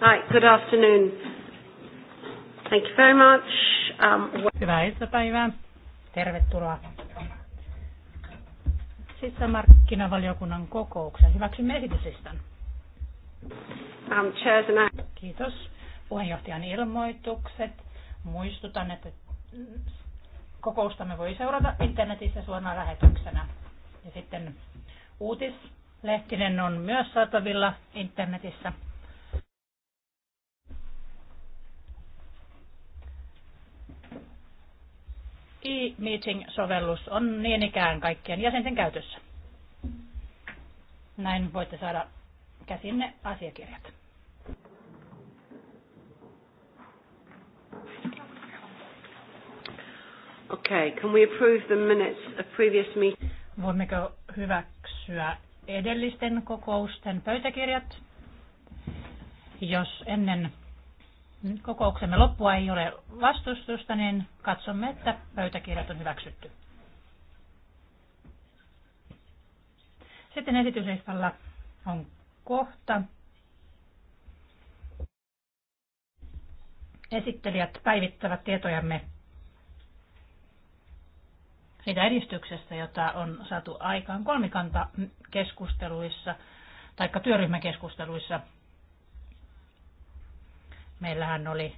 Hi, good afternoon. Thank you very much. Um, Hyvää iltapäivää. Tervetuloa sisämarkkinavaliokunnan kokouksen. Hyväksymme esityslistan. Um, chairs and Kiitos. Puheenjohtajan ilmoitukset. Muistutan, että kokoustamme voi seurata internetissä suorana lähetyksenä. Ja sitten uutis Lehtinen on myös saatavilla internetissä. e-meeting-sovellus on niin ikään kaikkien jäsenten käytössä. Näin voitte saada käsinne asiakirjat. Okay, can we approve the minutes of previous meeting? Voimmeko hyväksyä edellisten kokousten pöytäkirjat. Jos ennen kokouksemme loppua ei ole vastustusta, niin katsomme, että pöytäkirjat on hyväksytty. Sitten esityslistalla on kohta. Esittelijät päivittävät tietojamme siitä edistyksestä, jota on saatu aikaan kolmikanta keskusteluissa tai työryhmäkeskusteluissa. Meillähän oli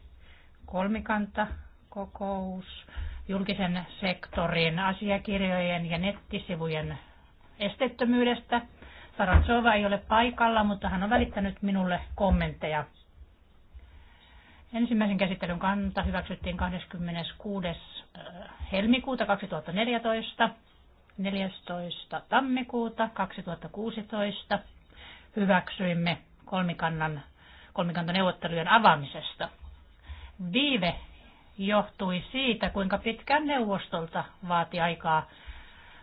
kolmikanta kokous julkisen sektorin asiakirjojen ja nettisivujen estettömyydestä. Saratsova ei ole paikalla, mutta hän on välittänyt minulle kommentteja. Ensimmäisen käsittelyn kanta hyväksyttiin 26. Äh, helmikuuta 2014. 14. tammikuuta 2016 hyväksyimme kolmikannan, kolmikantaneuvottelujen avaamisesta. Viive johtui siitä, kuinka pitkään neuvostolta vaati aikaa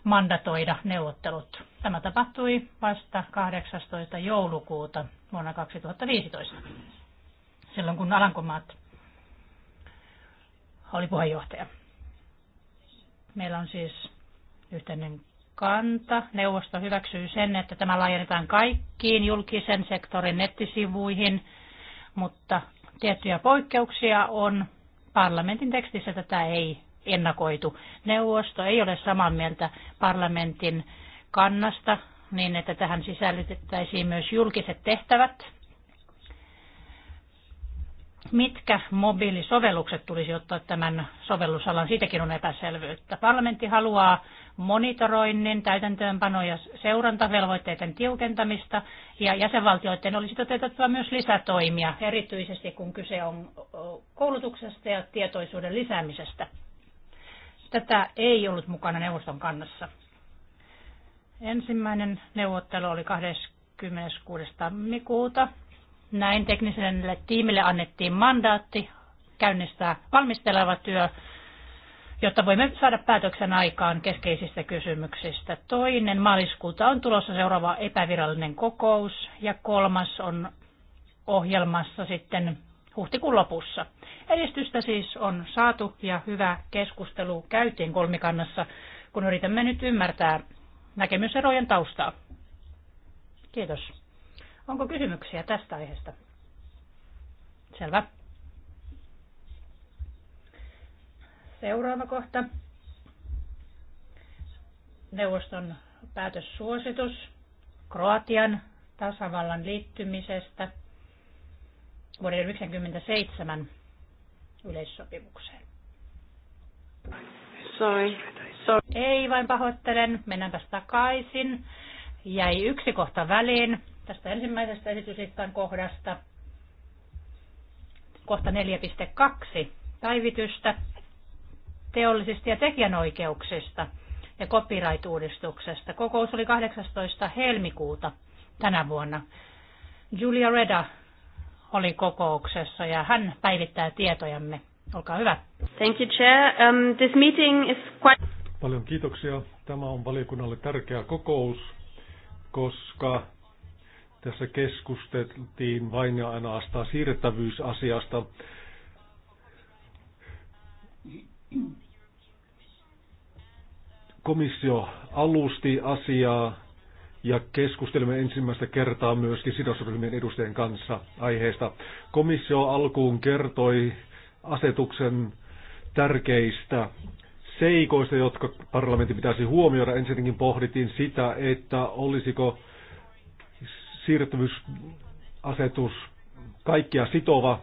mandatoida neuvottelut. Tämä tapahtui vasta 18. joulukuuta vuonna 2015, silloin kun Alankomaat oli puheenjohtaja. Meillä on siis yhteinen kanta. Neuvosto hyväksyy sen, että tämä laajennetaan kaikkiin julkisen sektorin nettisivuihin, mutta tiettyjä poikkeuksia on. Parlamentin tekstissä tätä ei ennakoitu. Neuvosto ei ole samaa mieltä parlamentin kannasta niin, että tähän sisällytettäisiin myös julkiset tehtävät mitkä mobiilisovellukset tulisi ottaa tämän sovellusalan, siitäkin on epäselvyyttä. Parlamentti haluaa monitoroinnin, täytäntöönpano- ja seurantavelvoitteiden tiukentamista, ja jäsenvaltioiden olisi toteutettava myös lisätoimia, erityisesti kun kyse on koulutuksesta ja tietoisuuden lisäämisestä. Tätä ei ollut mukana neuvoston kannassa. Ensimmäinen neuvottelu oli 26. tammikuuta näin tekniselle tiimille annettiin mandaatti käynnistää valmisteleva työ, jotta voimme saada päätöksen aikaan keskeisistä kysymyksistä. Toinen maaliskuuta on tulossa seuraava epävirallinen kokous ja kolmas on ohjelmassa sitten huhtikuun lopussa. Edistystä siis on saatu ja hyvä keskustelu käytiin kolmikannassa, kun yritämme nyt ymmärtää näkemyserojen taustaa. Kiitos. Onko kysymyksiä tästä aiheesta? Selvä. Seuraava kohta. Neuvoston päätössuositus Kroatian tasavallan liittymisestä vuoden 1997 yleissopimukseen. Sorry. Sorry. Ei vain pahoittelen, mennäänpäs takaisin. Jäi yksi kohta väliin, tästä ensimmäisestä esityslistan kohdasta. Kohta 4.2. Päivitystä teollisista ja tekijänoikeuksista ja copyright-uudistuksesta. Kokous oli 18. helmikuuta tänä vuonna. Julia Reda oli kokouksessa ja hän päivittää tietojamme. Olkaa hyvä. Thank you, Chair. Um, this meeting is quite... Paljon kiitoksia. Tämä on valiokunnalle tärkeä kokous, koska tässä keskusteltiin vain ja ainoastaan siirrettävyysasiasta. Komissio alusti asiaa ja keskustelimme ensimmäistä kertaa myöskin sidosryhmien edustajien kanssa aiheesta. Komissio alkuun kertoi asetuksen tärkeistä seikoista, jotka parlamentti pitäisi huomioida. Ensinnäkin pohdittiin sitä, että olisiko siirrettävyysasetus kaikkia sitova.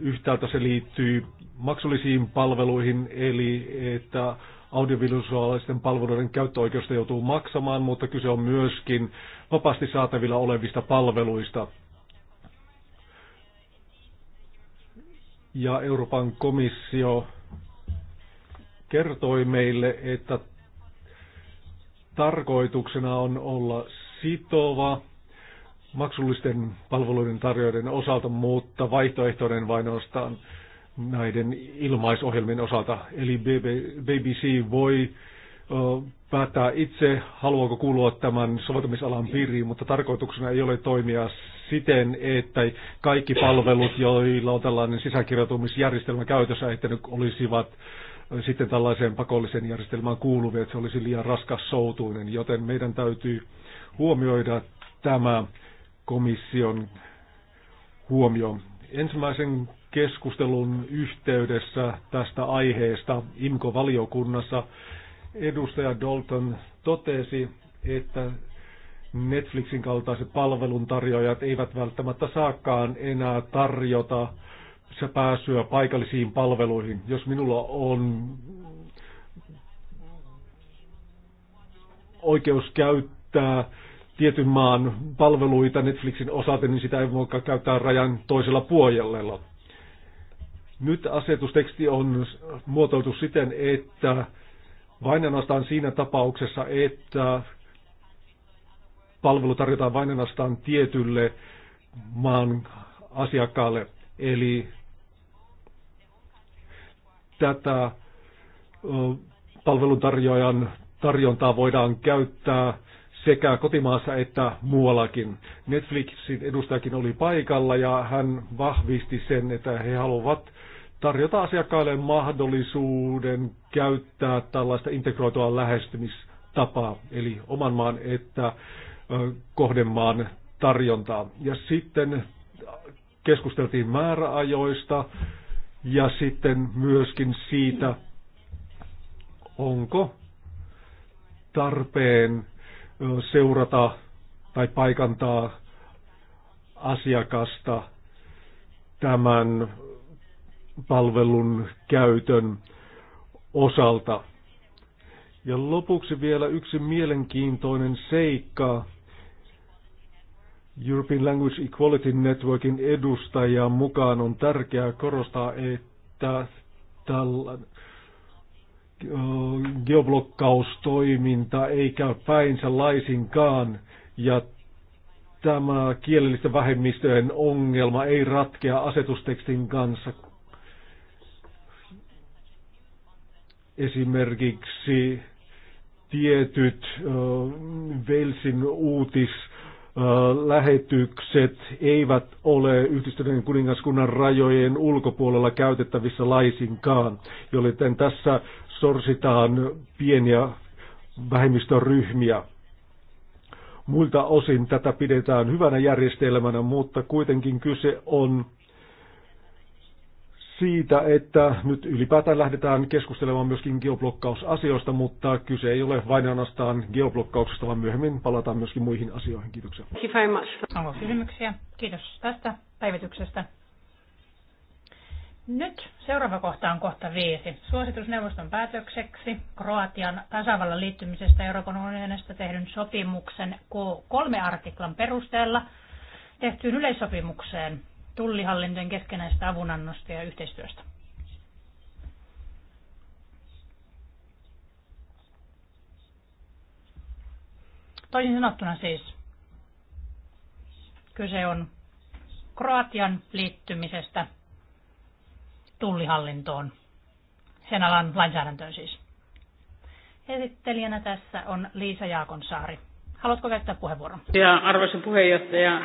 Yhtäältä se liittyy maksullisiin palveluihin, eli että audiovisuaalisten palveluiden käyttöoikeusta joutuu maksamaan, mutta kyse on myöskin vapaasti saatavilla olevista palveluista. Ja Euroopan komissio kertoi meille, että tarkoituksena on olla sitova maksullisten palveluiden tarjoajien osalta, mutta vaihtoehtoinen vain ostaan näiden ilmaisohjelmien osalta. Eli BBC voi päättää itse, haluaako kuulua tämän soveltamisalan piiriin, mutta tarkoituksena ei ole toimia siten, että kaikki palvelut, joilla on tällainen sisäkirjautumisjärjestelmä käytössä, että ne olisivat sitten tällaiseen pakolliseen järjestelmään kuuluvia, että se olisi liian raskas soutuinen, joten meidän täytyy huomioida tämä komission huomio. Ensimmäisen keskustelun yhteydessä tästä aiheesta IMKO-valiokunnassa edustaja Dalton totesi, että Netflixin kaltaiset palveluntarjoajat eivät välttämättä saakaan enää tarjota se pääsyä paikallisiin palveluihin. Jos minulla on oikeus käyttää tietyn maan palveluita Netflixin osalta, niin sitä ei voi käyttää rajan toisella puolella. Nyt asetusteksti on muotoiltu siten, että vain ainoastaan siinä tapauksessa, että palvelu tarjotaan vain ainoastaan tietylle maan asiakkaalle. Eli tätä palveluntarjoajan tarjontaa voidaan käyttää sekä kotimaassa että muuallakin. Netflixin edustajakin oli paikalla ja hän vahvisti sen, että he haluavat tarjota asiakkaille mahdollisuuden käyttää tällaista integroitua lähestymistapaa, eli oman maan että kohdemaan tarjontaa. Ja sitten keskusteltiin määräajoista ja sitten myöskin siitä, onko tarpeen seurata tai paikantaa asiakasta tämän palvelun käytön osalta. Ja lopuksi vielä yksi mielenkiintoinen seikka. European Language Equality Networkin edustajia mukaan on tärkeää korostaa, että tällainen geoblokkaustoiminta ei käy päinsä laisinkaan ja tämä kielellisten vähemmistöjen ongelma ei ratkea asetustekstin kanssa. Esimerkiksi tietyt Velsin uutis lähetykset eivät ole yhdistyneen kuningaskunnan rajojen ulkopuolella käytettävissä laisinkaan, joten tässä sorsitaan pieniä vähemmistöryhmiä. Muilta osin tätä pidetään hyvänä järjestelmänä, mutta kuitenkin kyse on siitä, että nyt ylipäätään lähdetään keskustelemaan myöskin geoblokkausasioista, mutta kyse ei ole vain ainoastaan geoblokkauksesta, vaan myöhemmin palataan myöskin muihin asioihin. Kiitoksia. Kiitos. Onko kysymyksiä? Kiitos tästä päivityksestä. Nyt seuraava kohta on kohta viisi. Suositusneuvoston päätökseksi Kroatian tasavallan liittymisestä Euroopan unionista tehdyn sopimuksen K3-artiklan perusteella tehtyyn yleissopimukseen tullihallintojen keskenäistä avunannosta ja yhteistyöstä. Toisin sanottuna siis kyse on Kroatian liittymisestä tullihallintoon, sen alan lainsäädäntöön siis. Esittelijänä tässä on Liisa Jaakonsaari. Haluatko käyttää puheenvuoron? Ja arvoisa puheenjohtaja,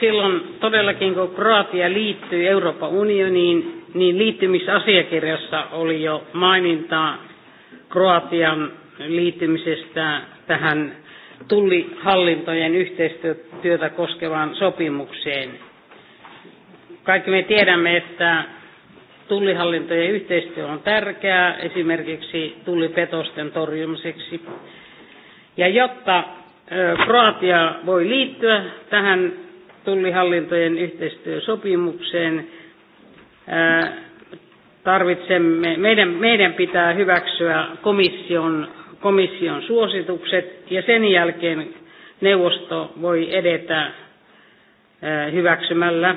silloin todellakin kun Kroatia liittyi Euroopan unioniin, niin liittymisasiakirjassa oli jo maininta Kroatian liittymisestä tähän tullihallintojen yhteistyötä koskevaan sopimukseen. Kaikki me tiedämme, että tullihallintojen yhteistyö on tärkeää esimerkiksi tullipetosten torjumiseksi. Ja jotta Kroatia voi liittyä tähän tullihallintojen yhteistyösopimukseen, tarvitsemme, meidän, meidän pitää hyväksyä komission, komission suositukset ja sen jälkeen neuvosto voi edetä hyväksymällä,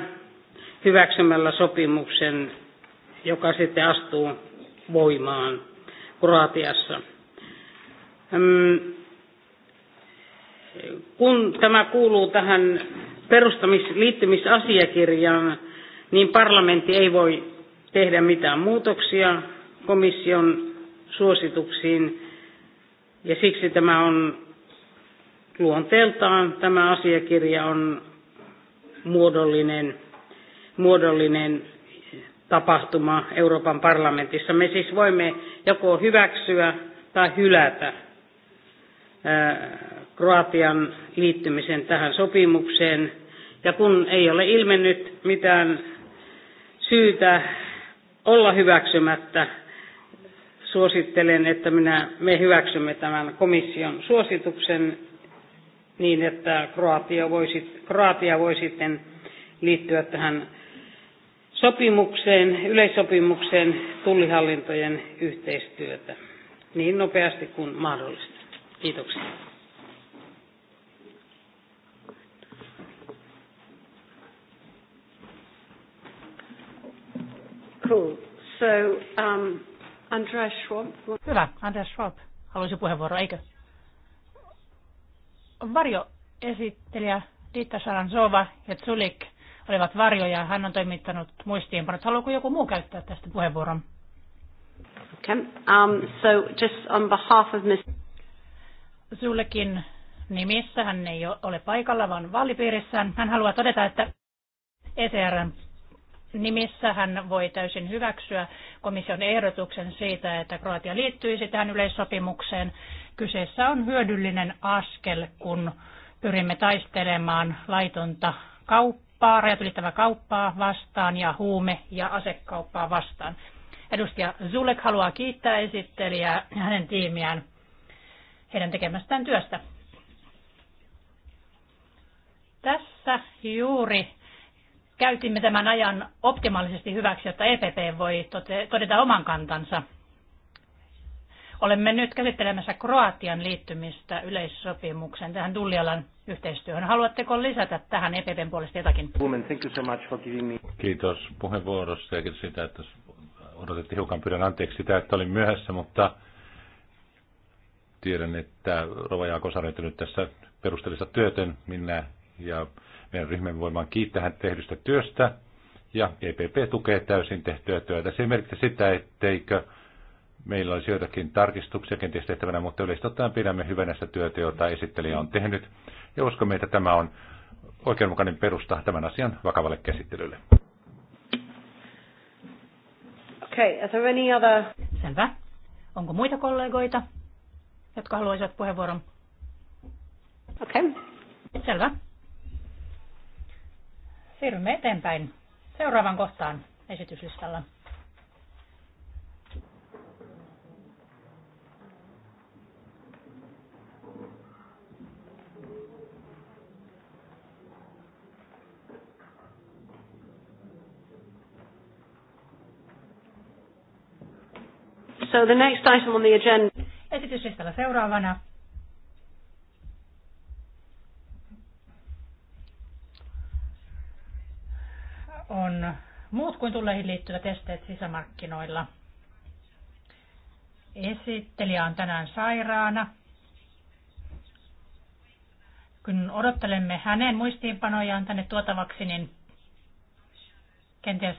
hyväksymällä sopimuksen joka sitten astuu voimaan Kroatiassa. Kun tämä kuuluu tähän perustamisliittymisasiakirjaan, niin parlamentti ei voi tehdä mitään muutoksia komission suosituksiin, ja siksi tämä on luonteeltaan, tämä asiakirja on muodollinen, muodollinen tapahtuma Euroopan parlamentissa. Me siis voimme joko hyväksyä tai hylätä Kroatian liittymisen tähän sopimukseen. Ja kun ei ole ilmennyt mitään syytä olla hyväksymättä, suosittelen, että minä, me hyväksymme tämän komission suosituksen niin, että Kroatia voi, Kroatia voi sitten liittyä tähän sopimukseen, yleissopimukseen tullihallintojen yhteistyötä niin nopeasti kuin mahdollista. Kiitoksia. Cool. So, um, Andreas Schwab. Hyvä, Andreas Schwab. Haluaisin puheenvuoro, eikö? Varjo esittelijä Dita Saranzova ja Zulik olivat varjoja. Hän on toimittanut muistiinpanot. Haluaako joku muu käyttää tästä puheenvuoron? Okay. Um, so just on behalf of Ms. Sullekin nimissä, hän ei ole paikalla, vaan vaalipiirissään. Hän haluaa todeta, että ECRn nimissä hän voi täysin hyväksyä komission ehdotuksen siitä, että Kroatia liittyisi tähän yleissopimukseen. Kyseessä on hyödyllinen askel, kun pyrimme taistelemaan laitonta kauppaa kauppaa, rajat ylittävää kauppaa vastaan ja huume- ja asekauppaa vastaan. Edustaja Zulek haluaa kiittää esittelijää ja hänen tiimiään heidän tekemästään työstä. Tässä juuri käytimme tämän ajan optimaalisesti hyväksi, jotta EPP voi todeta oman kantansa – Olemme nyt käsittelemässä Kroatian liittymistä yleissopimukseen tähän Dullialan yhteistyöhön. Haluatteko lisätä tähän EPPn puolesta jotakin? Kiitos puheenvuorosta ja kiitos siitä, että odotettiin hiukan pyydän anteeksi sitä, että olin myöhässä, mutta tiedän, että Rova Jaakos on nyt tässä perusteellista työtön. Minä ja meidän ryhmämme voimaan kiittää hän tehdystä työstä. Ja EPP tukee täysin tehtyä työtä. Se ei merkitse sitä, etteikö Meillä olisi joitakin tarkistuksia kenties tehtävänä, mutta yleisesti ottaen pidämme hyvänä sitä työtä, jota esittelijä on tehnyt. Ja uskomme, että tämä on oikeudenmukainen perusta tämän asian vakavalle käsittelylle. Okay, are there any other... Selvä. Onko muita kollegoita, jotka haluaisivat puheenvuoron? Okei. Okay. Selvä. Siirrymme eteenpäin seuraavaan kohtaan esityslistalla. So the next item on the agenda. Esityslistalla seuraavana on muut kuin tulleihin liittyvät esteet sisämarkkinoilla. Esittelijä on tänään sairaana. Kun odottelemme hänen muistiinpanojaan tänne tuotavaksi, niin kenties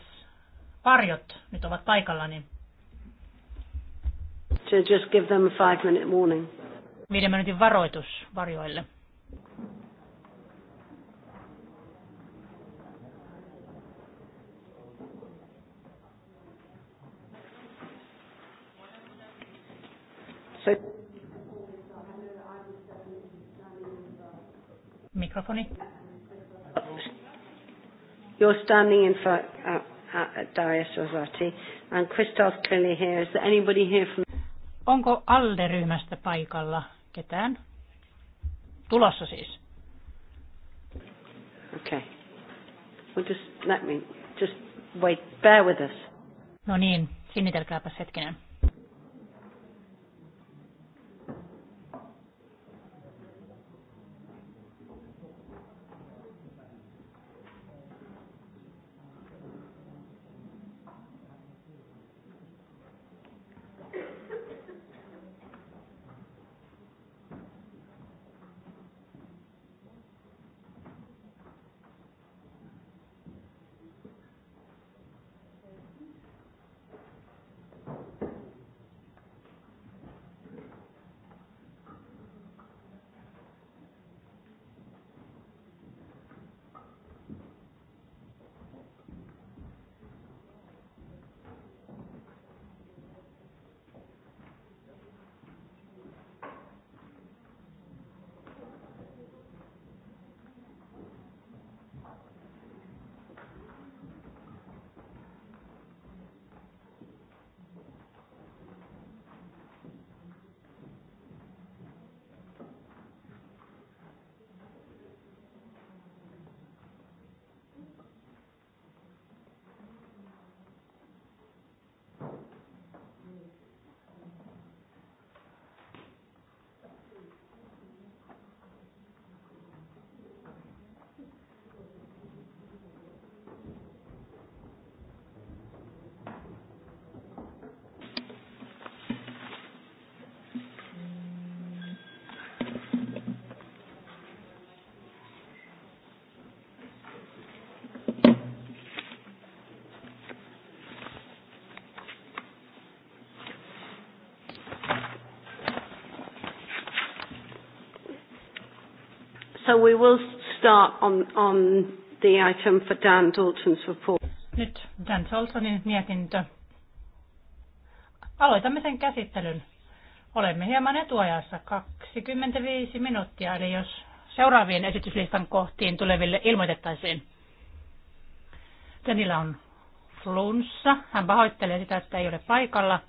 varjot nyt ovat paikalla, niin to just give them a five minute warning. Viiden minuutin varoitus varjoille. Mikrofoni. You're standing in for uh, uh, Darius Rosati and Christoph clearly here. Is there anybody here from Onko ALDE-ryhmästä paikalla ketään? Tulossa siis. Okay. We'll just let me just wait. Bear with us. No niin, sinnitelkääpäs hetkinen. So we will start on, on the item for Dan Dalton's report. Nyt Dan Daltonin mietintö. Aloitamme sen käsittelyn. Olemme hieman etuajassa, 25 minuuttia, eli jos seuraavien esityslistan kohtiin tuleville ilmoitettaisiin. Tenillä on flunssa. Hän pahoittelee sitä, että ei ole paikalla,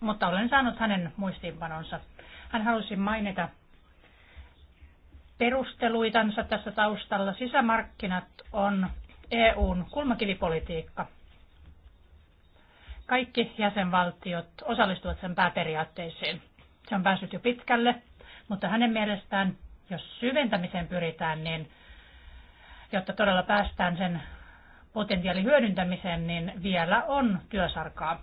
mutta olen saanut hänen muistiinpanonsa. Hän halusi mainita perusteluitansa tässä taustalla. Sisämarkkinat on EUn kulmakivipolitiikka. Kaikki jäsenvaltiot osallistuvat sen pääperiaatteisiin. Se on päässyt jo pitkälle, mutta hänen mielestään, jos syventämiseen pyritään, niin jotta todella päästään sen potentiaalihyödyntämiseen, hyödyntämiseen, niin vielä on työsarkaa.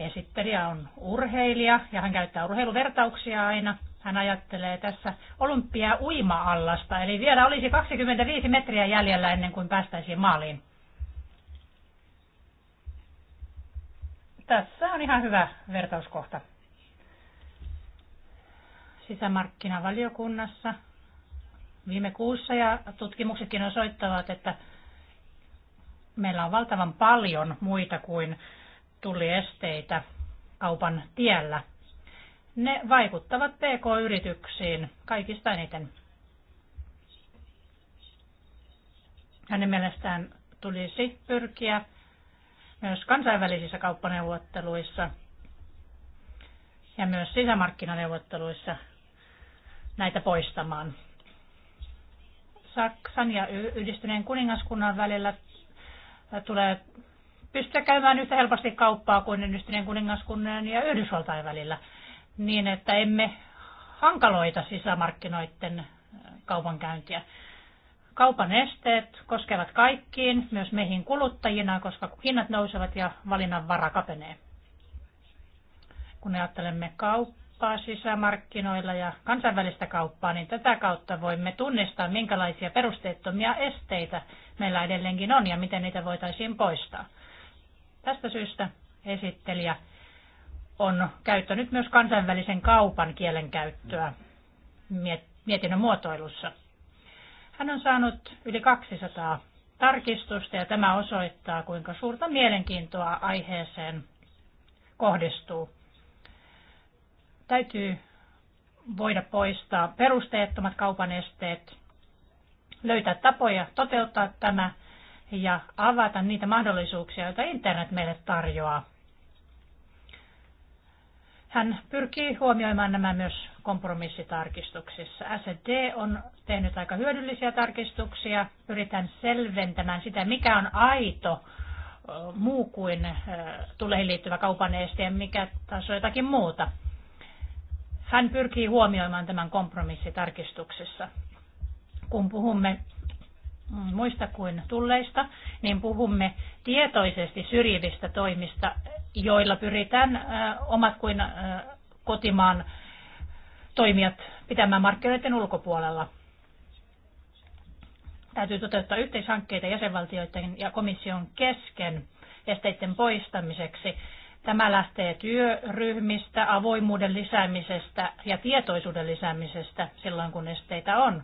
Esittelijä on urheilija ja hän käyttää urheiluvertauksia aina. Hän ajattelee tässä olympia uima-allasta, eli vielä olisi 25 metriä jäljellä ennen kuin päästäisiin maaliin. Tässä on ihan hyvä vertauskohta. Sisämarkkinavaliokunnassa viime kuussa ja tutkimuksetkin osoittavat, että meillä on valtavan paljon muita kuin tuli esteitä kaupan tiellä. Ne vaikuttavat PK-yrityksiin kaikista eniten. Hänen mielestään tulisi pyrkiä myös kansainvälisissä kauppaneuvotteluissa ja myös sisämarkkinaneuvotteluissa näitä poistamaan. Saksan ja yhdistyneen kuningaskunnan välillä tulee pystytä käymään yhtä helposti kauppaa kuin yhdistyneen kuningaskunnan ja Yhdysvaltain välillä, niin että emme hankaloita sisämarkkinoiden äh, kaupankäyntiä. Kaupan esteet koskevat kaikkiin, myös meihin kuluttajina, koska hinnat nousevat ja valinnan vara kapenee. Kun ajattelemme kauppaa sisämarkkinoilla ja kansainvälistä kauppaa, niin tätä kautta voimme tunnistaa, minkälaisia perusteettomia esteitä meillä edelleenkin on ja miten niitä voitaisiin poistaa. Tästä syystä esittelijä on käyttänyt myös kansainvälisen kaupan kielenkäyttöä mietinnön muotoilussa. Hän on saanut yli 200 tarkistusta ja tämä osoittaa, kuinka suurta mielenkiintoa aiheeseen kohdistuu. Täytyy voida poistaa perusteettomat kaupan esteet, löytää tapoja toteuttaa tämä ja avata niitä mahdollisuuksia, joita internet meille tarjoaa. Hän pyrkii huomioimaan nämä myös kompromissitarkistuksissa. SD on tehnyt aika hyödyllisiä tarkistuksia. Pyritään selventämään sitä, mikä on aito muu kuin tuleihin liittyvä kaupan ja mikä taas on jotakin muuta. Hän pyrkii huomioimaan tämän kompromissitarkistuksessa. Kun puhumme Mm, muista kuin tulleista, niin puhumme tietoisesti syrjivistä toimista, joilla pyritään omat kuin kotimaan toimijat pitämään markkinoiden ulkopuolella. Täytyy toteuttaa yhteishankkeita jäsenvaltioiden ja komission kesken esteiden poistamiseksi. Tämä lähtee työryhmistä, avoimuuden lisäämisestä ja tietoisuuden lisäämisestä silloin, kun esteitä on.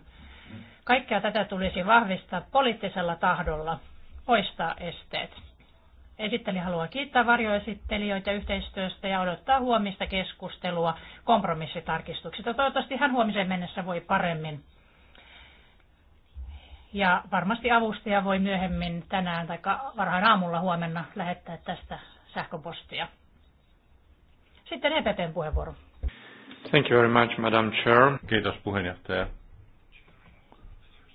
Kaikkea tätä tulisi vahvistaa poliittisella tahdolla, poistaa esteet. Esitteli haluaa kiittää varjoesittelijöitä yhteistyöstä ja odottaa huomista keskustelua kompromissitarkistuksista. Toivottavasti hän huomiseen mennessä voi paremmin. Ja varmasti avustaja voi myöhemmin tänään tai varhain aamulla huomenna lähettää tästä sähköpostia. Sitten EPPn puheenvuoro. Thank you very much, Madam Chair. Kiitos puheenjohtaja.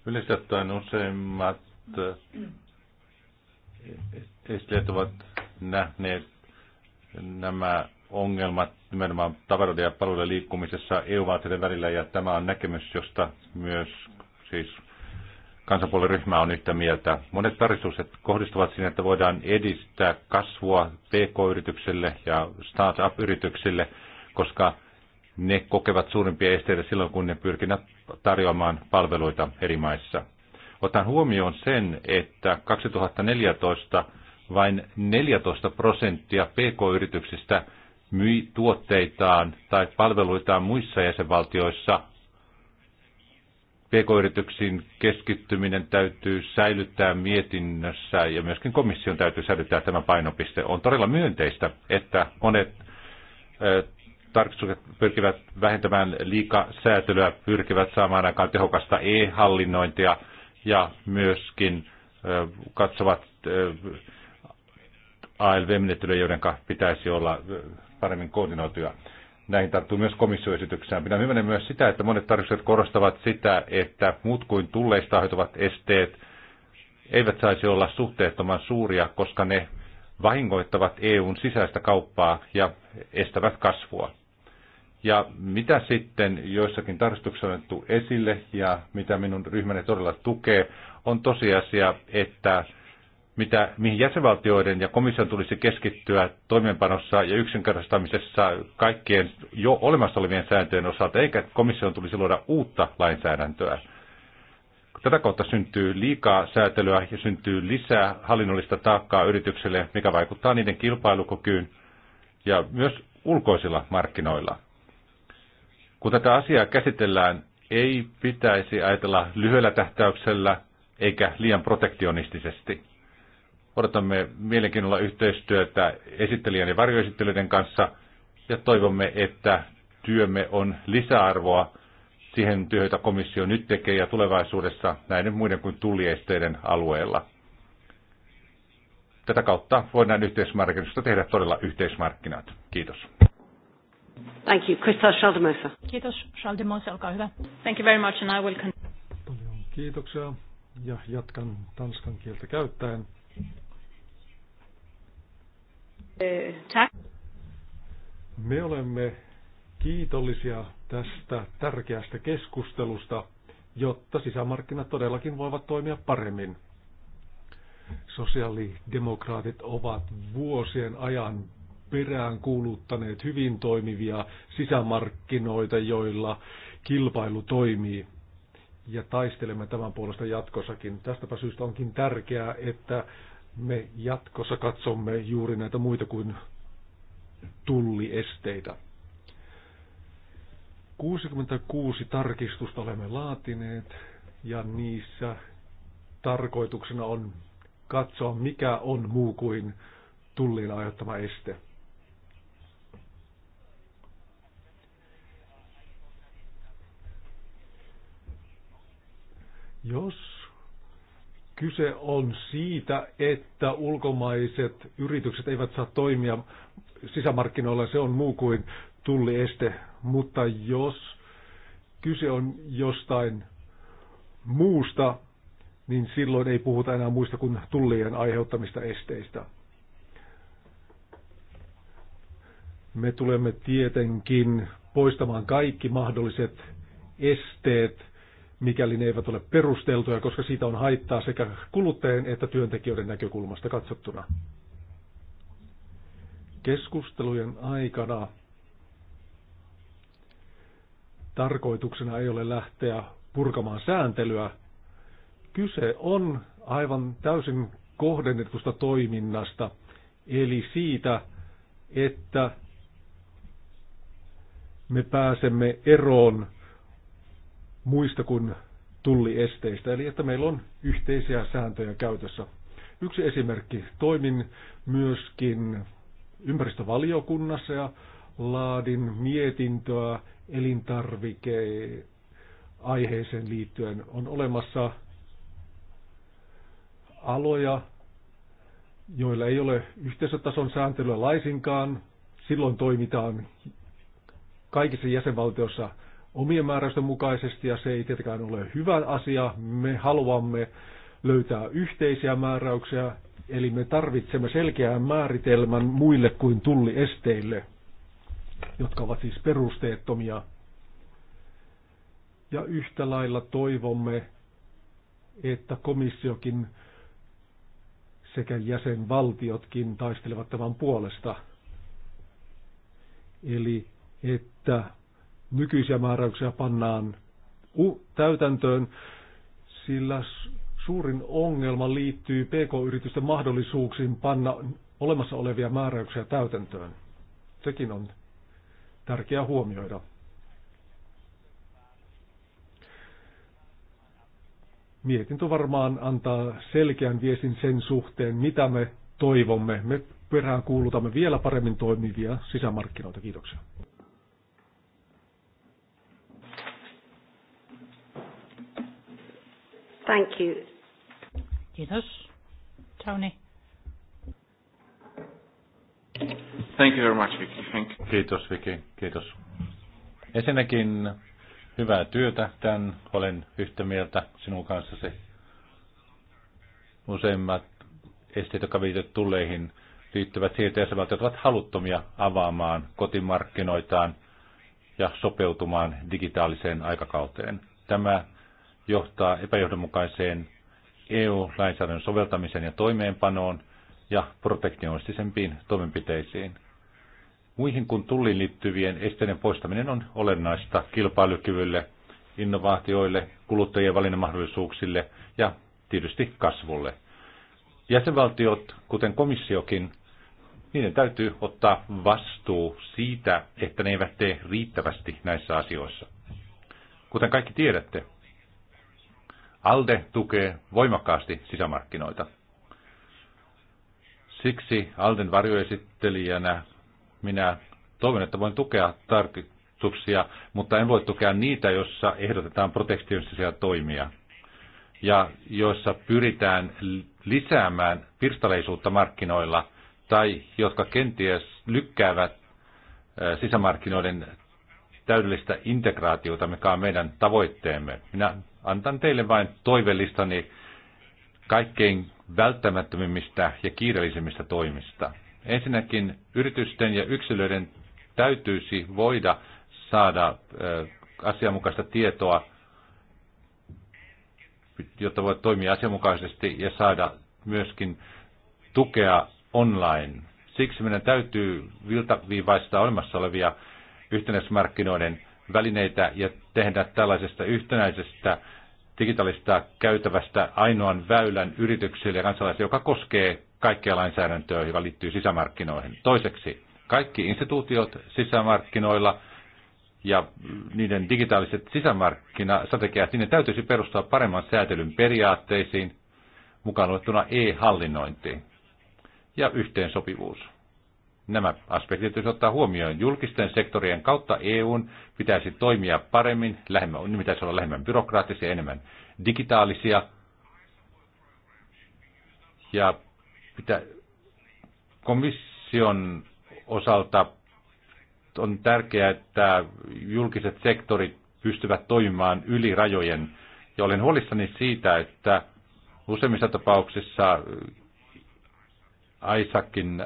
Yleisesti ottaen useimmat eh, esteet ovat nähneet nämä ongelmat nimenomaan tavaroiden ja palveluiden liikkumisessa EU-valtioiden välillä, ja tämä on näkemys, josta myös siis kansanpuoliryhmä on yhtä mieltä. Monet tarkistukset kohdistuvat siihen, että voidaan edistää kasvua PK-yrityksille ja startup-yrityksille, koska ne kokevat suurimpia esteitä silloin, kun ne pyrkivät tarjoamaan palveluita eri maissa. Otan huomioon sen, että 2014 vain 14 prosenttia pk-yrityksistä myi tuotteitaan tai palveluitaan muissa jäsenvaltioissa. PK-yrityksiin keskittyminen täytyy säilyttää mietinnössä ja myöskin komission täytyy säilyttää tämä painopiste. On todella myönteistä, että monet tarkistukset pyrkivät vähentämään liikasäätelyä, pyrkivät saamaan aikaan tehokasta e-hallinnointia ja myöskin katsovat ALV-menettelyjä, joiden pitäisi olla paremmin koordinoituja. Näihin tarttuu myös komissioesitykseen. Pidän hyvänä myös sitä, että monet tarkistukset korostavat sitä, että muut kuin tulleista aiheutuvat esteet eivät saisi olla suhteettoman suuria, koska ne vahingoittavat EUn sisäistä kauppaa ja estävät kasvua. Ja mitä sitten joissakin tarkistuksissa on esille ja mitä minun ryhmäni todella tukee, on tosiasia, että mitä, mihin jäsenvaltioiden ja komission tulisi keskittyä toimeenpanossa ja yksinkertaistamisessa kaikkien jo olemassa olevien sääntöjen osalta, eikä komission tulisi luoda uutta lainsäädäntöä. Tätä kautta syntyy liikaa säätelyä ja syntyy lisää hallinnollista taakkaa yritykselle, mikä vaikuttaa niiden kilpailukykyyn ja myös ulkoisilla markkinoilla. Kun tätä asiaa käsitellään, ei pitäisi ajatella lyhyellä tähtäyksellä eikä liian protektionistisesti. Odotamme mielenkiinnolla yhteistyötä esittelijän ja varjoesittelijöiden kanssa ja toivomme, että työmme on lisäarvoa siihen työhön, jota komissio nyt tekee ja tulevaisuudessa näiden muiden kuin tulliesteiden alueella. Tätä kautta voidaan yhteismarkkinoista tehdä todella yhteismarkkinat. Kiitos. Thank you. Krista Schaldemose. Kiitos. Schaldemose, olkaa hyvä. Thank you very much and I will continue. kiitoksia ja jatkan tanskan kieltä käyttäen. Me olemme kiitollisia tästä tärkeästä keskustelusta, jotta sisämarkkinat todellakin voivat toimia paremmin. Sosiaalidemokraatit ovat vuosien ajan perään kuuluttaneet hyvin toimivia sisämarkkinoita, joilla kilpailu toimii. Ja taistelemme tämän puolesta jatkossakin. Tästäpä syystä onkin tärkeää, että me jatkossa katsomme juuri näitä muita kuin tulliesteitä. 66 tarkistusta olemme laatineet ja niissä tarkoituksena on katsoa, mikä on muu kuin tullin aiheuttama este. Jos kyse on siitä, että ulkomaiset yritykset eivät saa toimia sisämarkkinoilla, se on muu kuin tullieste, mutta jos kyse on jostain muusta, niin silloin ei puhuta enää muista kuin tullien aiheuttamista esteistä. Me tulemme tietenkin poistamaan kaikki mahdolliset esteet mikäli ne eivät ole perusteltuja, koska siitä on haittaa sekä kuluttajien että työntekijöiden näkökulmasta katsottuna. Keskustelujen aikana tarkoituksena ei ole lähteä purkamaan sääntelyä. Kyse on aivan täysin kohdennetusta toiminnasta, eli siitä, että me pääsemme eroon muista kuin tulliesteistä, eli että meillä on yhteisiä sääntöjä käytössä. Yksi esimerkki. Toimin myöskin ympäristövaliokunnassa ja laadin mietintöä elintarvike aiheeseen liittyen. On olemassa aloja, joilla ei ole yhteisötason sääntelyä laisinkaan. Silloin toimitaan kaikissa jäsenvaltioissa omien määräysten mukaisesti ja se ei tietenkään ole hyvä asia. Me haluamme löytää yhteisiä määräyksiä, eli me tarvitsemme selkeän määritelmän muille kuin tulliesteille, jotka ovat siis perusteettomia. Ja yhtä lailla toivomme, että komissiokin sekä jäsenvaltiotkin taistelevat tämän puolesta. Eli että nykyisiä määräyksiä pannaan täytäntöön, sillä suurin ongelma liittyy pk-yritysten mahdollisuuksiin panna olemassa olevia määräyksiä täytäntöön. Sekin on tärkeää huomioida. Mietintö varmaan antaa selkeän viestin sen suhteen, mitä me toivomme. Me kuulutamme vielä paremmin toimivia sisämarkkinoita. Kiitoksia. Thank you. Kiitos. Tony. Thank you very much, Vicky. Thank you. Kiitos, Vicky. Kiitos. Ensinnäkin hyvää työtä. Tän olen yhtä mieltä sinun kanssasi. Useimmat esteet, jotka viitet tulleihin, liittyvät siihen, että jäsenvaltiot ovat haluttomia avaamaan kotimarkkinoitaan ja sopeutumaan digitaaliseen aikakauteen. Tämä johtaa epäjohdonmukaiseen EU-lainsäädännön soveltamiseen ja toimeenpanoon ja protektionistisempiin toimenpiteisiin. Muihin kuin tulliin liittyvien esteiden poistaminen on olennaista kilpailukyvylle, innovaatioille, kuluttajien valinnanmahdollisuuksille ja tietysti kasvulle. Jäsenvaltiot, kuten komissiokin, niiden täytyy ottaa vastuu siitä, että ne eivät tee riittävästi näissä asioissa. Kuten kaikki tiedätte, ALDE tukee voimakkaasti sisämarkkinoita. Siksi ALDEn varjoesittelijänä minä toivon, että voin tukea tarkistuksia, mutta en voi tukea niitä, joissa ehdotetaan protektionistisia toimia ja joissa pyritään lisäämään pirstaleisuutta markkinoilla tai jotka kenties lykkäävät sisämarkkinoiden täydellistä integraatiota, mikä on meidän tavoitteemme. Minä antan teille vain toivellistani kaikkein välttämättömimmistä ja kiireellisimmistä toimista. Ensinnäkin yritysten ja yksilöiden täytyisi voida saada asianmukaista tietoa, jotta voit toimia asianmukaisesti ja saada myöskin tukea online. Siksi meidän täytyy viltaviivaista olemassa olevia yhtenäismarkkinoiden välineitä ja tehdä tällaisesta yhtenäisestä digitaalista käytävästä ainoan väylän yrityksille ja kansalaisille, joka koskee kaikkea lainsäädäntöä, joka liittyy sisämarkkinoihin. Toiseksi, kaikki instituutiot sisämarkkinoilla ja niiden digitaaliset sisämarkkinastrategiat, niiden täytyisi perustua paremman säätelyn periaatteisiin, mukaan luettuna e-hallinnointiin ja yhteensopivuus. Nämä aspektit tulisi ottaa huomioon. Julkisten sektorien kautta EUn pitäisi toimia paremmin, lähemmän, niin pitäisi olla lähemmän byrokraattisia, enemmän digitaalisia. Ja pitä, komission osalta on tärkeää, että julkiset sektorit pystyvät toimimaan yli rajojen. Ja olen huolissani siitä, että useimmissa tapauksissa Aisakin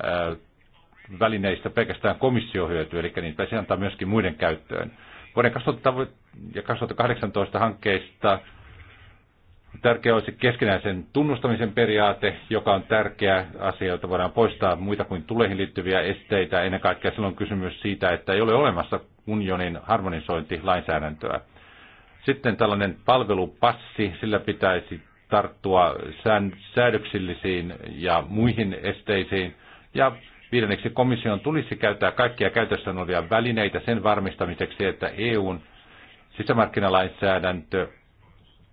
välineistä pelkästään komissio hyötyy, eli niitä pitäisi antaa myöskin muiden käyttöön. Vuoden 2018 hankkeista tärkeä olisi keskinäisen tunnustamisen periaate, joka on tärkeä asia, jota voidaan poistaa muita kuin tuleihin liittyviä esteitä. Ennen kaikkea silloin on kysymys siitä, että ei ole olemassa unionin harmonisointilainsäädäntöä. Sitten tällainen palvelupassi, sillä pitäisi tarttua säädöksillisiin ja muihin esteisiin. Ja Viidenneksi komission tulisi käyttää kaikkia käytössä olevia välineitä sen varmistamiseksi, että EUn sisämarkkinalainsäädäntö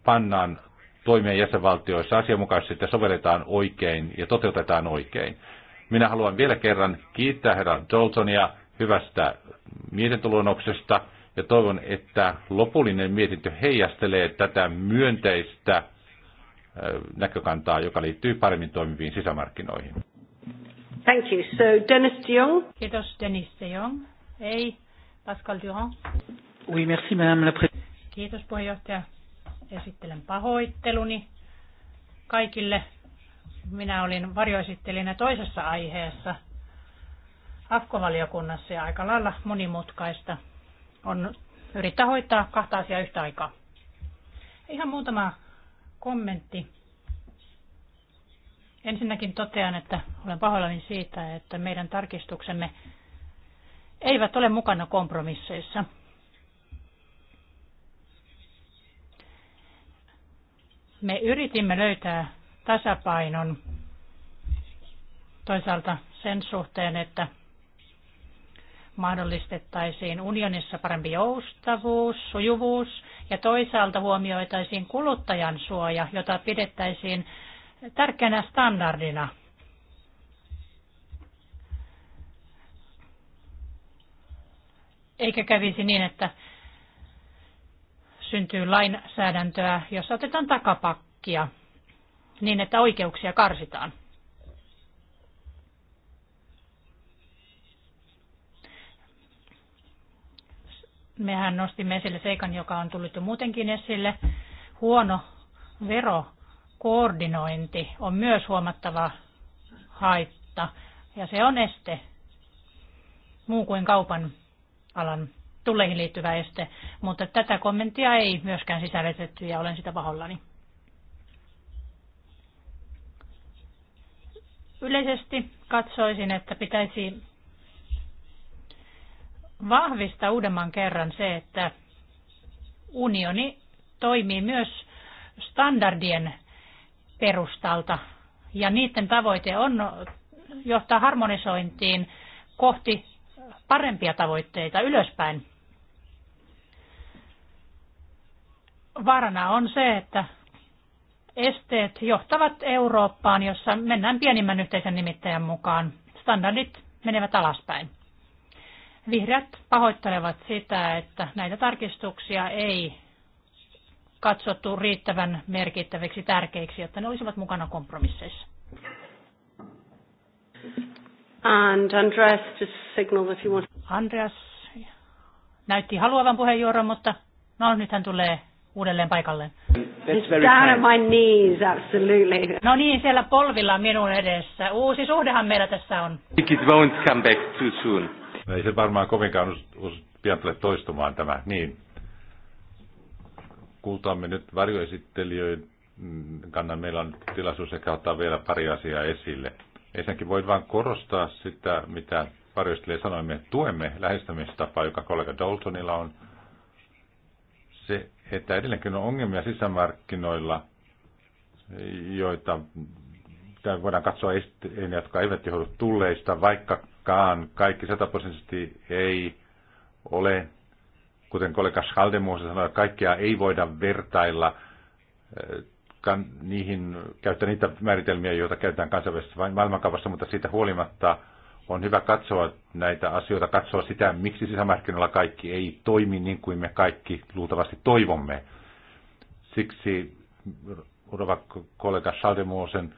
pannaan toimia jäsenvaltioissa asianmukaisesti, että sovelletaan oikein ja toteutetaan oikein. Minä haluan vielä kerran kiittää herra Daltonia hyvästä mietintöluonnoksesta ja toivon, että lopullinen mietintö heijastelee tätä myönteistä äh, näkökantaa, joka liittyy paremmin toimiviin sisämarkkinoihin. Thank you. So Dennis de Jong. Kiitos Dennis de Jong. Ei, Pascal Durand. Oui, merci madame la Kiitos puheenjohtaja. Esittelen pahoitteluni kaikille. Minä olin varjoesittelijänä toisessa aiheessa akkovaliokunnassa ja aika lailla monimutkaista on yrittää hoitaa kahta asiaa yhtä aikaa. Ihan muutama kommentti Ensinnäkin totean, että olen pahoillani siitä, että meidän tarkistuksemme eivät ole mukana kompromisseissa. Me yritimme löytää tasapainon toisaalta sen suhteen, että mahdollistettaisiin unionissa parempi joustavuus, sujuvuus ja toisaalta huomioitaisiin kuluttajan suoja, jota pidettäisiin tärkeänä standardina. Eikä kävisi niin, että syntyy lainsäädäntöä, jossa otetaan takapakkia niin, että oikeuksia karsitaan. Mehän nostimme esille seikan, joka on tullut jo muutenkin esille. Huono vero koordinointi on myös huomattava haitta ja se on este muu kuin kaupan alan tulleihin liittyvä este, mutta tätä kommenttia ei myöskään sisällytetty ja olen sitä pahollani. Yleisesti katsoisin, että pitäisi vahvistaa uudemman kerran se, että unioni toimii myös standardien perustalta. Ja niiden tavoite on johtaa harmonisointiin kohti parempia tavoitteita ylöspäin. Vaarana on se, että esteet johtavat Eurooppaan, jossa mennään pienimmän yhteisen nimittäjän mukaan. Standardit menevät alaspäin. Vihreät pahoittelevat sitä, että näitä tarkistuksia ei katsottu riittävän merkittäviksi tärkeiksi, jotta ne olisivat mukana kompromisseissa. And Andreas just signal if you want. Andreas näytti haluavan puheenvuoron, mutta no nyt hän tulee uudelleen paikalleen. down at my knees, absolutely. No niin, siellä polvilla minun edessä. Uusi suhdehan meillä tässä on. it won't come back too soon. Ei se varmaan kovinkaan pian tule toistumaan tämä. Niin, kuultaamme nyt varjoesittelijöiden kannan. Meillä on tilaisuus ehkä ottaa vielä pari asiaa esille. Ensinnäkin voin vain korostaa sitä, mitä varjoistelija sanoi, me tuemme lähestymistapaa, joka kollega Daltonilla on. Se, että edelleenkin on ongelmia sisämarkkinoilla, joita voidaan katsoa esteen, jotka eivät johdu tulleista, vaikkakaan kaikki sataprosenttisesti ei ole Kuten kollega Schaldemuosa sanoi, kaikkea ei voida vertailla eh, niihin, käyttää niitä määritelmiä, joita käytetään kansainvälisessä maailmankaupassa, mutta siitä huolimatta on hyvä katsoa näitä asioita, katsoa sitä, miksi sisämarkkinoilla kaikki ei toimi niin kuin me kaikki luultavasti toivomme. Siksi urava kollega Schaldemuosen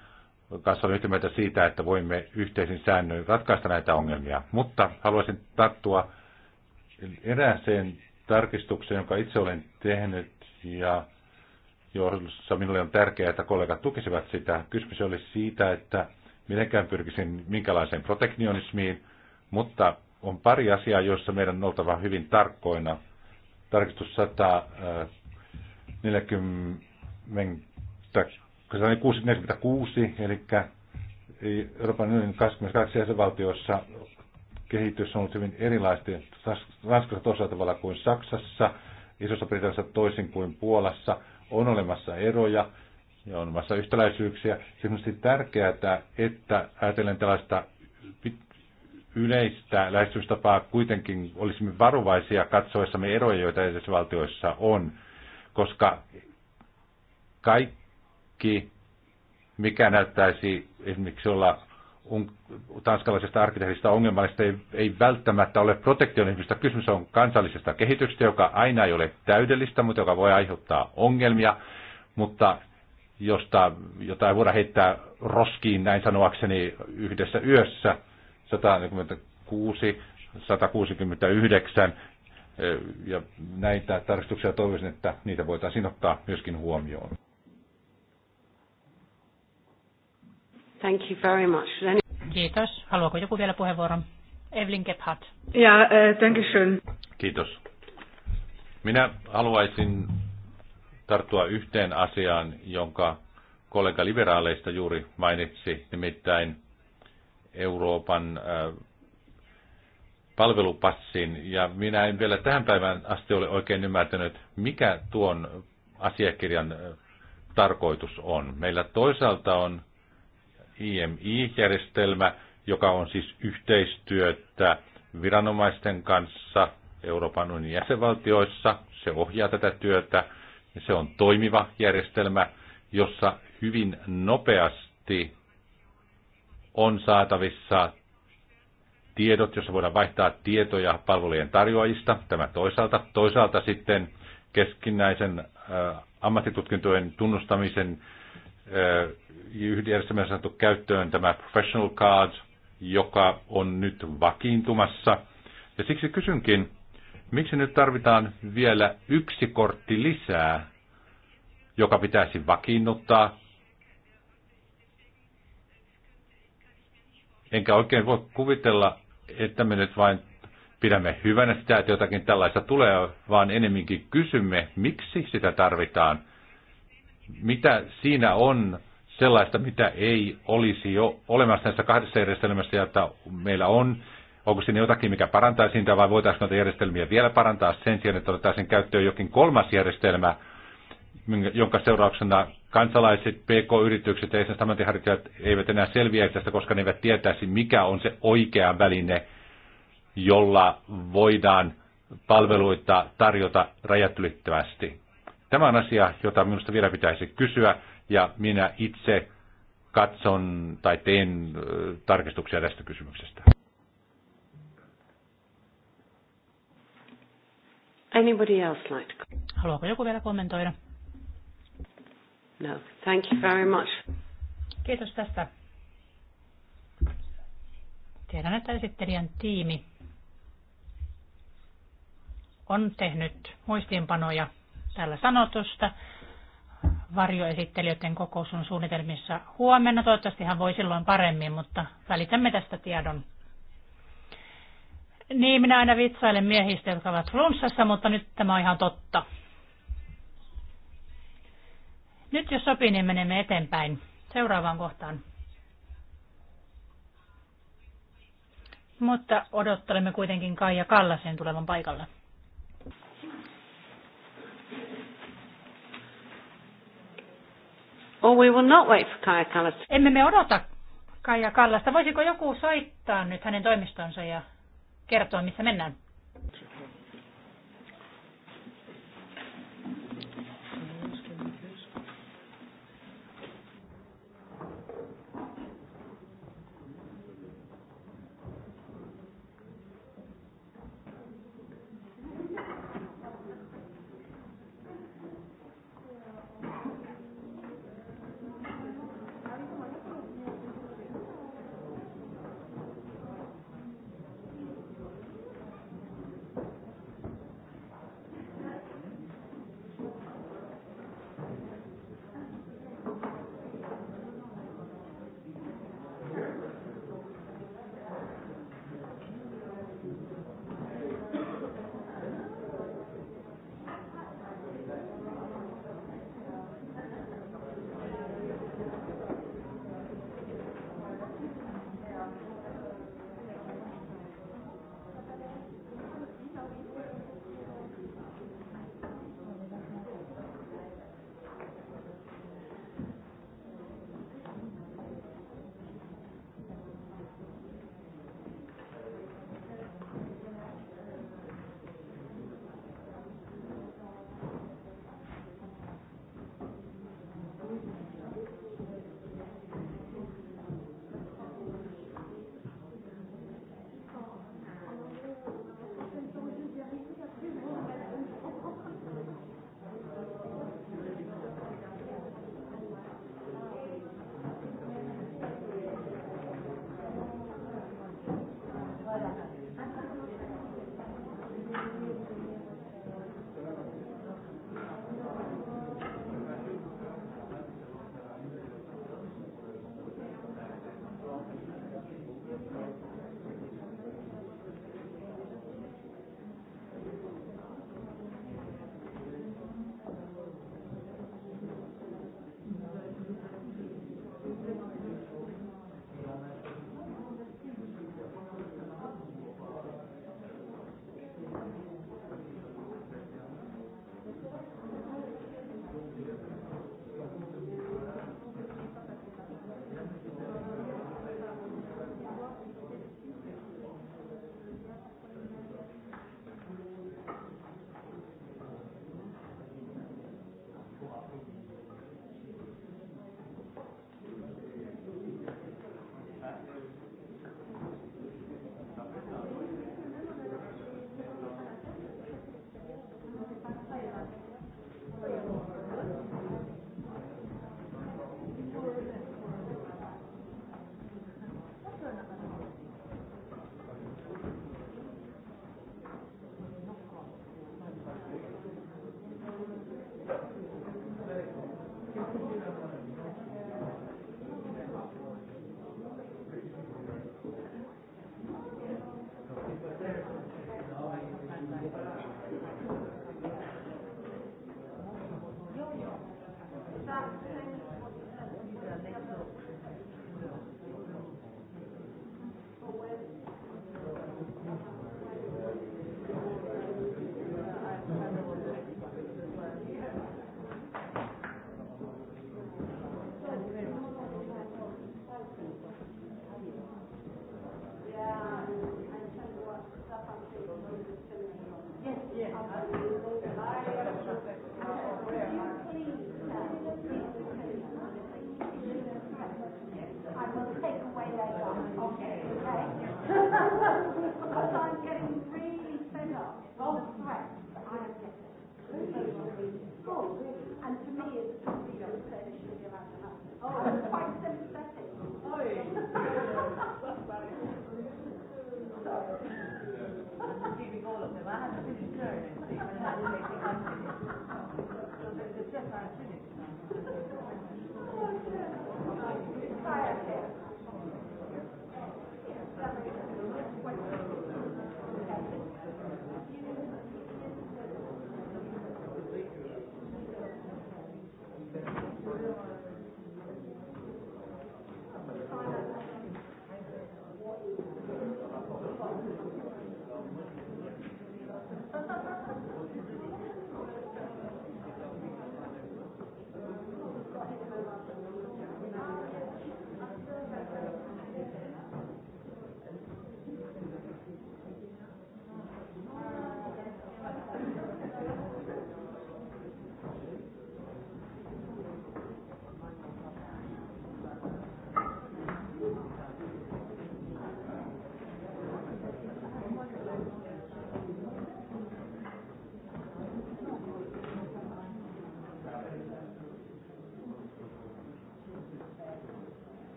kanssa on yhtä mieltä siitä, että voimme yhteisin säännöin ratkaista näitä ongelmia. Mutta haluaisin tarttua erääseen tarkistukseen, jonka itse olen tehnyt ja jossa minulle on tärkeää, että kollegat tukisivat sitä. Kysymys oli siitä, että mitenkään pyrkisin minkälaiseen protektionismiin, mutta on pari asiaa, joissa meidän on oltava hyvin tarkkoina. Tarkistus 146, äh, eli Euroopan unionin 28 jäsenvaltiossa kehitys on ollut hyvin erilaista Ranskassa toisella tavalla kuin Saksassa, Isossa Britanniassa toisin kuin Puolassa. On olemassa eroja ja on olemassa yhtäläisyyksiä. Siksi on tärkeää, että ajatellen tällaista yleistä lähestymistapaa kuitenkin olisimme varovaisia katsoessamme eroja, joita valtioissa on, koska kaikki, mikä näyttäisi esimerkiksi olla tanskalaisesta arkkitehdista ongelmallista ei, ei välttämättä ole protektionismista. Kysymys on kansallisesta kehityksestä, joka aina ei ole täydellistä, mutta joka voi aiheuttaa ongelmia, mutta josta, jota ei voida heittää roskiin, näin sanoakseni, yhdessä yössä. 146, 169 ja näitä tarkistuksia toivoisin, että niitä voitaisiin ottaa myöskin huomioon. Thank you very much. Any... Kiitos. Haluaako joku vielä puheenvuoron? Evelyn Gebhardt. Ja, yeah, thank you schön. Kiitos. Minä haluaisin tarttua yhteen asiaan, jonka kollega liberaaleista juuri mainitsi, nimittäin Euroopan eh, palvelupassin. Ja minä en vielä tähän päivään asti ole oikein ymmärtänyt, mikä tuon asiakirjan eh, tarkoitus on. Meillä toisaalta on IMI-järjestelmä, joka on siis yhteistyötä viranomaisten kanssa Euroopan unionin jäsenvaltioissa. Se ohjaa tätä työtä. Ja se on toimiva järjestelmä, jossa hyvin nopeasti on saatavissa tiedot, jossa voidaan vaihtaa tietoja palvelujen tarjoajista, tämä toisaalta. Toisaalta sitten keskinäisen äh, ammattitutkintojen tunnustamisen järjestelmässä saatu käyttöön tämä Professional Card, joka on nyt vakiintumassa. Ja siksi kysynkin, miksi nyt tarvitaan vielä yksi kortti lisää, joka pitäisi vakiinnuttaa? Enkä oikein voi kuvitella, että me nyt vain pidämme hyvänä sitä, että jotakin tällaista tulee, vaan enemminkin kysymme, miksi sitä tarvitaan – mitä siinä on sellaista, mitä ei olisi jo olemassa näissä kahdessa järjestelmässä, että meillä on. Onko siinä jotakin, mikä parantaa siitä, vai voitaisiin noita järjestelmiä vielä parantaa sen sijaan, että otettaisiin käyttöön jokin kolmas järjestelmä, jonka seurauksena kansalaiset, pk-yritykset ja esimerkiksi eivät enää selviä tästä, koska ne eivät tietäisi, mikä on se oikea väline, jolla voidaan palveluita tarjota rajat ylittävästi. Tämä on asia, jota minusta vielä pitäisi kysyä, ja minä itse katson tai teen tarkistuksia tästä kysymyksestä. Anybody else like Haluaako joku vielä kommentoida? No, thank you very much. Kiitos tästä. Tiedän, että esittelijän tiimi on tehnyt muistiinpanoja täällä sanotusta. Varjoesittelijöiden kokous on suunnitelmissa huomenna. Toivottavasti hän voi silloin paremmin, mutta välitämme tästä tiedon. Niin, minä aina vitsailen miehistä, jotka ovat flunssassa, mutta nyt tämä on ihan totta. Nyt jos sopii, niin menemme eteenpäin seuraavaan kohtaan. Mutta odottelemme kuitenkin Kaija Kallasen tulevan paikalle. Or we will not wait for Kaja Kallas. Emme me odota Kaija Kallasta. Voisiko joku soittaa nyt hänen toimistonsa ja kertoa, missä mennään?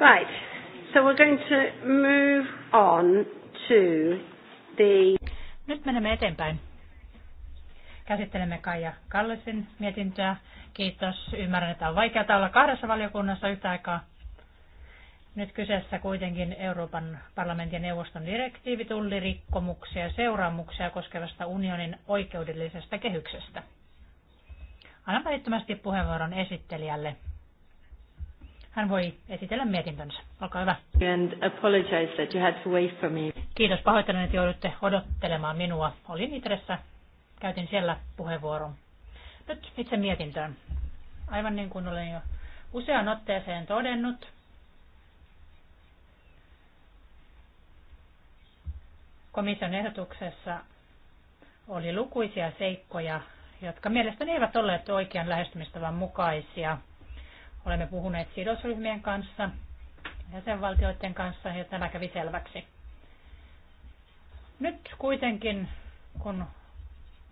Right. So we're going to move on to the... Nyt menemme eteenpäin. Käsittelemme Kaija Kallesin mietintöä. Kiitos. Ymmärrän, että on vaikeaa olla kahdessa valiokunnassa yhtä aikaa. Nyt kyseessä kuitenkin Euroopan parlamentin ja neuvoston direktiivi tullirikkomuksia ja seuraamuksia koskevasta unionin oikeudellisesta kehyksestä. Annan välittömästi puheenvuoron esittelijälle hän voi esitellä mietintönsä. Olkaa hyvä. And apologize that you had to wait for me. Kiitos pahoittelen, että joudutte odottelemaan minua. Olin Itressä, käytin siellä puheenvuoron. Nyt itse mietintöön. Aivan niin kuin olen jo usean otteeseen todennut, komission ehdotuksessa oli lukuisia seikkoja, jotka mielestäni eivät olleet oikean lähestymistavan mukaisia – Olemme puhuneet sidosryhmien kanssa, jäsenvaltioiden kanssa ja tämä kävi selväksi. Nyt kuitenkin, kun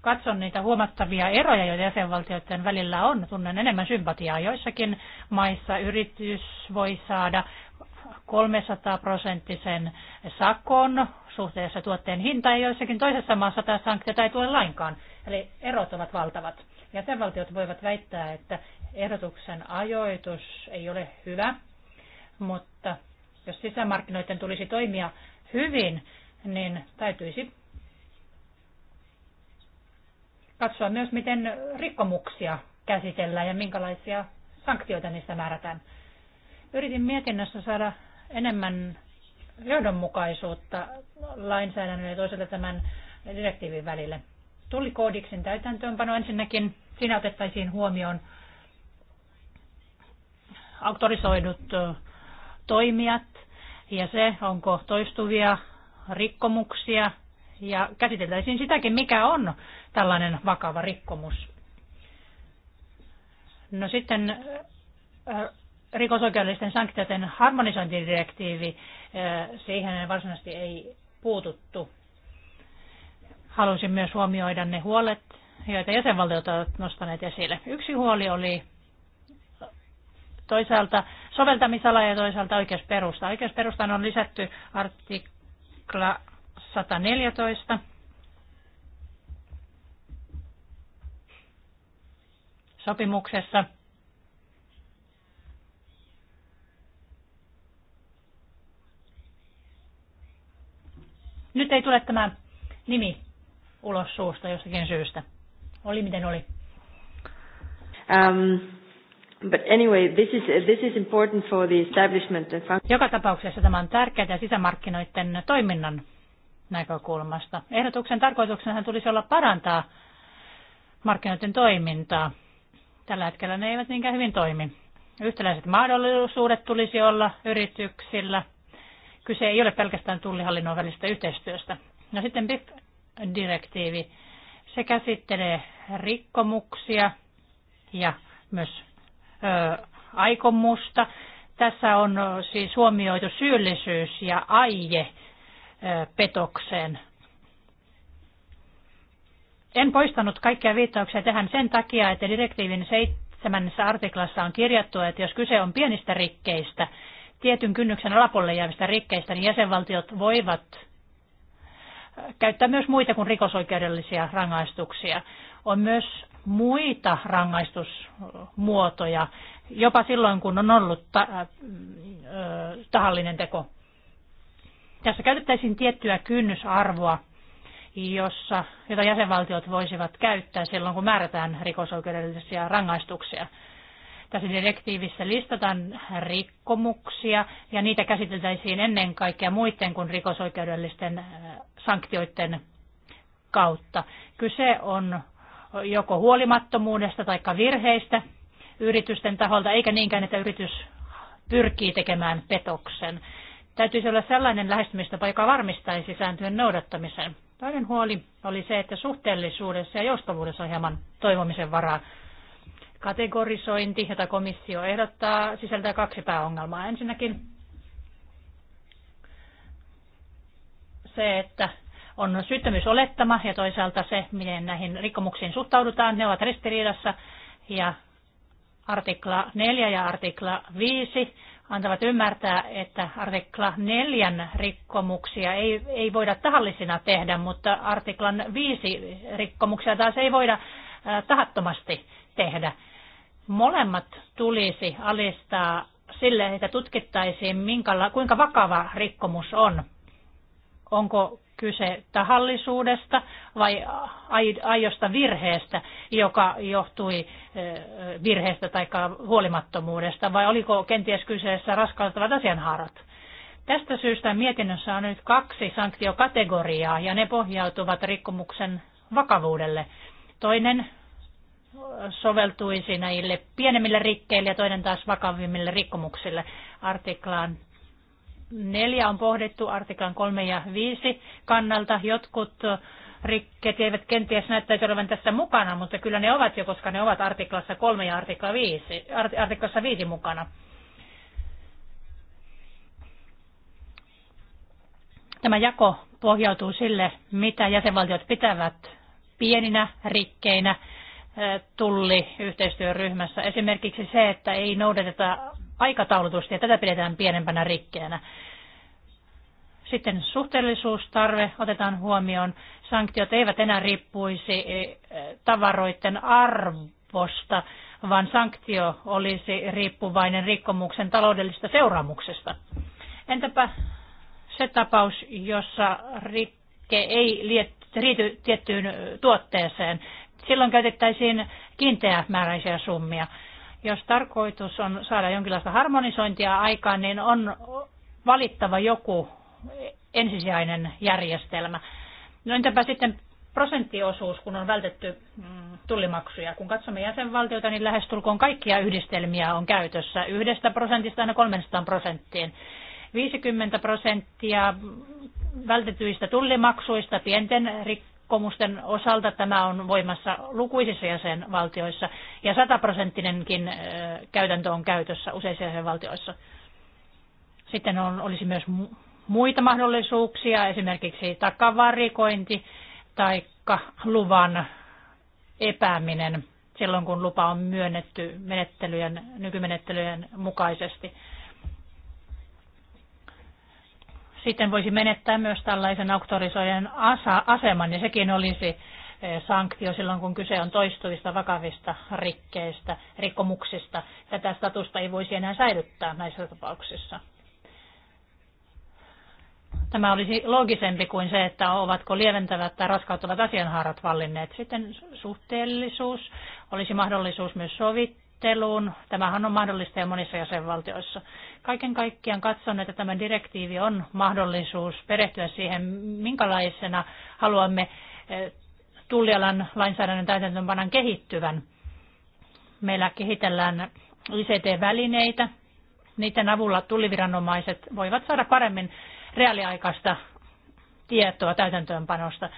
katson niitä huomattavia eroja, joita jäsenvaltioiden välillä on, tunnen enemmän sympatiaa. Joissakin maissa yritys voi saada 300 prosenttisen sakon suhteessa tuotteen hintaan ja joissakin toisessa maassa tämä sanktiota ei tule lainkaan. Eli erot ovat valtavat. Jäsenvaltiot voivat väittää, että ehdotuksen ajoitus ei ole hyvä, mutta jos sisämarkkinoiden tulisi toimia hyvin, niin täytyisi katsoa myös, miten rikkomuksia käsitellään ja minkälaisia sanktioita niistä määrätään. Yritin mietinnössä saada enemmän johdonmukaisuutta lainsäädännön ja toisaalta tämän direktiivin välille. Tullikoodiksen täytäntöönpano ensinnäkin, siinä otettaisiin huomioon auktorisoidut toimijat ja se, onko toistuvia rikkomuksia ja käsiteltäisiin sitäkin, mikä on tällainen vakava rikkomus. No sitten rikosoikeudellisten sanktioiden harmonisointidirektiivi, siihen varsinaisesti ei puututtu. Halusin myös huomioida ne huolet, joita jäsenvaltiot ovat nostaneet esille. Yksi huoli oli toisaalta soveltamisala ja toisaalta oikeusperusta. Oikeusperustan on lisätty artikla 114. sopimuksessa. Nyt ei tule tämä nimi ulos suusta jostakin syystä. Oli miten oli. Um, But anyway, this is, uh, this is important for the establishment and function. Joka tapauksessa tämä on tärkeää sisämarkkinoiden toiminnan näkökulmasta. Ehdotuksen tarkoituksena tulisi olla parantaa markkinoiden toimintaa. Tällä hetkellä ne eivät niinkään hyvin toimi. Yhtäläiset mahdollisuudet tulisi olla yrityksillä. Kyse ei ole pelkästään tullihallinnon välistä yhteistyöstä. No sitten BIF-direktiivi. Se käsittelee rikkomuksia ja myös aikomusta. Tässä on siis huomioitu syyllisyys ja aie petokseen. En poistanut kaikkia viittauksia tähän sen takia, että direktiivin seitsemännessä artiklassa on kirjattu, että jos kyse on pienistä rikkeistä, tietyn kynnyksen alapuolelle jäävistä rikkeistä, niin jäsenvaltiot voivat käyttää myös muita kuin rikosoikeudellisia rangaistuksia. On myös muita rangaistusmuotoja, jopa silloin kun on ollut ta- äh, äh, tahallinen teko. Tässä käytettäisiin tiettyä kynnysarvoa, jossa, jota jäsenvaltiot voisivat käyttää silloin, kun määrätään rikosoikeudellisia rangaistuksia. Tässä direktiivissä listataan rikkomuksia ja niitä käsiteltäisiin ennen kaikkea muiden kuin rikosoikeudellisten äh, sanktioiden kautta. Kyse on joko huolimattomuudesta tai virheistä yritysten taholta, eikä niinkään, että yritys pyrkii tekemään petoksen. Täytyisi olla sellainen lähestymistapa, joka varmistaisi sääntöjen noudattamisen. Toinen huoli oli se, että suhteellisuudessa ja joustavuudessa on hieman toivomisen varaa. Kategorisointi, jota komissio ehdottaa, sisältää kaksi pääongelmaa. Ensinnäkin se, että on syyttömyysolettama ja toisaalta se, miten näihin rikkomuksiin suhtaudutaan. Ne ovat ristiriidassa ja artikla 4 ja artikla 5 antavat ymmärtää, että artikla 4 rikkomuksia ei, ei voida tahallisina tehdä, mutta artiklan 5 rikkomuksia taas ei voida tahattomasti tehdä. Molemmat tulisi alistaa sille, että tutkittaisiin, minkäla, kuinka vakava rikkomus on. Onko kyse tahallisuudesta vai aiosta virheestä, joka johtui virheestä tai huolimattomuudesta, vai oliko kenties kyseessä raskauttavat asianhaarat? Tästä syystä mietinnössä on nyt kaksi sanktiokategoriaa, ja ne pohjautuvat rikkomuksen vakavuudelle. Toinen soveltuisi näille pienemmille rikkeille ja toinen taas vakavimmille rikkomuksille. Artiklaan 4 on pohdittu artiklan 3 ja 5 kannalta. Jotkut rikkeet eivät kenties näyttäisi olevan tässä mukana, mutta kyllä ne ovat jo, koska ne ovat artiklassa 3 ja artikla 5, artiklassa 5 mukana. Tämä jako pohjautuu sille, mitä jäsenvaltiot pitävät pieninä rikkeinä tulli yhteistyöryhmässä. Esimerkiksi se, että ei noudateta aikataulutusta ja tätä pidetään pienempänä rikkeenä. Sitten suhteellisuustarve otetaan huomioon. Sanktiot eivät enää riippuisi eh, tavaroiden arvosta, vaan sanktio olisi riippuvainen rikkomuksen taloudellisesta seuraamuksesta. Entäpä se tapaus, jossa rikke ei riity tiettyyn tuotteeseen? Silloin käytettäisiin kiinteämääräisiä summia. Jos tarkoitus on saada jonkinlaista harmonisointia aikaan, niin on valittava joku ensisijainen järjestelmä. No entäpä sitten prosenttiosuus, kun on vältetty mm, tullimaksuja. Kun katsomme jäsenvaltioita, niin lähestulkoon kaikkia yhdistelmiä on käytössä yhdestä prosentista aina 300 prosenttiin. 50 prosenttia vältetyistä tullimaksuista pienten rik- rikkomusten osalta tämä on voimassa lukuisissa jäsenvaltioissa ja sataprosenttinenkin käytäntö on käytössä useissa jäsenvaltioissa. Sitten on, olisi myös muita mahdollisuuksia, esimerkiksi takavarikointi tai luvan epääminen silloin, kun lupa on myönnetty menettelyjen, nykymenettelyjen mukaisesti. sitten voisi menettää myös tällaisen auktorisoijan aseman, ja sekin olisi e, sanktio silloin, kun kyse on toistuvista vakavista rikkeistä, rikkomuksista. Tätä statusta ei voisi enää säilyttää näissä tapauksissa. Tämä olisi loogisempi kuin se, että ovatko lieventävät tai raskauttavat asianhaarat vallinneet. Sitten suhteellisuus, olisi mahdollisuus myös sovittaa neuvotteluun. Tämähän on mahdollista ja monissa jäsenvaltioissa. Kaiken kaikkiaan katson, että tämä direktiivi on mahdollisuus perehtyä siihen, minkälaisena haluamme eh, tullialan lainsäädännön täytäntöönpanan kehittyvän. Meillä kehitellään ICT-välineitä. Niiden avulla tulliviranomaiset voivat saada paremmin reaaliaikaista tietoa täytäntöönpanosta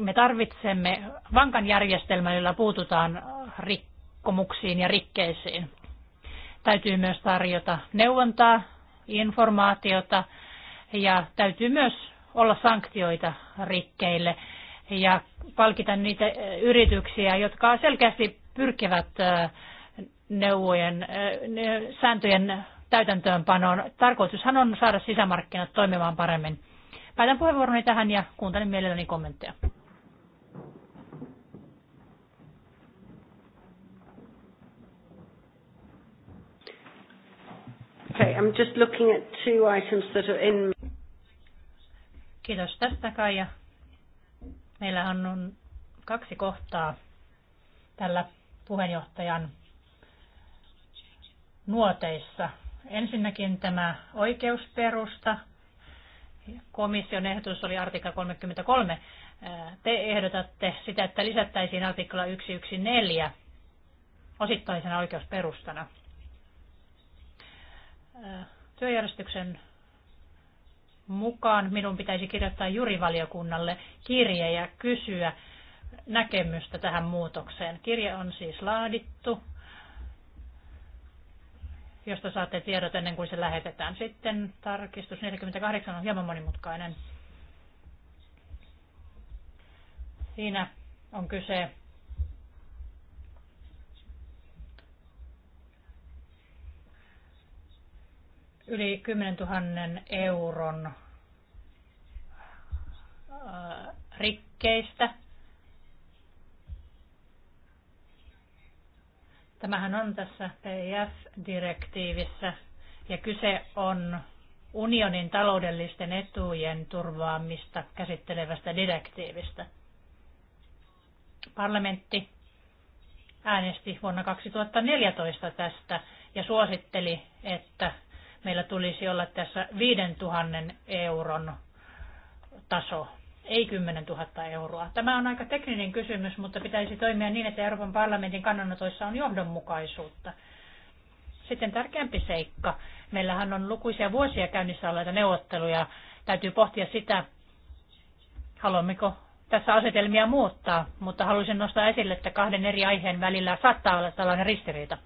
me tarvitsemme vankan järjestelmän, jolla puututaan rikkomuksiin ja rikkeisiin. Täytyy myös tarjota neuvontaa, informaatiota ja täytyy myös olla sanktioita rikkeille ja palkita niitä yrityksiä, jotka selkeästi pyrkivät neuvojen, sääntöjen täytäntöönpanoon. Tarkoitushan on saada sisämarkkinat toimimaan paremmin. Päätän puheenvuoroni tähän ja kuuntelen mielelläni kommentteja. Okay, I'm just looking at two items that are in... Kiitos tästä Kaija. Meillä on kaksi kohtaa tällä puheenjohtajan nuoteissa. Ensinnäkin tämä oikeusperusta. Komission ehdotus oli artikla 33. Te ehdotatte sitä, että lisättäisiin artikla 114 osittaisena oikeusperustana työjärjestyksen mukaan minun pitäisi kirjoittaa jurivaliokunnalle kirje ja kysyä näkemystä tähän muutokseen. Kirje on siis laadittu, josta saatte tiedot ennen kuin se lähetetään. Sitten tarkistus 48 on hieman monimutkainen. Siinä on kyse yli 10 000 euron äh, rikkeistä. Tämähän on tässä PIF-direktiivissä ja kyse on unionin taloudellisten etujen turvaamista käsittelevästä direktiivistä. Parlamentti äänesti vuonna 2014 tästä ja suositteli, että meillä tulisi olla tässä 5000 euron taso, ei 10 000 euroa. Tämä on aika tekninen kysymys, mutta pitäisi toimia niin, että Euroopan parlamentin kannanotoissa on johdonmukaisuutta. Sitten tärkeämpi seikka. Meillähän on lukuisia vuosia käynnissä olleita neuvotteluja. Täytyy pohtia sitä, haluammeko tässä asetelmia muuttaa, mutta halusin nostaa esille, että kahden eri aiheen välillä saattaa olla tällainen ristiriita.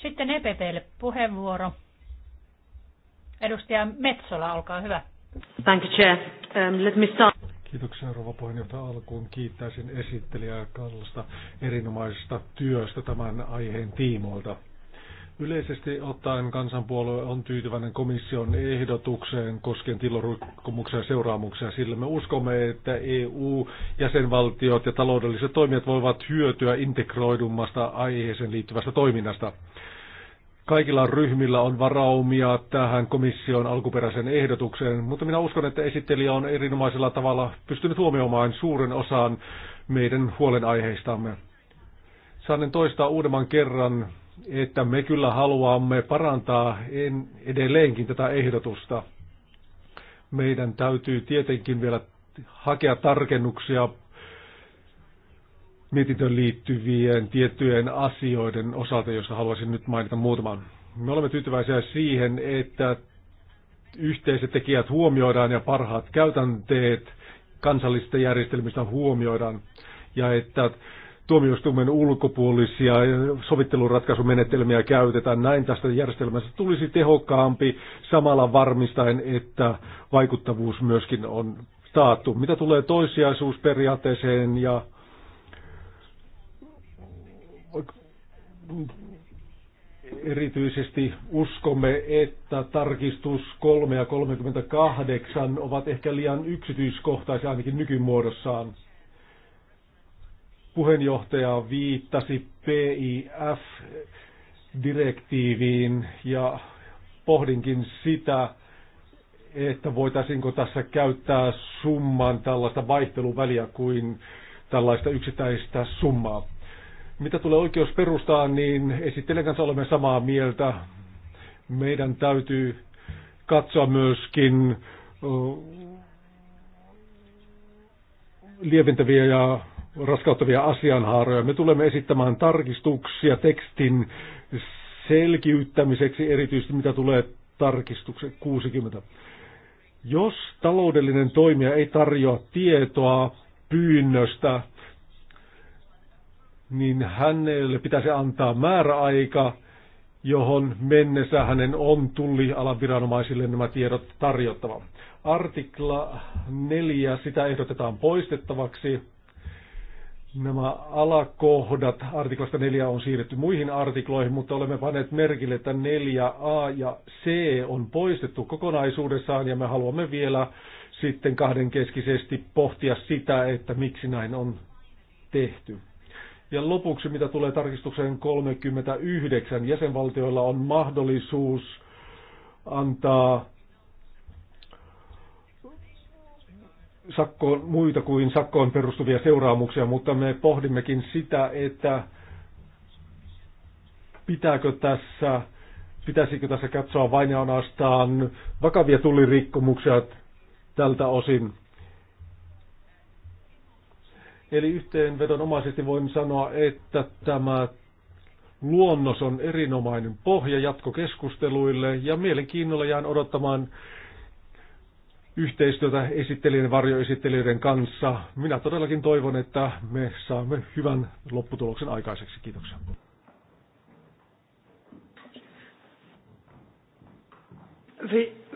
Sitten EPPlle puheenvuoro. Edustaja Metsola, olkaa hyvä. Thank you, Chair. Um, let me start. Kiitoksia rouva puheenjohtaja. Alkuun kiittäisin esittelijää Kallasta erinomaisesta työstä tämän aiheen tiimoilta. Yleisesti ottaen kansanpuolue on tyytyväinen komission ehdotukseen koskien tilorikkomuksia ja seuraamuksia, sillä me uskomme, että EU, jäsenvaltiot ja taloudelliset toimijat voivat hyötyä integroidummasta aiheeseen liittyvästä toiminnasta. Kaikilla ryhmillä on varaumia tähän komission alkuperäiseen ehdotukseen, mutta minä uskon, että esittelijä on erinomaisella tavalla pystynyt huomioimaan suuren osan meidän huolenaiheistamme. Saanen toistaa uudemman kerran, että me kyllä haluamme parantaa edelleenkin tätä ehdotusta. Meidän täytyy tietenkin vielä hakea tarkennuksia mietintöön liittyvien tiettyjen asioiden osalta, joista haluaisin nyt mainita muutaman. Me olemme tyytyväisiä siihen, että yhteiset tekijät huomioidaan ja parhaat käytänteet kansallisista järjestelmistä huomioidaan ja että tuomioistuimen ulkopuolisia sovitteluratkaisumenetelmiä käytetään. Näin tästä järjestelmästä tulisi tehokkaampi samalla varmistaen, että vaikuttavuus myöskin on taattu. Mitä tulee toissijaisuusperiaatteeseen ja erityisesti uskomme, että tarkistus 3 ja 38 ovat ehkä liian yksityiskohtaisia ainakin nykymuodossaan. Puheenjohtaja viittasi PIF-direktiiviin ja pohdinkin sitä, että voitaisiinko tässä käyttää summan tällaista vaihteluväliä kuin tällaista yksittäistä summaa. Mitä tulee oikeusperustaan, niin esittelen kanssa olemme samaa mieltä. Meidän täytyy katsoa myöskin lieventäviä ja raskauttavia asianhaaroja. Me tulemme esittämään tarkistuksia tekstin selkiyttämiseksi, erityisesti mitä tulee tarkistukseen 60. Jos taloudellinen toimija ei tarjoa tietoa pyynnöstä, niin hänelle pitäisi antaa määräaika, johon mennessä hänen on alan viranomaisille nämä tiedot tarjottava. Artikla 4, sitä ehdotetaan poistettavaksi. Nämä alakohdat artiklasta 4 on siirretty muihin artikloihin, mutta olemme panneet merkille, että 4a ja c on poistettu kokonaisuudessaan ja me haluamme vielä sitten kahdenkeskisesti pohtia sitä, että miksi näin on tehty. Ja lopuksi, mitä tulee tarkistukseen 39, jäsenvaltioilla on mahdollisuus antaa sakkoon, muita kuin sakkoon perustuvia seuraamuksia, mutta me pohdimmekin sitä, että pitääkö tässä, pitäisikö tässä katsoa vain ja ainoastaan vakavia tullirikkomuksia tältä osin. Eli yhteenvedonomaisesti voin sanoa, että tämä luonnos on erinomainen pohja jatkokeskusteluille ja mielenkiinnolla jään odottamaan yhteistyötä esittelijän varjoesittelijöiden kanssa. Minä todellakin toivon, että me saamme hyvän lopputuloksen aikaiseksi. Kiitoksia.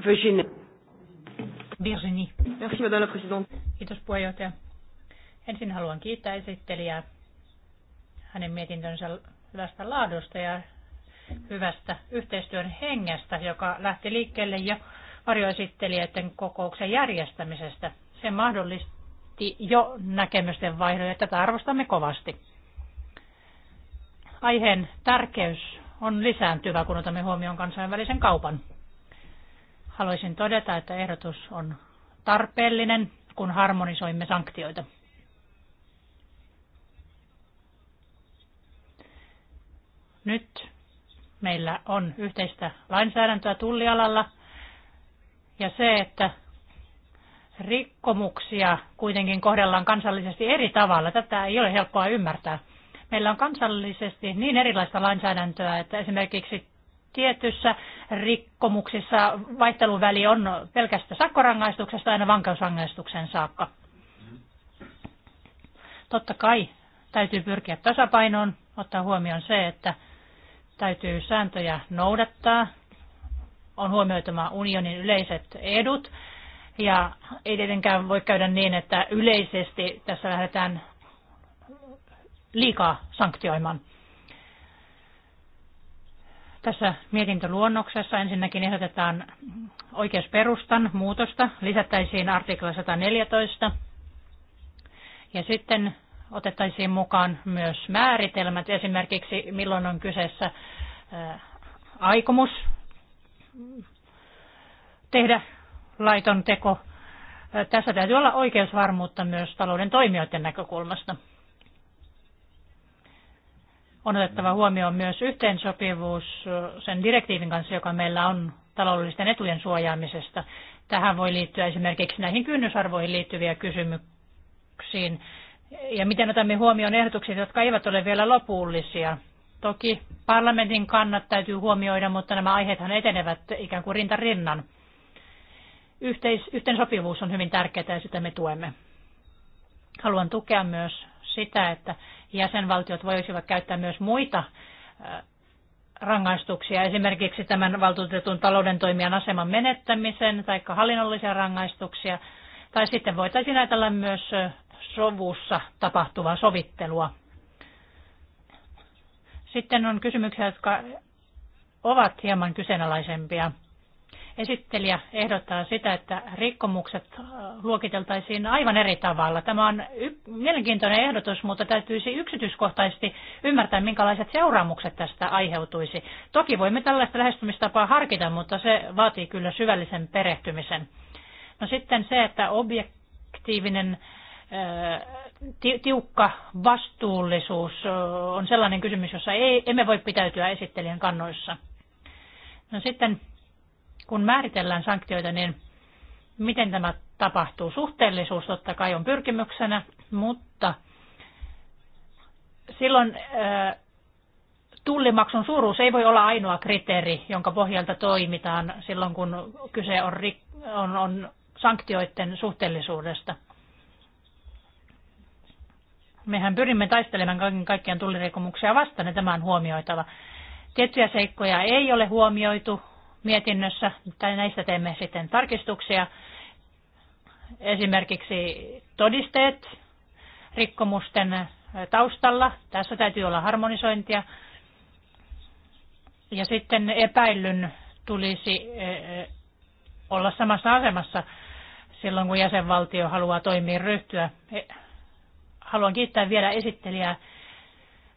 Virginie. Virginie. Merci, Madame la Présidente. Kiitos puheenjohtaja. Ensin haluan kiittää esittelijää hänen mietintönsä hyvästä laadusta ja hyvästä yhteistyön hengestä, joka lähti liikkeelle jo varjoesittelijöiden kokouksen järjestämisestä. Se mahdollisti jo näkemysten vaihdon ja tätä arvostamme kovasti. Aiheen tärkeys on lisääntyvä, kun otamme huomioon kansainvälisen kaupan. Haluaisin todeta, että ehdotus on tarpeellinen, kun harmonisoimme sanktioita. Nyt meillä on yhteistä lainsäädäntöä tullialalla ja se, että rikkomuksia kuitenkin kohdellaan kansallisesti eri tavalla. Tätä ei ole helppoa ymmärtää. Meillä on kansallisesti niin erilaista lainsäädäntöä, että esimerkiksi tietyssä rikkomuksissa vaihteluväli on pelkästä sakkorangaistuksesta aina vankeusrangaistuksen saakka. Totta kai täytyy pyrkiä tasapainoon, ottaa huomioon se, että Täytyy sääntöjä noudattaa. On huomioitava unionin yleiset edut. Ja ei tietenkään voi käydä niin, että yleisesti tässä lähdetään liikaa sanktioimaan. Tässä mietintöluonnoksessa ensinnäkin ehdotetaan oikeusperustan muutosta. Lisättäisiin artikla 114. Ja sitten otettaisiin mukaan myös määritelmät, esimerkiksi milloin on kyseessä aikomus tehdä laiton teko. Tässä täytyy olla oikeusvarmuutta myös talouden toimijoiden näkökulmasta. On otettava huomioon myös yhteensopivuus sen direktiivin kanssa, joka meillä on taloudellisten etujen suojaamisesta. Tähän voi liittyä esimerkiksi näihin kynnysarvoihin liittyviä kysymyksiä kysymyksiin, ja miten otamme huomioon ehdotukset, jotka eivät ole vielä lopullisia. Toki parlamentin kannat täytyy huomioida, mutta nämä aiheethan etenevät ikään kuin rinta rinnan. Yhteis, yhteensopivuus on hyvin tärkeää ja sitä me tuemme. Haluan tukea myös sitä, että jäsenvaltiot voisivat käyttää myös muita rangaistuksia, esimerkiksi tämän valtuutetun talouden toimijan aseman menettämisen tai hallinnollisia rangaistuksia. Tai sitten voitaisiin ajatella myös sovussa tapahtuvaa sovittelua. Sitten on kysymyksiä, jotka ovat hieman kyseenalaisempia. Esittelijä ehdottaa sitä, että rikkomukset äh, luokiteltaisiin aivan eri tavalla. Tämä on mielenkiintoinen ehdotus, mutta täytyisi yksityiskohtaisesti ymmärtää, minkälaiset seuraamukset tästä aiheutuisi. Toki voimme tällaista lähestymistapaa harkita, mutta se vaatii kyllä syvällisen perehtymisen. No sitten se, että objektiivinen äh, tiukka vastuullisuus on sellainen kysymys, jossa ei, emme voi pitäytyä esittelijän kannoissa. No sitten, kun määritellään sanktioita, niin miten tämä tapahtuu? Suhteellisuus totta kai on pyrkimyksenä, mutta silloin tullimaksun suuruus ei voi olla ainoa kriteeri, jonka pohjalta toimitaan silloin, kun kyse on, on, on sanktioiden suhteellisuudesta – Mehän pyrimme taistelemaan kaiken kaikkiaan tullirikomuksia vastaan ja tämä on huomioitava. Tiettyjä seikkoja ei ole huomioitu mietinnössä, tai näistä teemme sitten tarkistuksia. Esimerkiksi todisteet rikkomusten taustalla. Tässä täytyy olla harmonisointia. Ja sitten epäillyn tulisi e, e, olla samassa asemassa silloin, kun jäsenvaltio haluaa toimia ryhtyä. E, haluan kiittää vielä esittelijää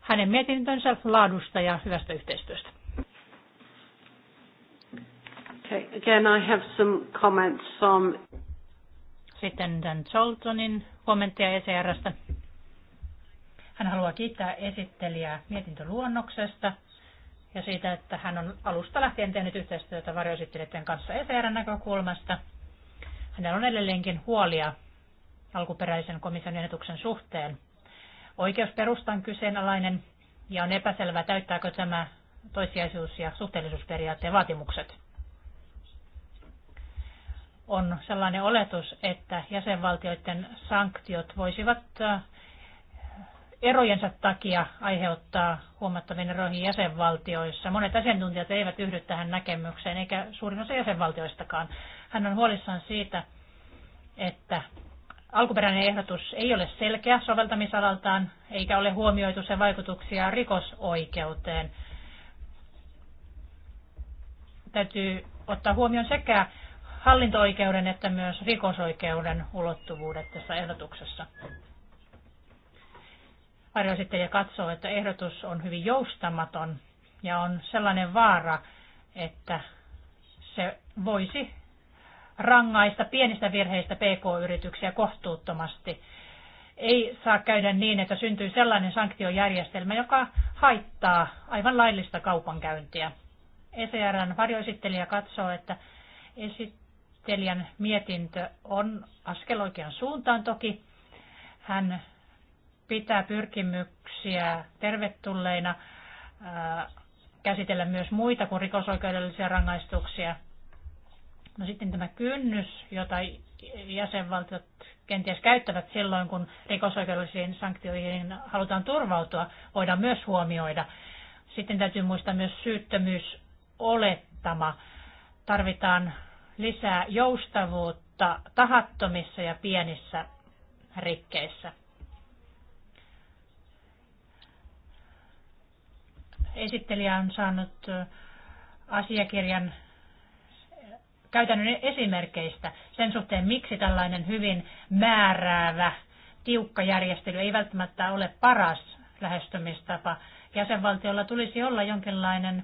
hänen mietintönsä laadusta ja hyvästä yhteistyöstä. Okay, again I have some comments from... Sitten Dan Choltonin kommenttia ECRstä. Hän haluaa kiittää esittelijää mietintöluonnoksesta ja siitä, että hän on alusta lähtien tehnyt yhteistyötä varjoesittelijöiden kanssa ecr näkökulmasta. Hänellä on edelleenkin huolia alkuperäisen komission ehdotuksen suhteen. Oikeusperusta on kyseenalainen ja on epäselvää, täyttääkö tämä toissijaisuus- ja suhteellisuusperiaatteen vaatimukset. On sellainen oletus, että jäsenvaltioiden sanktiot voisivat erojensa takia aiheuttaa huomattavien eroihin jäsenvaltioissa. Monet asiantuntijat eivät yhdy tähän näkemykseen, eikä suurin osa jäsenvaltioistakaan. Hän on huolissaan siitä, että Alkuperäinen ehdotus ei ole selkeä soveltamisalaltaan, eikä ole huomioitu sen vaikutuksia rikosoikeuteen. Täytyy ottaa huomioon sekä hallinto-oikeuden että myös rikosoikeuden ulottuvuudet tässä ehdotuksessa. ja katsoo, että ehdotus on hyvin joustamaton ja on sellainen vaara, että se voisi rangaista pienistä virheistä PK-yrityksiä kohtuuttomasti. Ei saa käydä niin, että syntyy sellainen sanktiojärjestelmä, joka haittaa aivan laillista kaupankäyntiä. ECRn varjoesittelijä katsoo, että esittelijän mietintö on askel oikean suuntaan toki. Hän pitää pyrkimyksiä tervetulleina käsitellä myös muita kuin rikosoikeudellisia rangaistuksia – No sitten tämä kynnys, jota jäsenvaltiot kenties käyttävät silloin, kun rikosoikeudellisiin sanktioihin halutaan turvautua, voidaan myös huomioida. Sitten täytyy muistaa myös syyttömyysolettama. Tarvitaan lisää joustavuutta tahattomissa ja pienissä rikkeissä. Esittelijä on saanut asiakirjan käytännön esimerkkeistä sen suhteen, miksi tällainen hyvin määräävä, tiukka järjestely ei välttämättä ole paras lähestymistapa. Jäsenvaltiolla tulisi olla jonkinlainen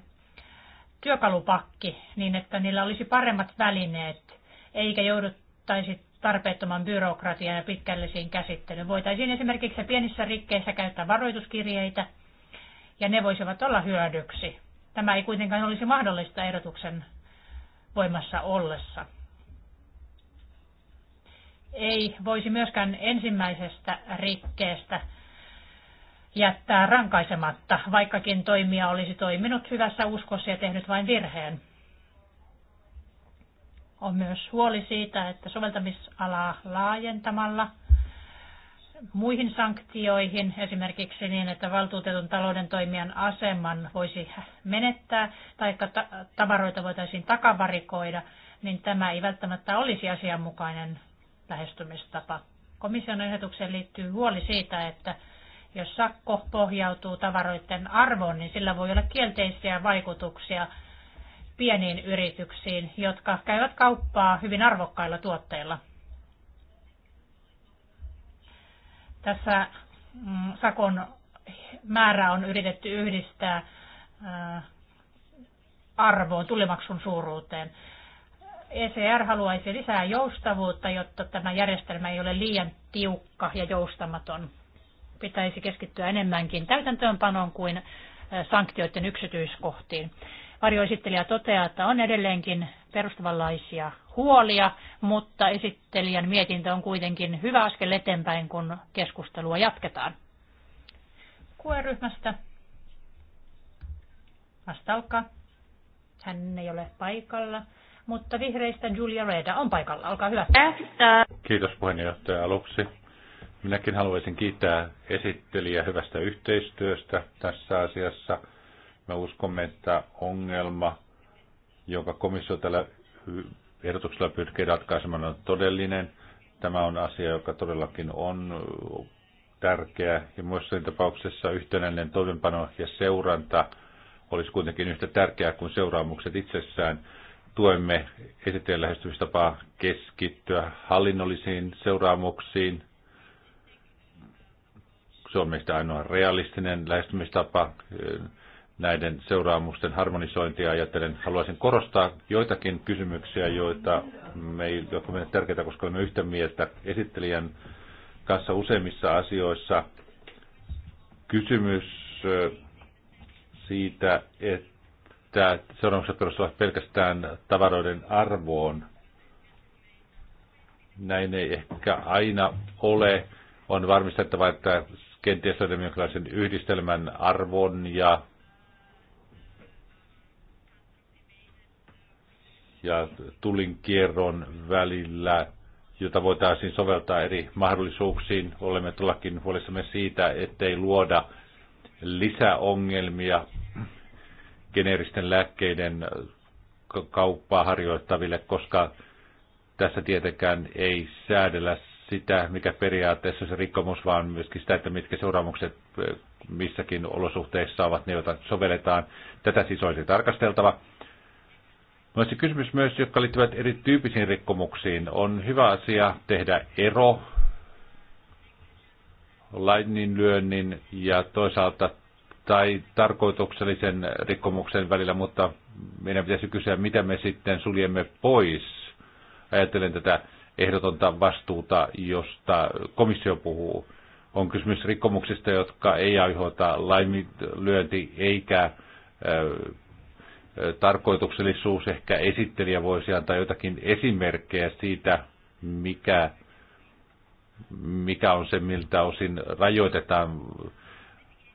työkalupakki niin, että niillä olisi paremmat välineet, eikä jouduttaisi tarpeettoman byrokratian ja pitkällisiin käsittelyyn. Voitaisiin esimerkiksi pienissä rikkeissä käyttää varoituskirjeitä, ja ne voisivat olla hyödyksi. Tämä ei kuitenkaan olisi mahdollista ehdotuksen voimassa ollessa. Ei voisi myöskään ensimmäisestä rikkeestä jättää rankaisematta, vaikkakin toimija olisi toiminut hyvässä uskossa ja tehnyt vain virheen. On myös huoli siitä, että soveltamisalaa laajentamalla muihin sanktioihin, esimerkiksi niin, että valtuutetun talouden toimijan aseman voisi menettää tai että tavaroita voitaisiin takavarikoida, niin tämä ei välttämättä olisi asianmukainen lähestymistapa. Komission ehdotukseen liittyy huoli siitä, että jos sakko pohjautuu tavaroiden arvoon, niin sillä voi olla kielteisiä vaikutuksia pieniin yrityksiin, jotka käyvät kauppaa hyvin arvokkailla tuotteilla. Tässä mm, sakon määrä on yritetty yhdistää äh, arvoon, tulimaksun suuruuteen. ECR haluaisi lisää joustavuutta, jotta tämä järjestelmä ei ole liian tiukka ja joustamaton. Pitäisi keskittyä enemmänkin täytäntöönpanoon kuin äh, sanktioiden yksityiskohtiin. Varjoesittelijä toteaa, että on edelleenkin perustavanlaisia huolia, mutta esittelijän mietintö on kuitenkin hyvä askel eteenpäin, kun keskustelua jatketaan. Kueryhmästä. ryhmästä Vasta alkaa. Hän ei ole paikalla, mutta vihreistä Julia Reda on paikalla. Olkaa hyvä. Kiitos puheenjohtaja aluksi. Minäkin haluaisin kiittää esittelijä hyvästä yhteistyöstä tässä asiassa. Me uskomme, että ongelma, jonka komissio tällä ehdotuksella pyrkii ratkaisemaan on todellinen. Tämä on asia, joka todellakin on tärkeä ja muissa tapauksessa yhtenäinen toimenpano ja seuranta olisi kuitenkin yhtä tärkeää kuin seuraamukset itsessään. Tuemme esiteen lähestymistapaa keskittyä hallinnollisiin seuraamuksiin. Se on meistä ainoa realistinen lähestymistapa näiden seuraamusten harmonisointia ajatellen haluaisin korostaa joitakin kysymyksiä, joita meillä, jotka meille tärkeitä, koska olemme yhtä mieltä esittelijän kanssa useimmissa asioissa. Kysymys siitä, että seuraamukset perustuvat pelkästään tavaroiden arvoon. Näin ei ehkä aina ole. On varmistettava, että kenties on jonkinlaisen yhdistelmän arvon ja ja tulinkierron välillä, jota voitaisiin soveltaa eri mahdollisuuksiin. Olemme tullakin huolissamme siitä, ettei luoda lisäongelmia geneeristen lääkkeiden kauppaa harjoittaville, koska tässä tietenkään ei säädellä sitä, mikä periaatteessa se rikkomus, vaan myöskin sitä, että mitkä seuraamukset missäkin olosuhteissa ovat ne, joita sovelletaan. Tätä siis olisi tarkasteltava. Noissa kysymys myös, jotka liittyvät erityyppisiin rikkomuksiin. On hyvä asia tehdä ero laiminlyönnin ja toisaalta tai tarkoituksellisen rikkomuksen välillä, mutta meidän pitäisi kysyä, mitä me sitten suljemme pois. Ajattelen tätä ehdotonta vastuuta, josta komissio puhuu. On kysymys rikkomuksista, jotka ei aiheuta laiminlyönti eikä tarkoituksellisuus. Ehkä esittelijä voisi antaa jotakin esimerkkejä siitä, mikä, mikä on se, miltä osin rajoitetaan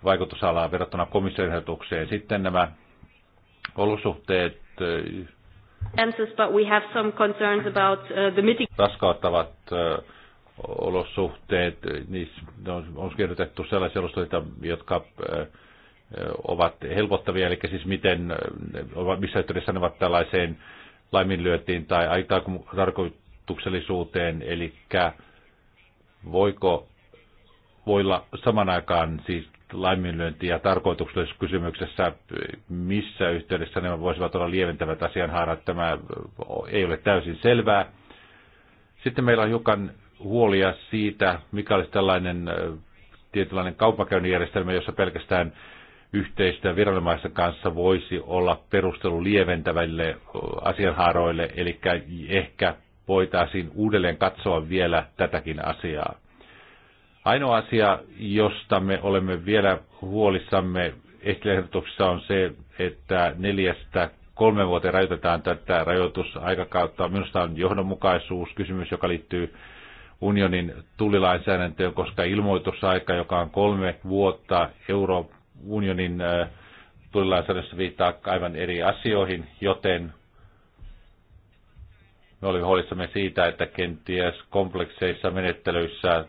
vaikutusalaa verrattuna komission ehdotukseen. Sitten nämä olosuhteet uh, raskauttavat uh, olosuhteet, niissä on, on kirjoitettu sellaisia olosuhteita, jotka uh, ovat helpottavia, eli siis miten, missä yhteydessä ne ovat tällaiseen laiminlyötiin tai tarkoituksellisuuteen, eli voiko voilla saman aikaan siis laiminlyönti ja tarkoituksellisuus kysymyksessä, missä yhteydessä ne voisivat olla lieventävät asianhaarat, tämä ei ole täysin selvää. Sitten meillä on hiukan huolia siitä, mikä olisi tällainen äh, tietynlainen kaupankäynnin järjestelmä, jossa pelkästään yhteistyö viranomaisten kanssa voisi olla perustelu lieventäville asianhaaroille, eli ehkä voitaisiin uudelleen katsoa vielä tätäkin asiaa. Ainoa asia, josta me olemme vielä huolissamme ehtilehdotuksessa on se, että neljästä kolme vuoteen rajoitetaan tätä rajoitusaikakautta. Minusta on johdonmukaisuus kysymys, joka liittyy unionin tullilainsäädäntöön, koska ilmoitusaika, joka on kolme vuotta Euroopan unionin äh, tulilainsäädännössä viittaa aivan eri asioihin, joten me olimme huolissamme siitä, että kenties komplekseissa menettelyissä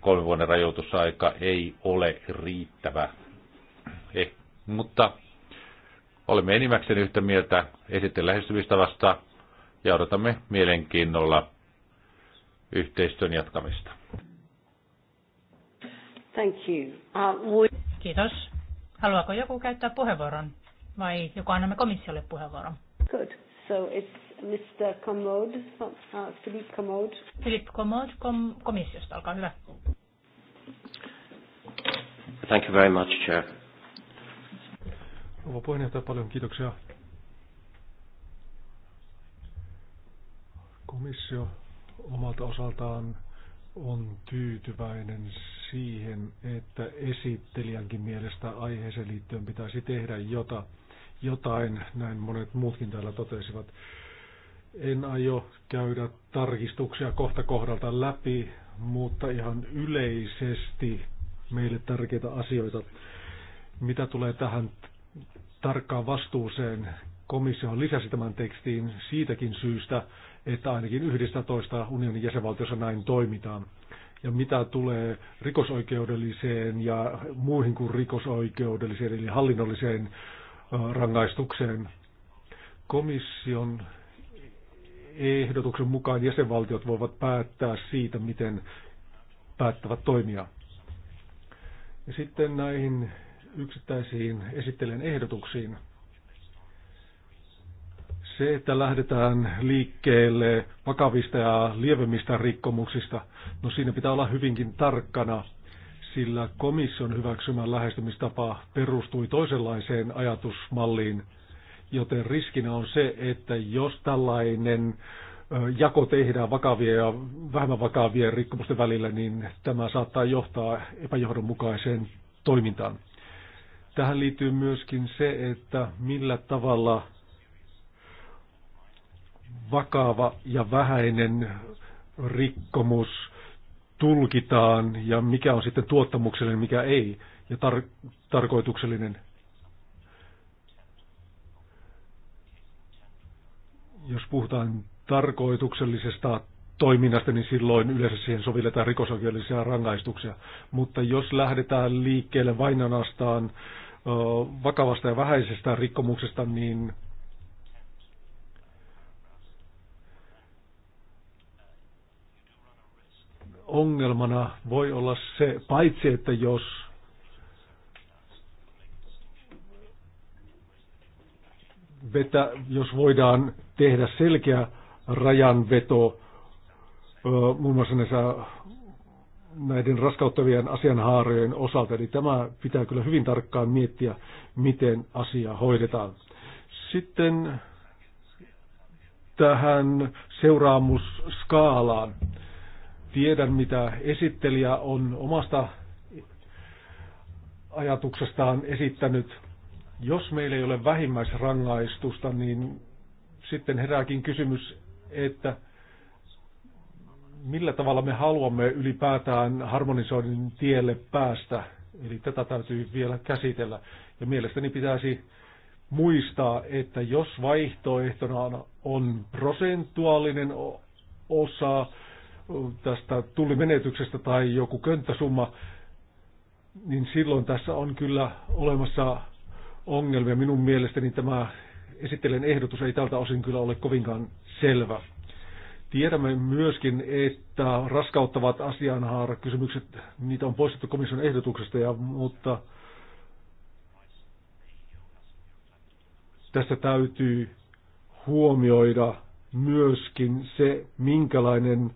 kolmen vuoden rajoitusaika ei ole riittävä. Eh, mutta olemme enimmäkseen yhtä mieltä esitteen lähestymistavasta ja odotamme mielenkiinnolla yhteistyön jatkamista. Thank you. Uh, we... Kiitos. Haluaako joku käyttää puheenvuoron vai joku annamme komissiolle puheenvuoron? Good. So it's Mr. Commode, uh, Philippe Commode. Philippe Commode kom- komissiosta, olkaa hyvä. Thank you very much, Chair. Rouva puheenjohtaja, paljon kiitoksia. Komissio omalta osaltaan on tyytyväinen siihen, että esittelijänkin mielestä aiheeseen liittyen pitäisi tehdä jota, jotain, näin monet muutkin täällä totesivat. En aio käydä tarkistuksia kohta kohdalta läpi, mutta ihan yleisesti meille tärkeitä asioita. Mitä tulee tähän tarkkaan vastuuseen, komissio lisäsi tämän tekstiin siitäkin syystä, että ainakin 11 unionin jäsenvaltiossa näin toimitaan. Ja mitä tulee rikosoikeudelliseen ja muihin kuin rikosoikeudelliseen, eli hallinnolliseen rangaistukseen, komission ehdotuksen mukaan jäsenvaltiot voivat päättää siitä, miten päättävät toimia. Ja sitten näihin yksittäisiin esittelen ehdotuksiin – se, että lähdetään liikkeelle vakavista ja lievemmistä rikkomuksista, no siinä pitää olla hyvinkin tarkkana, sillä komission hyväksymä lähestymistapa perustui toisenlaiseen ajatusmalliin, joten riskinä on se, että jos tällainen jako tehdään vakavien ja vähemmän vakavien rikkomusten välillä, niin tämä saattaa johtaa epäjohdonmukaiseen toimintaan. Tähän liittyy myöskin se, että millä tavalla vakava ja vähäinen rikkomus tulkitaan ja mikä on sitten tuottamuksellinen, mikä ei ja tar- tarkoituksellinen. Jos puhutaan tarkoituksellisesta toiminnasta, niin silloin yleensä siihen sovelletaan rikosoikeudellisia rangaistuksia. Mutta jos lähdetään liikkeelle vainanastaan vakavasta ja vähäisestä rikkomuksesta, niin ongelmana voi olla se, paitsi että jos vetä, jos voidaan tehdä selkeä rajanveto muun mm. muassa näissä näiden raskauttavien asianhaarojen osalta. Eli tämä pitää kyllä hyvin tarkkaan miettiä, miten asia hoidetaan. Sitten tähän seuraamusskaalaan. Tiedän, mitä esittelijä on omasta ajatuksestaan esittänyt. Jos meillä ei ole vähimmäisrangaistusta, niin sitten herääkin kysymys, että millä tavalla me haluamme ylipäätään harmonisoinnin tielle päästä. Eli tätä täytyy vielä käsitellä. Ja mielestäni pitäisi muistaa, että jos vaihtoehtona on prosentuaalinen osa, tästä tullimenetyksestä tai joku könttäsumma, niin silloin tässä on kyllä olemassa ongelmia. Minun mielestäni tämä esittelen ehdotus ei tältä osin kyllä ole kovinkaan selvä. Tiedämme myöskin, että raskauttavat asianhaarakysymykset, niitä on poistettu komission ehdotuksesta, ja, mutta tässä täytyy huomioida myöskin se, minkälainen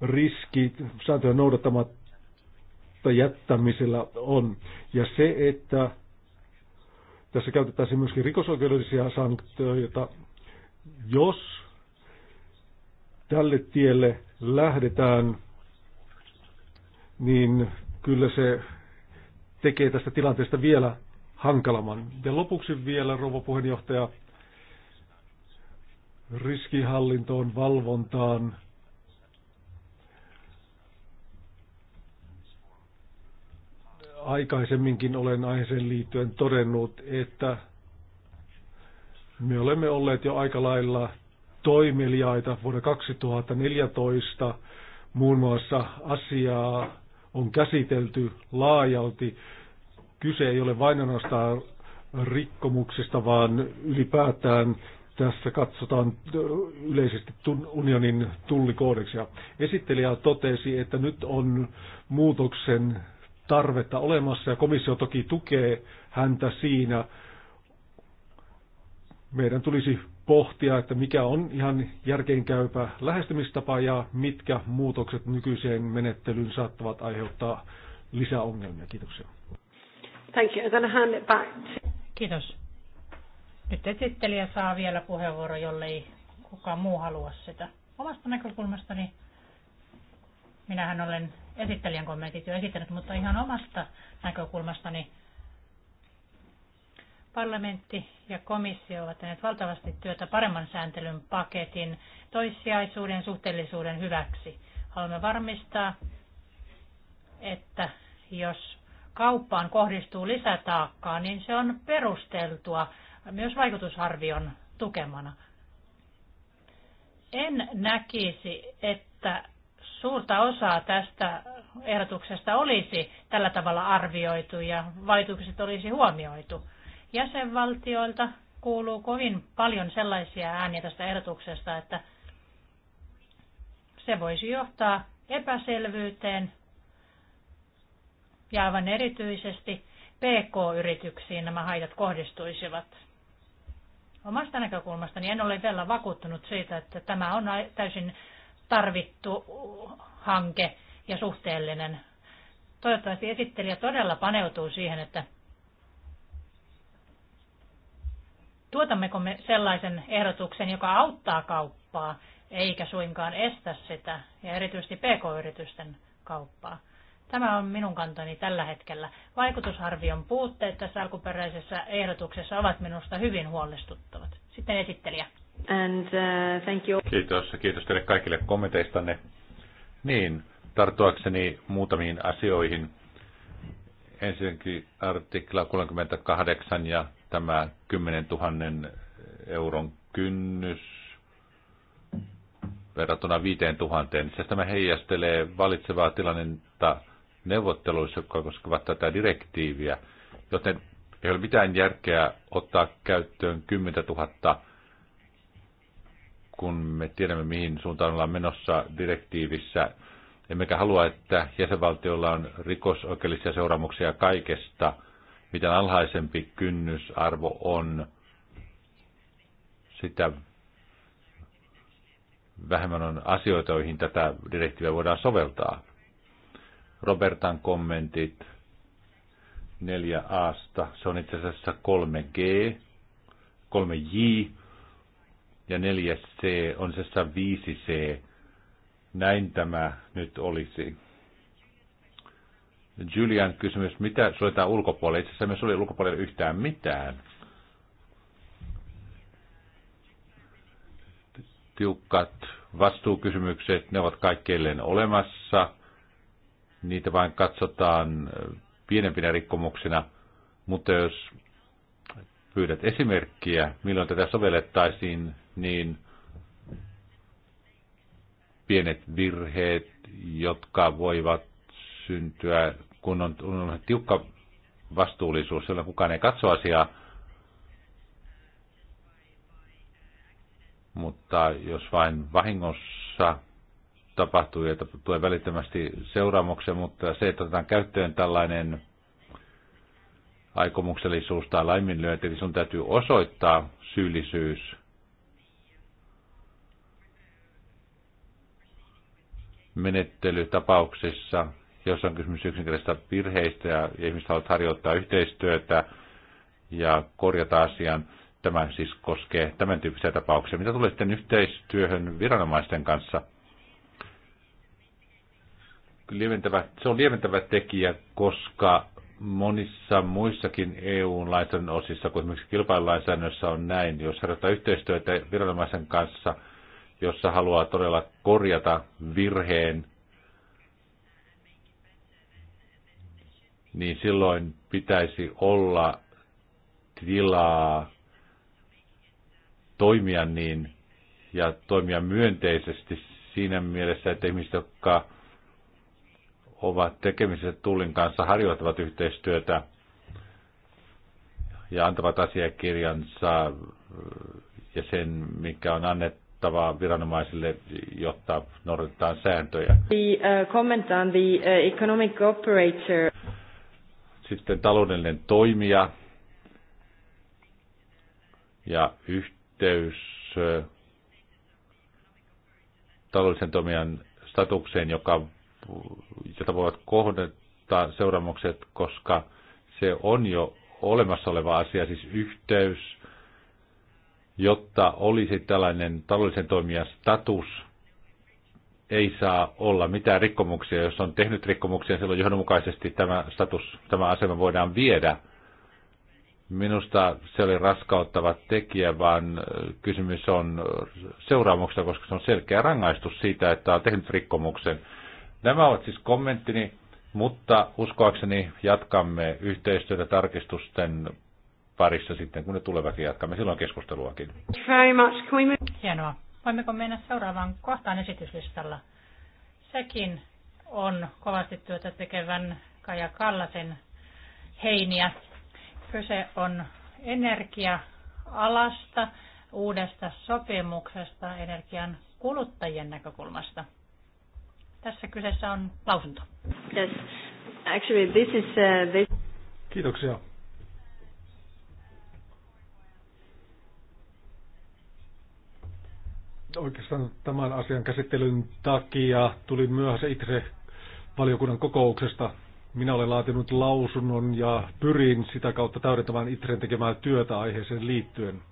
riski sääntöjä noudattamatta jättämisellä on. Ja se, että tässä käytetään myöskin rikosoikeudellisia sanktioita, jos tälle tielle lähdetään, niin kyllä se tekee tästä tilanteesta vielä hankalamman. Ja lopuksi vielä, rouva puheenjohtaja, riskihallintoon, valvontaan, aikaisemminkin olen aiheeseen liittyen todennut, että me olemme olleet jo aika lailla toimeliaita vuonna 2014. Muun muassa asiaa on käsitelty laajalti. Kyse ei ole vain ainoastaan rikkomuksista, vaan ylipäätään tässä katsotaan yleisesti unionin tullikoodeksia. Esittelijä totesi, että nyt on muutoksen tarvetta olemassa ja komissio toki tukee häntä siinä. Meidän tulisi pohtia, että mikä on ihan järkeenkäypä lähestymistapa ja mitkä muutokset nykyiseen menettelyyn saattavat aiheuttaa lisää ongelmia. Kiitoksia. Thank you. I'm going to hand it back. Kiitos. Nyt esittelijä saa vielä puheenvuoro, jollei kukaan muu halua sitä. Omasta näkökulmastani minähän olen esittelijän kommentit jo esittänyt, mutta ihan omasta näkökulmastani parlamentti ja komissio ovat tehneet valtavasti työtä paremman sääntelyn paketin toissijaisuuden suhteellisuuden hyväksi. Haluamme varmistaa, että jos kauppaan kohdistuu lisätaakkaa, niin se on perusteltua myös vaikutusarvion tukemana. En näkisi, että suurta osaa tästä ehdotuksesta olisi tällä tavalla arvioitu ja valitukset olisi huomioitu. Jäsenvaltioilta kuuluu kovin paljon sellaisia ääniä tästä ehdotuksesta, että se voisi johtaa epäselvyyteen ja aivan erityisesti PK-yrityksiin nämä haitat kohdistuisivat. Omasta näkökulmastani en ole vielä vakuuttunut siitä, että tämä on täysin tarvittu hanke ja suhteellinen. Toivottavasti esittelijä todella paneutuu siihen, että tuotammeko me sellaisen ehdotuksen, joka auttaa kauppaa, eikä suinkaan estä sitä, ja erityisesti pk-yritysten kauppaa. Tämä on minun kantani tällä hetkellä. Vaikutusarvion puutteet tässä alkuperäisessä ehdotuksessa ovat minusta hyvin huolestuttavat. Sitten esittelijä. And, uh, thank you. Kiitos kiitos teille kaikille kommenteistanne. Niin, tarttuakseni muutamiin asioihin. Ensinnäkin artikla 38 ja tämä 10 000 euron kynnys verrattuna 5 000. Siis tämä heijastelee valitsevaa tilannetta neuvotteluissa, jotka koskevat tätä direktiiviä, joten ei ole mitään järkeä ottaa käyttöön 10 000 kun me tiedämme, mihin suuntaan ollaan menossa direktiivissä, emmekä halua, että jäsenvaltiolla on rikosoikeudellisia seuraamuksia kaikesta, mitä alhaisempi kynnysarvo on, sitä vähemmän on asioita, joihin tätä direktiiviä voidaan soveltaa. Robertan kommentit 4a, se on itse asiassa 3G, 3J, ja neljäs C on se 5 C. Näin tämä nyt olisi. Julian kysymys, mitä suljetaan ulkopuolelle? Itse asiassa me ulkopuolelle yhtään mitään. Tiukat vastuukysymykset, ne ovat kaikkeilleen olemassa. Niitä vain katsotaan pienempinä rikkomuksina. Mutta jos pyydät esimerkkiä, milloin tätä sovellettaisiin, niin pienet virheet, jotka voivat syntyä, kun on, on tiukka vastuullisuus, jolla kukaan ei katso asiaa, mutta jos vain vahingossa tapahtuu ja tulee välittömästi seuraamuksen, mutta se, että otetaan käyttöön tällainen aikomuksellisuus tai laiminlyönti, niin sun täytyy osoittaa syyllisyys menettelytapauksissa, jossa on kysymys yksinkertaisista virheistä ja ihmiset haluavat harjoittaa yhteistyötä ja korjata asian. Tämä siis koskee tämän tyyppisiä tapauksia. Mitä tulee sitten yhteistyöhön viranomaisten kanssa? Lieventävä, se on lieventävä tekijä, koska monissa muissakin EU-lainsäädännön osissa, kuten esimerkiksi kilpailulainsäädännössä on näin, jos harjoittaa yhteistyötä viranomaisen kanssa – jossa haluaa todella korjata virheen, niin silloin pitäisi olla tilaa toimia niin ja toimia myönteisesti siinä mielessä, että ihmiset, jotka ovat tekemisissä Tullin kanssa, harjoittavat yhteistyötä ja antavat asiakirjansa ja sen, mikä on annettu velvoittavaa viranomaisille, jotta noudatetaan sääntöjä. The, uh, comment on the uh, economic operator. Sitten taloudellinen toimija ja yhteys uh, taloudellisen toimijan statukseen, joka, jota voivat kohdentaa seuraamukset, koska se on jo olemassa oleva asia, siis yhteys – jotta olisi tällainen taloudellisen toimijan status, ei saa olla mitään rikkomuksia. Jos on tehnyt rikkomuksia, silloin johdonmukaisesti tämä status, tämä asema voidaan viedä. Minusta se oli raskauttava tekijä, vaan kysymys on seuraamuksesta, koska se on selkeä rangaistus siitä, että on tehnyt rikkomuksen. Nämä ovat siis kommenttini, mutta uskoakseni jatkamme yhteistyötä tarkistusten parissa sitten, kun ne tulevat ja jatkamme silloin keskusteluakin. Very much. Can we... Hienoa. Voimmeko mennä seuraavaan kohtaan esityslistalla? Sekin on kovasti työtä tekevän Kaja Kallasen heiniä. Kyse on energia-alasta, uudesta sopimuksesta energian kuluttajien näkökulmasta. Tässä kyseessä on lausunto. Yes. Actually, this is, uh, this... Kiitoksia. Oikeastaan tämän asian käsittelyn takia tuli myöhässä itse valiokunnan kokouksesta. Minä olen laatinut lausunnon ja pyrin sitä kautta täydentämään Itren tekemään työtä aiheeseen liittyen.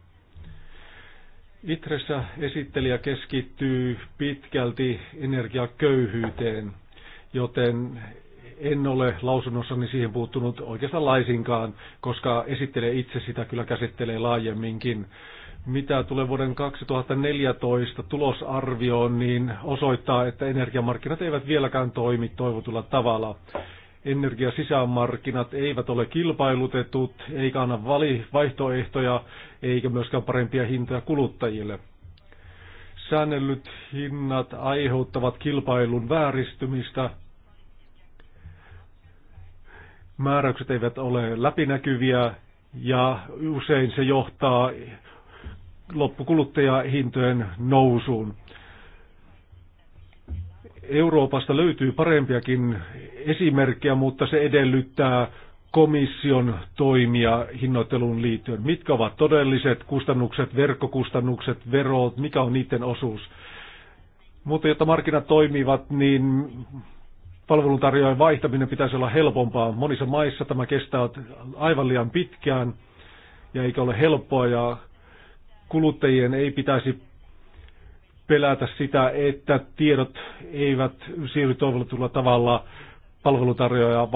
Itressä esittelijä keskittyy pitkälti energiaköyhyyteen, joten en ole lausunnossani siihen puuttunut oikeastaan laisinkaan, koska esittelijä itse sitä kyllä käsittelee laajemminkin mitä tulee vuoden 2014 tulosarvioon, niin osoittaa, että energiamarkkinat eivät vieläkään toimi toivotulla tavalla. Energiasisämarkkinat eivät ole kilpailutetut, eikä anna vali vaihtoehtoja, eikä myöskään parempia hintoja kuluttajille. Säännellyt hinnat aiheuttavat kilpailun vääristymistä, määräykset eivät ole läpinäkyviä ja usein se johtaa loppukuluttajahintojen nousuun. Euroopasta löytyy parempiakin esimerkkejä, mutta se edellyttää komission toimia hinnoitteluun liittyen. Mitkä ovat todelliset kustannukset, verkkokustannukset, verot, mikä on niiden osuus? Mutta jotta markkinat toimivat, niin palveluntarjoajan vaihtaminen pitäisi olla helpompaa. Monissa maissa tämä kestää aivan liian pitkään ja eikä ole helppoa ja kuluttajien ei pitäisi pelätä sitä, että tiedot eivät siirry toivotulla tavalla palvelutarjoajaa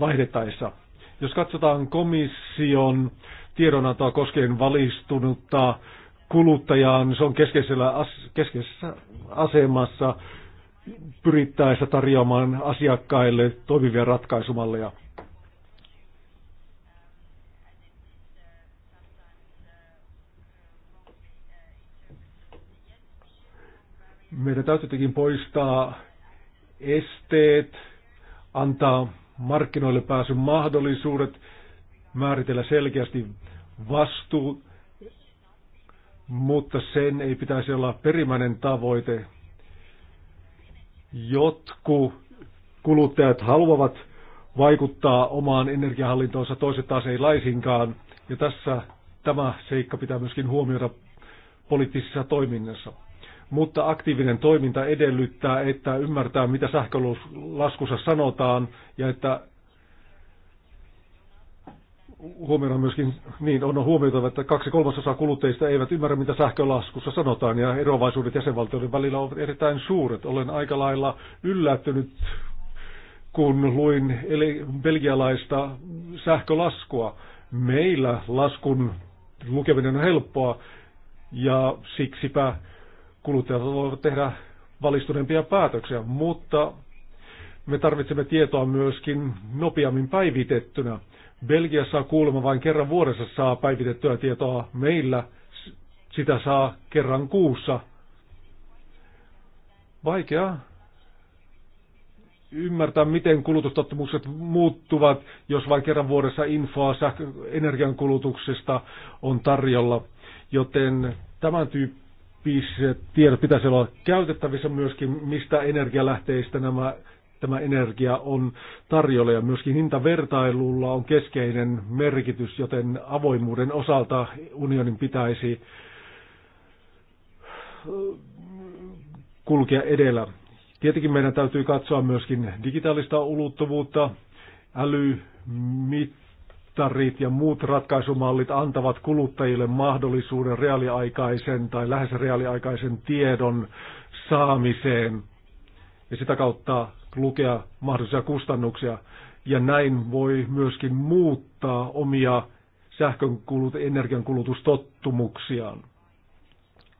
vaihdettaessa. Jos katsotaan komission tiedonantoa koskien valistunutta kuluttajaa, niin se on keskeisellä as- keskeisessä asemassa pyrittäessä tarjoamaan asiakkaille toimivia ratkaisumalleja. Meidän täytyykin poistaa esteet, antaa markkinoille pääsyn mahdollisuudet, määritellä selkeästi vastuu, mutta sen ei pitäisi olla perimmäinen tavoite. Jotkut kuluttajat haluavat vaikuttaa omaan energiahallintoonsa, toiset taas ei laisinkaan. Ja tässä tämä seikka pitää myöskin huomioida poliittisessa toiminnassa mutta aktiivinen toiminta edellyttää, että ymmärtää, mitä sähkölaskussa sanotaan ja että huomioida myöskin, niin on huomioitava, että kaksi kolmasosaa kuluttajista eivät ymmärrä, mitä sähkölaskussa sanotaan, ja erovaisuudet jäsenvaltioiden välillä ovat erittäin suuret. Olen aika lailla yllättynyt, kun luin belgialaista sähkölaskua. Meillä laskun lukeminen on helppoa, ja siksipä kuluttajat voivat tehdä valistuneempia päätöksiä, mutta me tarvitsemme tietoa myöskin nopeammin päivitettynä. Belgiassa kuulemma vain kerran vuodessa saa päivitettyä tietoa. Meillä sitä saa kerran kuussa. Vaikea ymmärtää, miten kulutustottumukset muuttuvat, jos vain kerran vuodessa infoa sähkö- energiankulutuksesta on tarjolla. Joten tämän tyyppi Siis, eh, tiedot pitäisi olla käytettävissä myöskin, mistä energialähteistä nämä, tämä energia on tarjolla ja myöskin hintavertailulla on keskeinen merkitys, joten avoimuuden osalta unionin pitäisi eh, kulkea edellä. Tietenkin meidän täytyy katsoa myöskin digitaalista ulottuvuutta, älymit, mittarit ja muut ratkaisumallit antavat kuluttajille mahdollisuuden reaaliaikaisen tai lähes reaaliaikaisen tiedon saamiseen ja sitä kautta lukea mahdollisia kustannuksia. Ja näin voi myöskin muuttaa omia sähkön kulut, energiankulutustottumuksiaan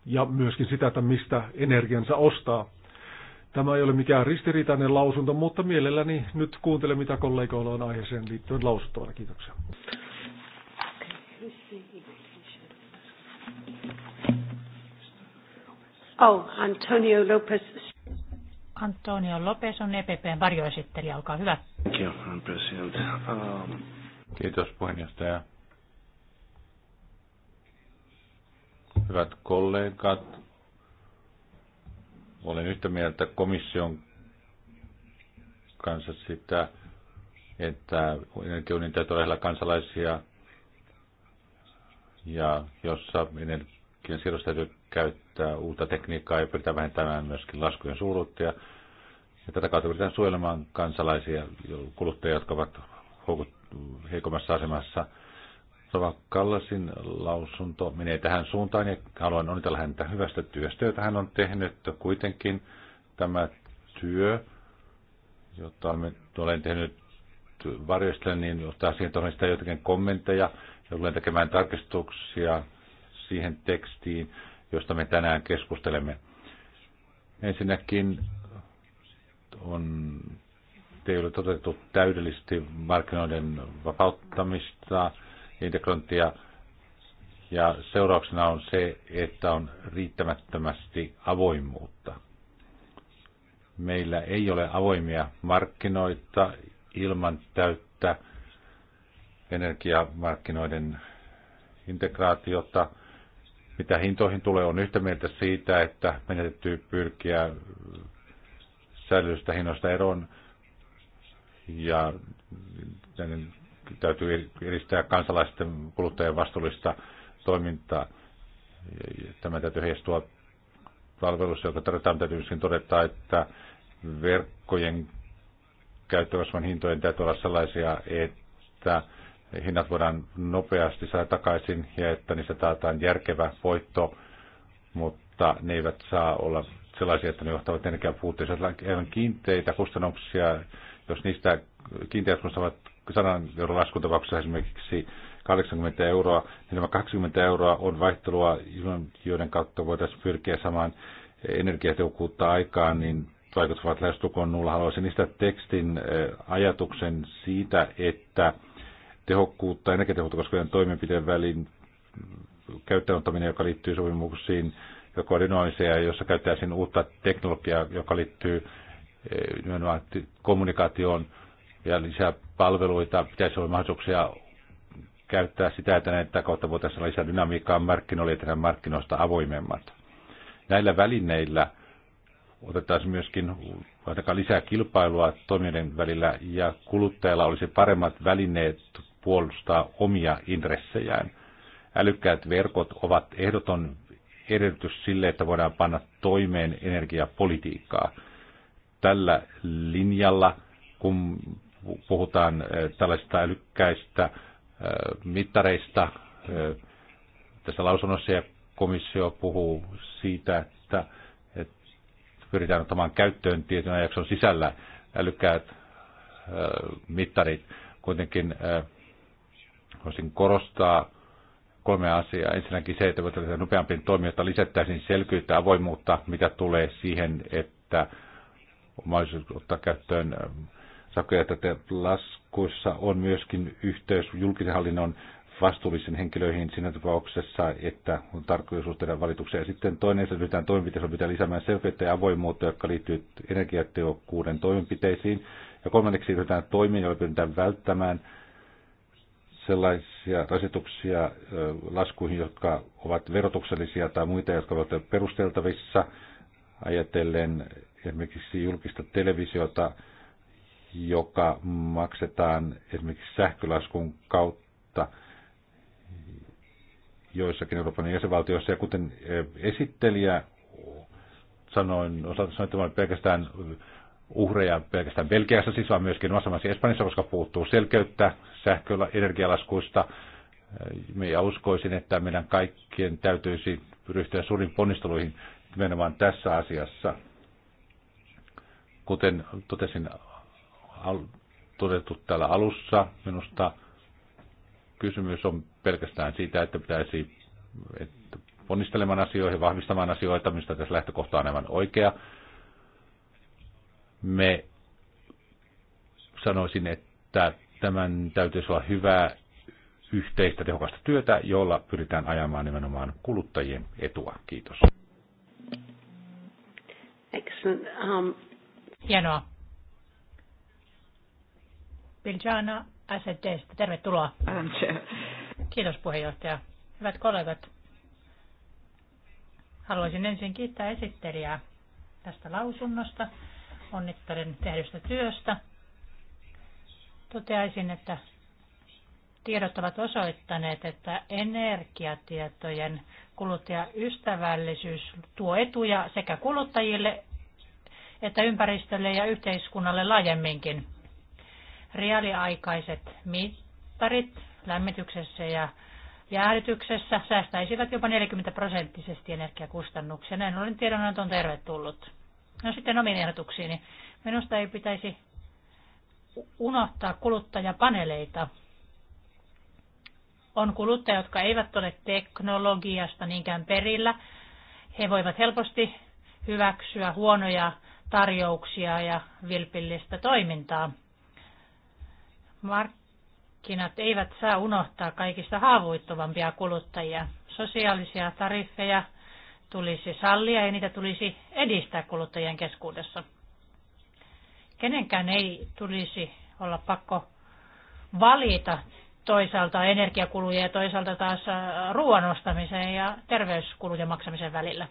ja myöskin sitä, että mistä energiansa ostaa. Tämä ei ole mikään ristiriitainen lausunto, mutta mielelläni nyt kuuntele, mitä kollegoilla on aiheeseen liittyen lausuttavana. Kiitoksia. Oh, Antonio Lopez. Antonio Lopez on EPPn varjoesittelijä, olkaa hyvä. Um, Kiitos puheenjohtaja. Hyvät kollegat, olen yhtä mieltä komission kanssa sitä, että energiaunin täytyy olla kansalaisia ja jossa energian siirrosta täytyy käyttää uutta tekniikkaa ja pyritään vähentämään myöskin laskujen suuruutta. Ja, ja tätä kautta pyritään suojelemaan kansalaisia, kuluttajia, jotka ovat heikommassa asemassa – Rova Kallasin lausunto menee tähän suuntaan ja haluan onnitella häntä hyvästä työstä, jota hän on tehnyt. Kuitenkin tämä työ, jota olen tehnyt varjostelen, niin ottaa siihen todennäköisesti jotakin kommentteja ja tulen tekemään tarkistuksia siihen tekstiin, josta me tänään keskustelemme. Ensinnäkin on teille toteutettu täydellisesti markkinoiden vapauttamista integrointia. Ja seurauksena on se, että on riittämättömästi avoimuutta. Meillä ei ole avoimia markkinoita ilman täyttä energiamarkkinoiden integraatiota. Mitä hintoihin tulee, on yhtä mieltä siitä, että meidän täytyy pyrkiä säilyistä hinnoista eroon ja täytyy edistää kansalaisten kuluttajien vastuullista toimintaa. Tämä täytyy heistua palvelussa, joka tarvitaan. Täytyy myöskin todeta, että verkkojen käyttökasvun hintojen täytyy olla sellaisia, että hinnat voidaan nopeasti saada takaisin ja että niistä taataan järkevä voitto, mutta ne eivät saa olla sellaisia, että ne johtavat energiapuutteeseen. On kiinteitä kustannuksia, jos niistä kiinteät kustannukset 100 euron laskun tapauksessa esimerkiksi 80 euroa, niin nämä 20 euroa on vaihtelua, joiden kautta voitaisiin pyrkiä samaan energiatehokkuutta aikaan, niin vaikuttavat lähes tukon nulla. Haluaisin niistä tekstin eh, ajatuksen siitä, että tehokkuutta, energiatehokkuutta koskevien toimenpiteen välin käyttöönottaminen, joka liittyy sopimuksiin, joko dynaamisia, jossa käyttäisiin uutta teknologiaa, joka liittyy eh, nimenomaan kommunikaatioon, ja lisää palveluita. Pitäisi olla mahdollisuuksia käyttää sitä, että näitä kohta voitaisiin lisää dynamiikkaa markkinoille ja markkinoista avoimemmat. Näillä välineillä otetaan myöskin ainakaan lisää kilpailua toimijoiden välillä ja kuluttajalla olisi paremmat välineet puolustaa omia intressejään. Älykkäät verkot ovat ehdoton edellytys sille, että voidaan panna toimeen energiapolitiikkaa. Tällä linjalla, kun puhutaan eh, tällaisista älykkäistä eh, mittareista eh, tässä lausunnossa ja komissio puhuu siitä, että, että pyritään ottamaan käyttöön tietyn ajakson sisällä älykkäät mittarit. Kuitenkin voisin korostaa kolme asiaa. Ensinnäkin se, että nopeampiin toimijoita lisättäisiin selkyyttä, avoimuutta, mitä tulee siihen, että mahdollisuus ottaa käyttöön sakoja te laskuissa on myöskin yhteys julkisen hallinnon vastuullisiin henkilöihin siinä tapauksessa, että on tarkoitus tehdä valituksia. Ja sitten toinen esitetään toimenpiteessä pitää lisäämään selkeyttä ja avoimuutta, jotka liittyy energiatehokkuuden toimenpiteisiin. Ja kolmanneksi ryhdytään toimiin, joilla pyritään välttämään sellaisia rasituksia laskuihin, jotka ovat verotuksellisia tai muita, jotka ovat perusteltavissa, ajatellen esimerkiksi julkista televisiota, joka maksetaan esimerkiksi sähkölaskun kautta joissakin Euroopan jäsenvaltioissa. Ja kuten e, esittelijä sanoin, sanoin että pelkästään uhreja pelkästään Belgiassa, siis vaan myöskin vastaamassa Espanjassa, koska puuttuu selkeyttä sähköllä energialaskuista. Ja uskoisin, että meidän kaikkien täytyisi ryhtyä suurin ponnisteluihin nimenomaan tässä asiassa. Kuten totesin todettu täällä alussa. Minusta kysymys on pelkästään siitä, että pitäisi että ponnistelemaan asioihin, vahvistamaan asioita, mistä tässä lähtökohta on aivan oikea. Me sanoisin, että tämän täytyisi olla hyvää yhteistä tehokasta työtä, jolla pyritään ajamaan nimenomaan kuluttajien etua. Kiitos. Excellent. Um... Hienoa. Pinjana SDstä. Tervetuloa. Kiitos puheenjohtaja. Hyvät kollegat, haluaisin ensin kiittää esittelijää tästä lausunnosta. Onnittelen tehdystä työstä. Toteaisin, että tiedot ovat osoittaneet, että energiatietojen kuluttajaystävällisyys tuo etuja sekä kuluttajille että ympäristölle ja yhteiskunnalle laajemminkin reaaliaikaiset mittarit lämmityksessä ja jäähdytyksessä säästäisivät jopa 40 prosenttisesti energiakustannuksia. Näin ollen tiedonanto on tervetullut. No sitten omiin ehdotuksiini. Minusta ei pitäisi unohtaa kuluttajapaneeleita. On kuluttajia, jotka eivät ole teknologiasta niinkään perillä. He voivat helposti hyväksyä huonoja tarjouksia ja vilpillistä toimintaa. Markkinat eivät saa unohtaa kaikista haavoittuvampia kuluttajia. Sosiaalisia tariffeja tulisi sallia ja niitä tulisi edistää kuluttajien keskuudessa. Kenenkään ei tulisi olla pakko valita toisaalta energiakuluja ja toisaalta taas äh, ruoan ostamisen ja terveyskulujen maksamisen välillä.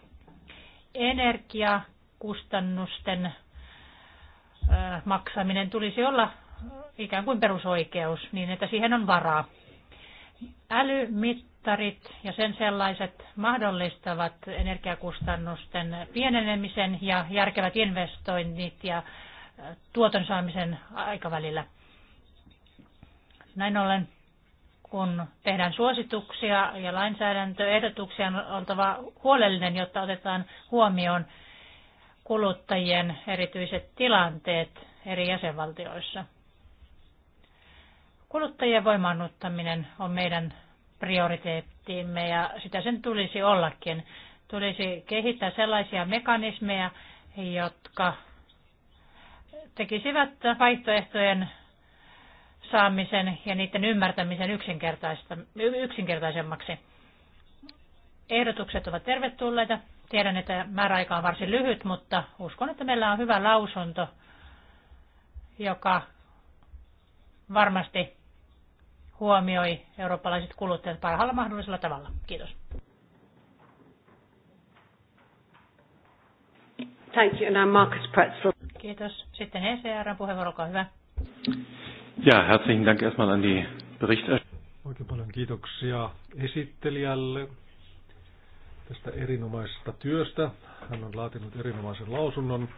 Energiakustannusten äh, maksaminen tulisi olla ikään kuin perusoikeus, niin että siihen on varaa. Älymittarit ja sen sellaiset mahdollistavat energiakustannusten pienenemisen ja järkevät investoinnit ja äh, tuoton saamisen aikavälillä. Näin ollen, kun tehdään suosituksia ja lainsäädäntöehdotuksia, on oltava huolellinen, jotta otetaan huomioon kuluttajien erityiset tilanteet eri jäsenvaltioissa. Kuluttajien voimaannuttaminen on meidän prioriteettimme ja sitä sen tulisi ollakin. Tulisi kehittää sellaisia mekanismeja, jotka tekisivät vaihtoehtojen saamisen ja niiden ymmärtämisen yksinkertaisemmaksi. Ehdotukset ovat tervetulleita. Tiedän, että määräaika on varsin lyhyt, mutta uskon, että meillä on hyvä lausunto, joka varmasti huomioi eurooppalaiset kuluttajat parhaalla mahdollisella tavalla. Kiitos. Thank you. Now Marcus Pretzel. Kiitos. Sitten ECR puheenvuoro, olkaa hyvä. Ja, herzlichen Dank erstmal an die Berichterstatter. Oikein paljon kiitoksia esittelijälle tästä erinomaisesta työstä. Hän on laatinut erinomaisen lausunnon.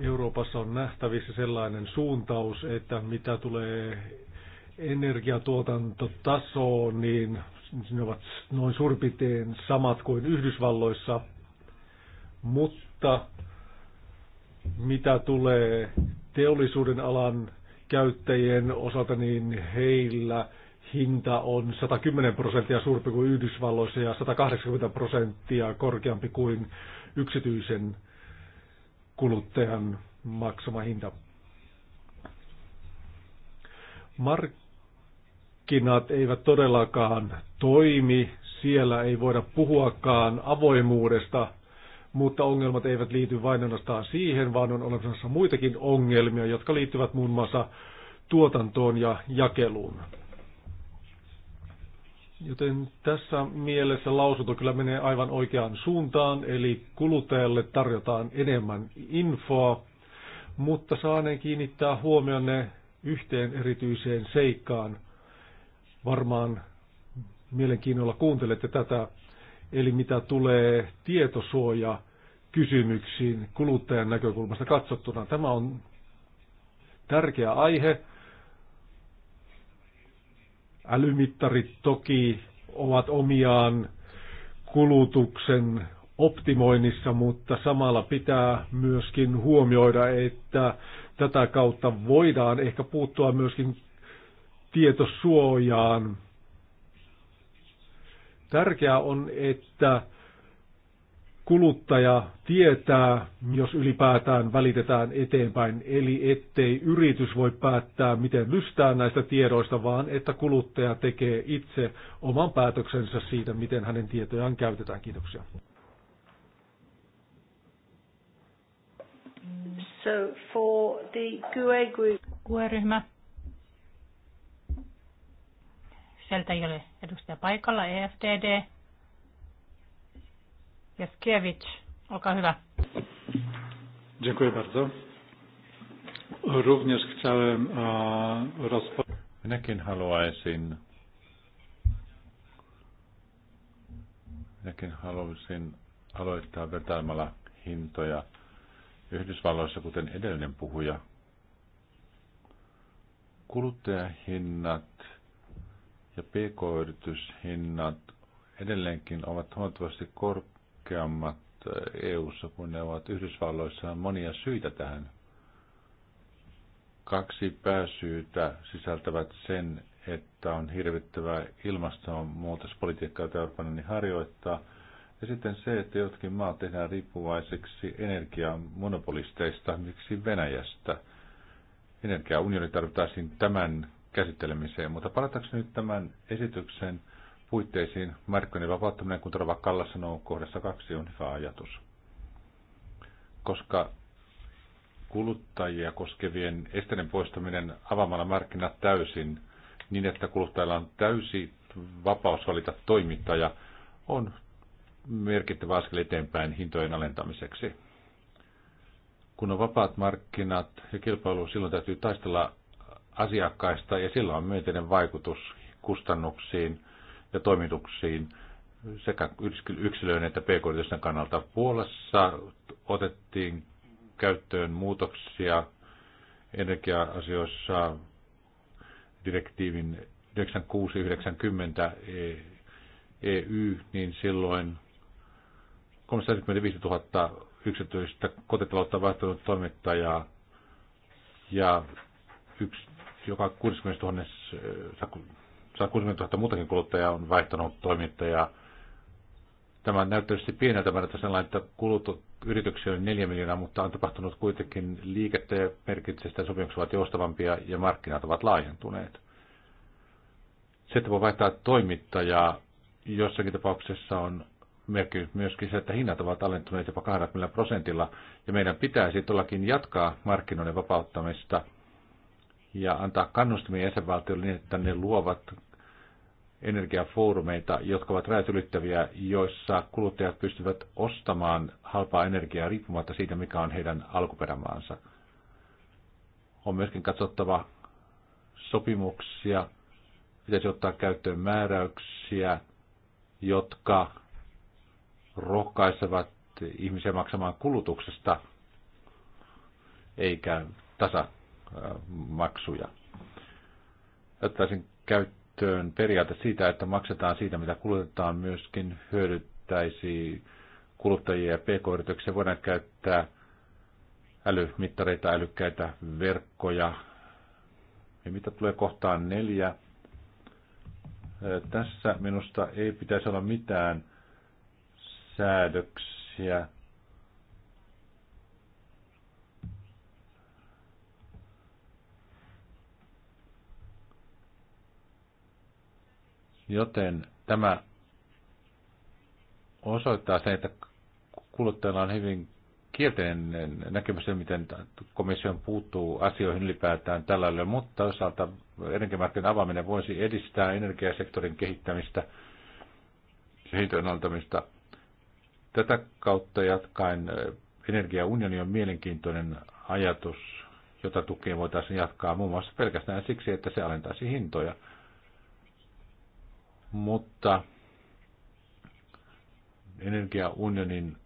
Euroopassa on nähtävissä sellainen suuntaus, että mitä tulee energiatuotantotasoon, niin ne ovat noin suurin piirtein samat kuin Yhdysvalloissa, mutta mitä tulee teollisuuden alan käyttäjien osalta, niin heillä hinta on 110 prosenttia suurempi kuin Yhdysvalloissa ja 180 prosenttia korkeampi kuin yksityisen kuluttajan maksama hinta. Mark- markkinat eivät todellakaan toimi, siellä ei voida puhuakaan avoimuudesta, mutta ongelmat eivät liity vain ainoastaan siihen, vaan on olemassa muitakin ongelmia, jotka liittyvät muun muassa tuotantoon ja jakeluun. Joten tässä mielessä lausunto kyllä menee aivan oikeaan suuntaan, eli kuluttajalle tarjotaan enemmän infoa, mutta saaneen kiinnittää huomionne yhteen erityiseen seikkaan – varmaan mielenkiinnolla kuuntelette tätä, eli mitä tulee tietosuoja kysymyksiin kuluttajan näkökulmasta katsottuna. Tämä on tärkeä aihe. Älymittarit toki ovat omiaan kulutuksen optimoinnissa, mutta samalla pitää myöskin huomioida, että tätä kautta voidaan ehkä puuttua myöskin tietosuojaan. Tärkeää on, että kuluttaja tietää, jos ylipäätään välitetään eteenpäin, eli ettei yritys voi päättää, miten lystää näistä tiedoista, vaan että kuluttaja tekee itse oman päätöksensä siitä, miten hänen tietojaan käytetään. Kiitoksia. So for the QA group. ryhmä Sieltä ei ole edustaja paikalla, EFDD. Jaskiewicz, olkaa hyvä. Dziękuję bardzo. Również chciałem Minäkin haluaisin minäkin haluaisin aloittaa vetämällä hintoja Yhdysvalloissa, kuten edellinen puhuja. Kuluttajahinnat ja pk-yrityshinnat edelleenkin ovat huomattavasti korkeammat EU-ssa eh, e kuin ne ovat Yhdysvalloissa. On monia syitä tähän. Kaksi pääsyytä sisältävät sen, että on hirvittävää ilmastonmuutospolitiikkaa, jota Euroopan niin harjoittaa. Ja sitten se, että jotkin maat tehdään riippuvaiseksi energian monopolisteista, miksi Venäjästä. Energiaunioni tarvitaan tämän käsittelemiseen. Mutta palatakseni nyt tämän esityksen puitteisiin markkinoiden vapauttaminen, kun Rova Kalla sanoo kohdassa kaksi, on hyvä ajatus. Koska kuluttajia koskevien esteiden poistaminen avaamalla markkinat täysin niin, että kuluttajilla on täysi vapaus valita toimittaja, on merkittävä askel eteenpäin hintojen alentamiseksi. Kun on vapaat markkinat ja kilpailu, silloin täytyy taistella asiakkaista ja sillä on myönteinen vaikutus kustannuksiin ja toimituksiin sekä yksilöiden että pk kannalta. Puolassa otettiin käyttöön muutoksia energia-asioissa direktiivin 9690 EY, e niin silloin 375 000 yksityistä kotitaloutta vaihtunut toimittajaa ja yksi joka 60 000, 160 000 muutakin kuluttajaa on vaihtanut toimittajaa. Tämä näyttää tietysti pieneltä määrältä sellainen, että kulut yrityksiä on 4 miljoonaa, mutta on tapahtunut kuitenkin liikettä ja merkitsee sopimukset ovat joustavampia ja markkinat ovat laajentuneet. Se, että voi vaihtaa toimittajaa, jossakin tapauksessa on merkinnyt myöskin se, että hinnat ovat alentuneet jopa 20 prosentilla, ja meidän pitää todellakin jatkaa markkinoiden vapauttamista – ja antaa kannustimia jäsenvaltioille niin, että ne luovat energiafoorumeita, jotka ovat rajat ylittäviä, joissa kuluttajat pystyvät ostamaan halpaa energiaa riippumatta siitä, mikä on heidän alkuperämaansa. On myöskin katsottava sopimuksia, pitäisi ottaa käyttöön määräyksiä, jotka rohkaisevat ihmisiä maksamaan kulutuksesta, eikä tasa maksuja. Ottaisin käyttöön periaate siitä, että maksetaan siitä, mitä kulutetaan, myöskin hyödyttäisi kuluttajia ja pk-yrityksiä. Voidaan käyttää älymittareita, älykkäitä verkkoja. Ja mitä tulee kohtaan neljä, tässä minusta ei pitäisi olla mitään säädöksiä Joten tämä osoittaa sen, että kuluttajalla on hyvin kielteinen näkemys miten komission puuttuu asioihin ylipäätään tällä mutta toisaalta energiamarkkinoiden avaaminen voisi edistää energiasektorin kehittämistä ja hintojen altamista. Tätä kautta jatkaen energiaunioni on mielenkiintoinen ajatus, jota tukea voitaisiin jatkaa muun muassa pelkästään siksi, että se alentaisi hintoja – mutta energiaunionin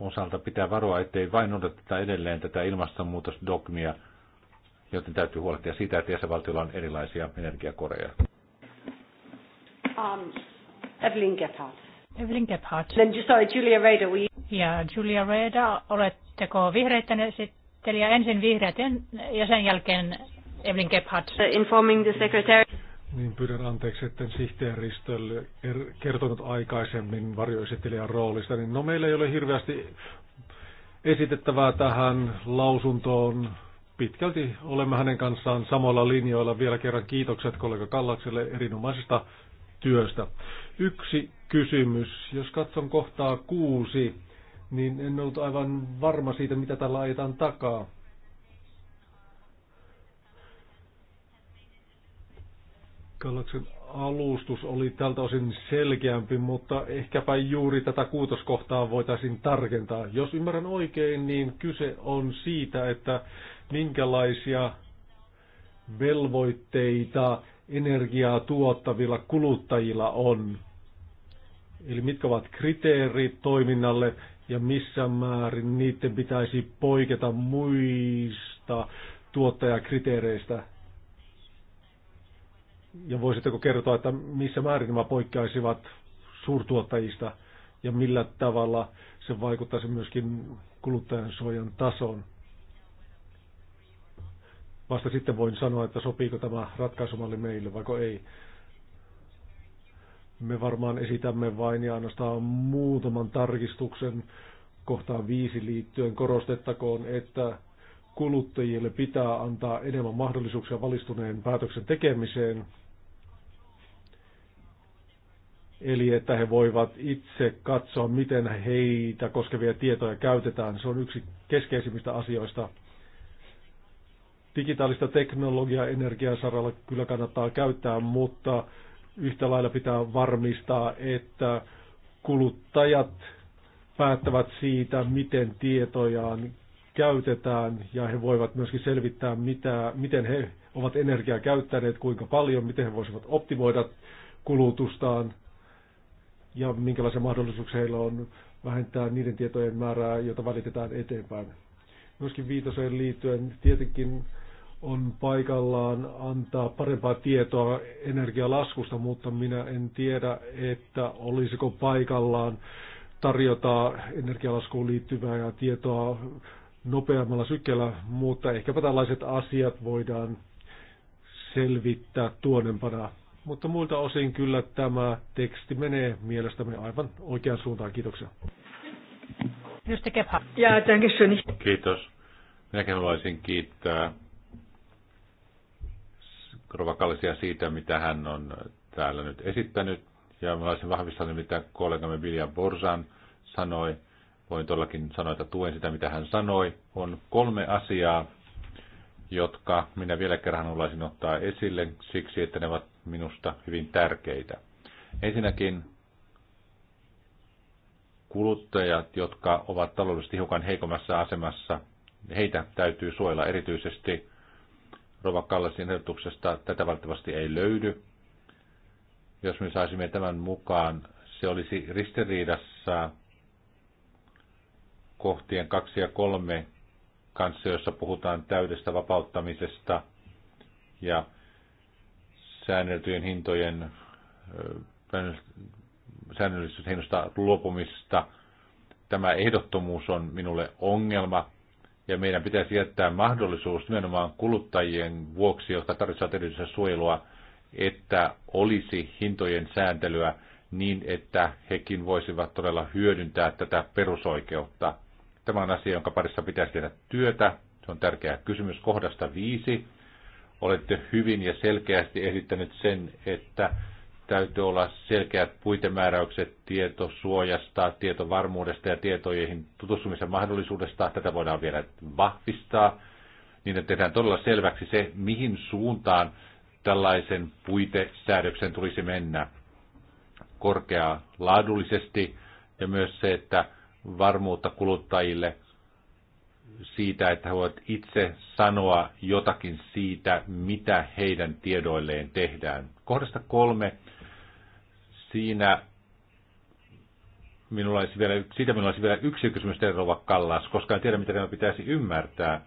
osalta pitää varoa, ettei vain noudateta edelleen tätä ilmastonmuutosdogmia, joten täytyy huolehtia siitä, että jäsenvaltioilla on erilaisia energiakoreja. Um, Evelyn Gephardt. Evelyn Gephardt. Then, sorry, Julia Reda. We... Ja Julia Reda, oletteko vihreitten esittelijä? Ensin vihreät ja sen jälkeen Evelyn Gephardt. Informing the secretary niin pyydän anteeksi, että sihteeristölle kertonut aikaisemmin varjoesittelijän roolista. Niin no meillä ei ole hirveästi esitettävää tähän lausuntoon. Pitkälti olemme hänen kanssaan samoilla linjoilla. Vielä kerran kiitokset kollega Kallakselle erinomaisesta työstä. Yksi kysymys. Jos katson kohtaa kuusi, niin en ollut aivan varma siitä, mitä tällä ajetaan takaa. Kallaksen alustus oli tältä osin selkeämpi, mutta ehkäpä juuri tätä kuutoskohtaa voitaisiin tarkentaa. Jos ymmärrän oikein, niin kyse on siitä, että minkälaisia velvoitteita energiaa tuottavilla kuluttajilla on. Eli mitkä ovat kriteerit toiminnalle ja missä määrin niiden pitäisi poiketa muista tuottajakriteereistä ja voisitteko kertoa, että missä määrin nämä poikkeaisivat suurtuottajista ja millä tavalla se vaikuttaisi myöskin kuluttajan suojan tasoon? Vasta sitten voin sanoa, että sopiiko tämä ratkaisumalli meille, vaiko ei. Me varmaan esitämme vain ja ainoastaan muutaman tarkistuksen kohtaan viisi liittyen. Korostettakoon, että kuluttajille pitää antaa enemmän mahdollisuuksia valistuneen päätöksen tekemiseen. Eli että he voivat itse katsoa, miten heitä koskevia tietoja käytetään. Se on yksi keskeisimmistä asioista. Digitaalista teknologiaa energiasaralla kyllä kannattaa käyttää, mutta yhtä lailla pitää varmistaa, että kuluttajat päättävät siitä, miten tietojaan käytetään ja he voivat myöskin selvittää, mitä, miten he ovat energiaa käyttäneet, kuinka paljon, miten he voisivat optimoida kulutustaan ja minkälaisia mahdollisuuksia heillä on vähentää niiden tietojen määrää, joita välitetään eteenpäin. Myöskin viitoseen liittyen tietenkin on paikallaan antaa parempaa tietoa energialaskusta, mutta minä en tiedä, että olisiko paikallaan tarjota energialaskuun liittyvää ja tietoa nopeammalla sykkeellä, mutta ehkäpä tällaiset asiat voidaan selvittää tuonempana. Mutta muilta osin kyllä tämä teksti menee mielestämme aivan oikeaan suuntaan. Kiitoksia. Kiitos. Minäkin haluaisin kiittää Rova siitä, mitä hän on täällä nyt esittänyt. Ja mä haluaisin vahvistaa, mitä kollegamme Vilja Borsan sanoi voin todellakin sanoa, että tuen sitä, mitä hän sanoi. On kolme asiaa, jotka minä vielä kerran haluaisin ottaa esille siksi, että ne ovat minusta hyvin tärkeitä. Ensinnäkin kuluttajat, jotka ovat taloudellisesti hiukan heikommassa asemassa, heitä täytyy suojella erityisesti. Rova Kallasin ehdotuksesta tätä valitettavasti ei löydy. Jos me saisimme tämän mukaan, se olisi ristiriidassa kohtien kaksi ja kolme kanssa, jossa puhutaan täydestä vapauttamisesta ja säänneltyjen hintojen säännöllisestä hinnasta luopumista. Tämä ehdottomuus on minulle ongelma, ja meidän pitäisi jättää mahdollisuus nimenomaan kuluttajien vuoksi, jotka tarvitsevat erityistä suojelua, että olisi hintojen sääntelyä niin, että hekin voisivat todella hyödyntää tätä perusoikeutta. Tämä on asia, jonka parissa pitäisi tehdä työtä. Se on tärkeä kysymys kohdasta viisi. Olette hyvin ja selkeästi esittänyt sen, että täytyy olla selkeät puitemääräykset tietosuojasta, tietovarmuudesta ja tietoihin tutustumisen mahdollisuudesta. Tätä voidaan vielä vahvistaa niin, että tehdään todella selväksi se, mihin suuntaan tällaisen puitesäädöksen tulisi mennä korkealaadullisesti laadullisesti ja myös se, että varmuutta kuluttajille siitä, että he voivat itse sanoa jotakin siitä, mitä heidän tiedoilleen tehdään. Kohdasta kolme, siinä minulla olisi vielä, siitä minulla olisi vielä yksi kysymys Rova Kallas, koska en tiedä, mitä tämä pitäisi ymmärtää.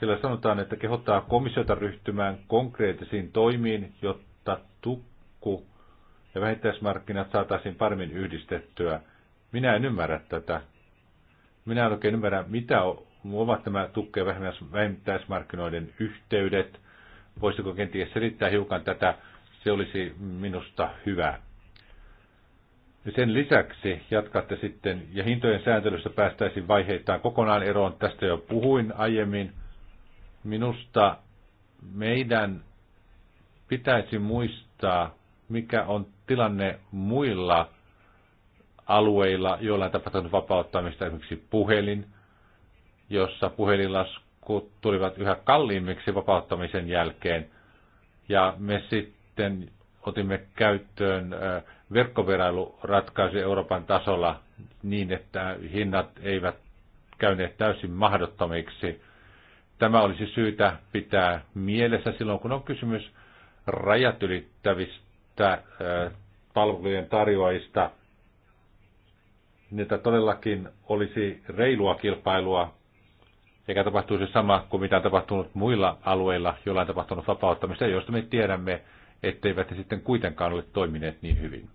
Sillä sanotaan, että kehottaa komissiota ryhtymään konkreettisiin toimiin, jotta tukku ja vähittäismarkkinat saataisiin paremmin yhdistettyä. Minä en ymmärrä tätä. Minä en oikein ymmärrä, mitä ovat nämä tukkeen vähimmäismarkkinoiden yhteydet. Voisiko kenties selittää hiukan tätä? Se olisi minusta hyvä. Sen lisäksi jatkatte sitten, ja hintojen sääntelystä päästäisiin vaiheittain kokonaan eroon. Tästä jo puhuin aiemmin. Minusta meidän pitäisi muistaa, mikä on tilanne muilla alueilla, joilla on tapahtunut vapauttamista, esimerkiksi puhelin, jossa puhelinlaskut tulivat yhä kalliimmiksi vapauttamisen jälkeen. Ja me sitten otimme käyttöön verkkoverailuratkaisu Euroopan tasolla niin, että hinnat eivät käyneet täysin mahdottomiksi. Tämä olisi syytä pitää mielessä silloin, kun on kysymys rajat ylittävistä palvelujen tarjoajista – niin että todellakin olisi reilua kilpailua, eikä tapahtuisi sama kuin mitä on tapahtunut muilla alueilla, joilla on tapahtunut vapauttamista, joista me tiedämme, etteivät ne sitten kuitenkaan ole toimineet niin hyvin.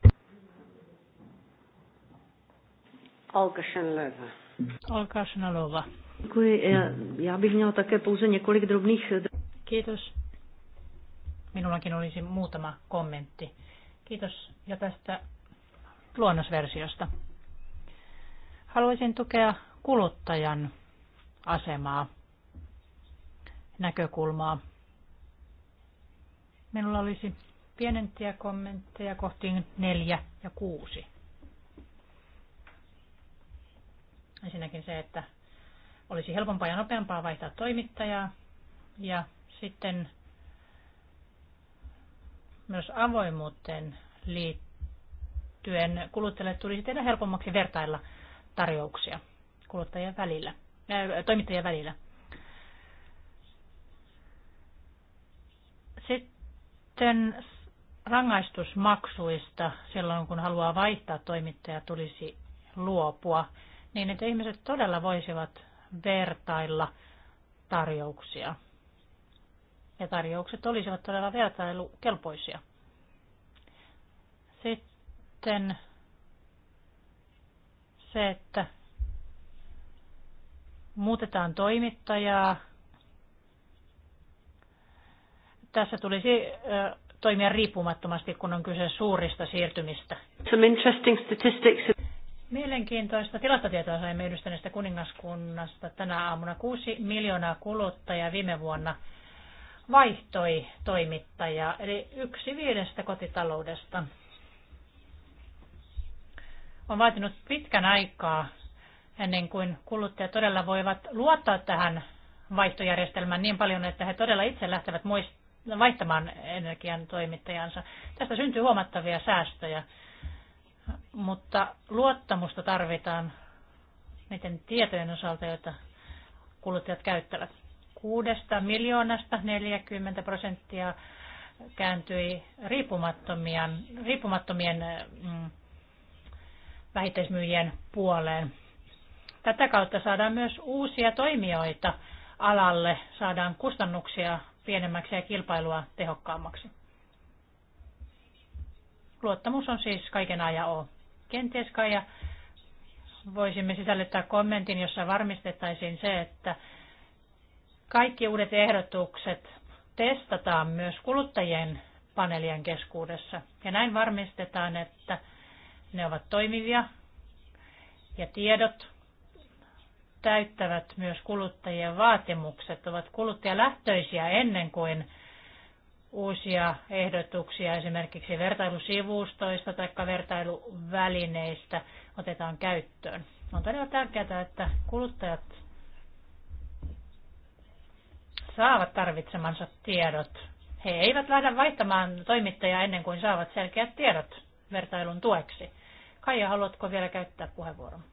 Kiitos. Minullakin olisi muutama kommentti. Kiitos ja tästä luonnosversiosta. Haluaisin tukea kuluttajan asemaa, näkökulmaa. Minulla olisi pienentiä kommentteja kohtiin neljä ja kuusi. Ensinnäkin se, että olisi helpompaa ja nopeampaa vaihtaa toimittajaa ja sitten myös avoimuuteen liittyen kuluttajille tulisi tehdä helpommaksi vertailla – tarjouksia kuluttajien välillä, ää, äh, toimittajien välillä. Sitten rangaistusmaksuista silloin, kun haluaa vaihtaa toimittajaa, tulisi luopua niin, että ihmiset todella voisivat vertailla tarjouksia. Ja tarjoukset olisivat todella vertailukelpoisia. Sitten se, että muutetaan toimittajaa. Tässä tulisi toimia riippumattomasti, kun on kyse suurista siirtymistä. Some interesting statistics. Mielenkiintoista tilastotietoa saimme yhdistyneestä kuningaskunnasta tänä aamuna. 6 miljoonaa kuluttajaa viime vuonna vaihtoi toimittajaa, eli yksi viidestä kotitaloudesta on vaatinut pitkän aikaa ennen kuin kuluttajat todella voivat luottaa tähän vaihtojärjestelmään niin paljon, että he todella itse lähtevät vaihtamaan energian toimittajansa. Tästä syntyy huomattavia säästöjä, mutta luottamusta tarvitaan niiden tietojen osalta, joita kuluttajat käyttävät. Kuudesta miljoonasta 40 prosenttia kääntyi riippumattomien, riippumattomien mm, vähittäismyyjien puoleen. Tätä kautta saadaan myös uusia toimijoita alalle, saadaan kustannuksia pienemmäksi ja kilpailua tehokkaammaksi. Luottamus on siis kaiken ajan O. Kenties ja voisimme sisällyttää kommentin, jossa varmistettaisiin se, että kaikki uudet ehdotukset testataan myös kuluttajien paneelien keskuudessa. Ja näin varmistetaan, että ne ovat toimivia ja tiedot täyttävät myös kuluttajien vaatimukset, ovat kuluttajalähtöisiä ennen kuin uusia ehdotuksia esimerkiksi vertailusivustoista tai vertailuvälineistä otetaan käyttöön. On todella tärkeää, että kuluttajat saavat tarvitsemansa tiedot. He eivät lähde vaihtamaan toimittajaa ennen kuin saavat selkeät tiedot vertailun tueksi. Kaija, haluatko vielä käyttää puheenvuoron?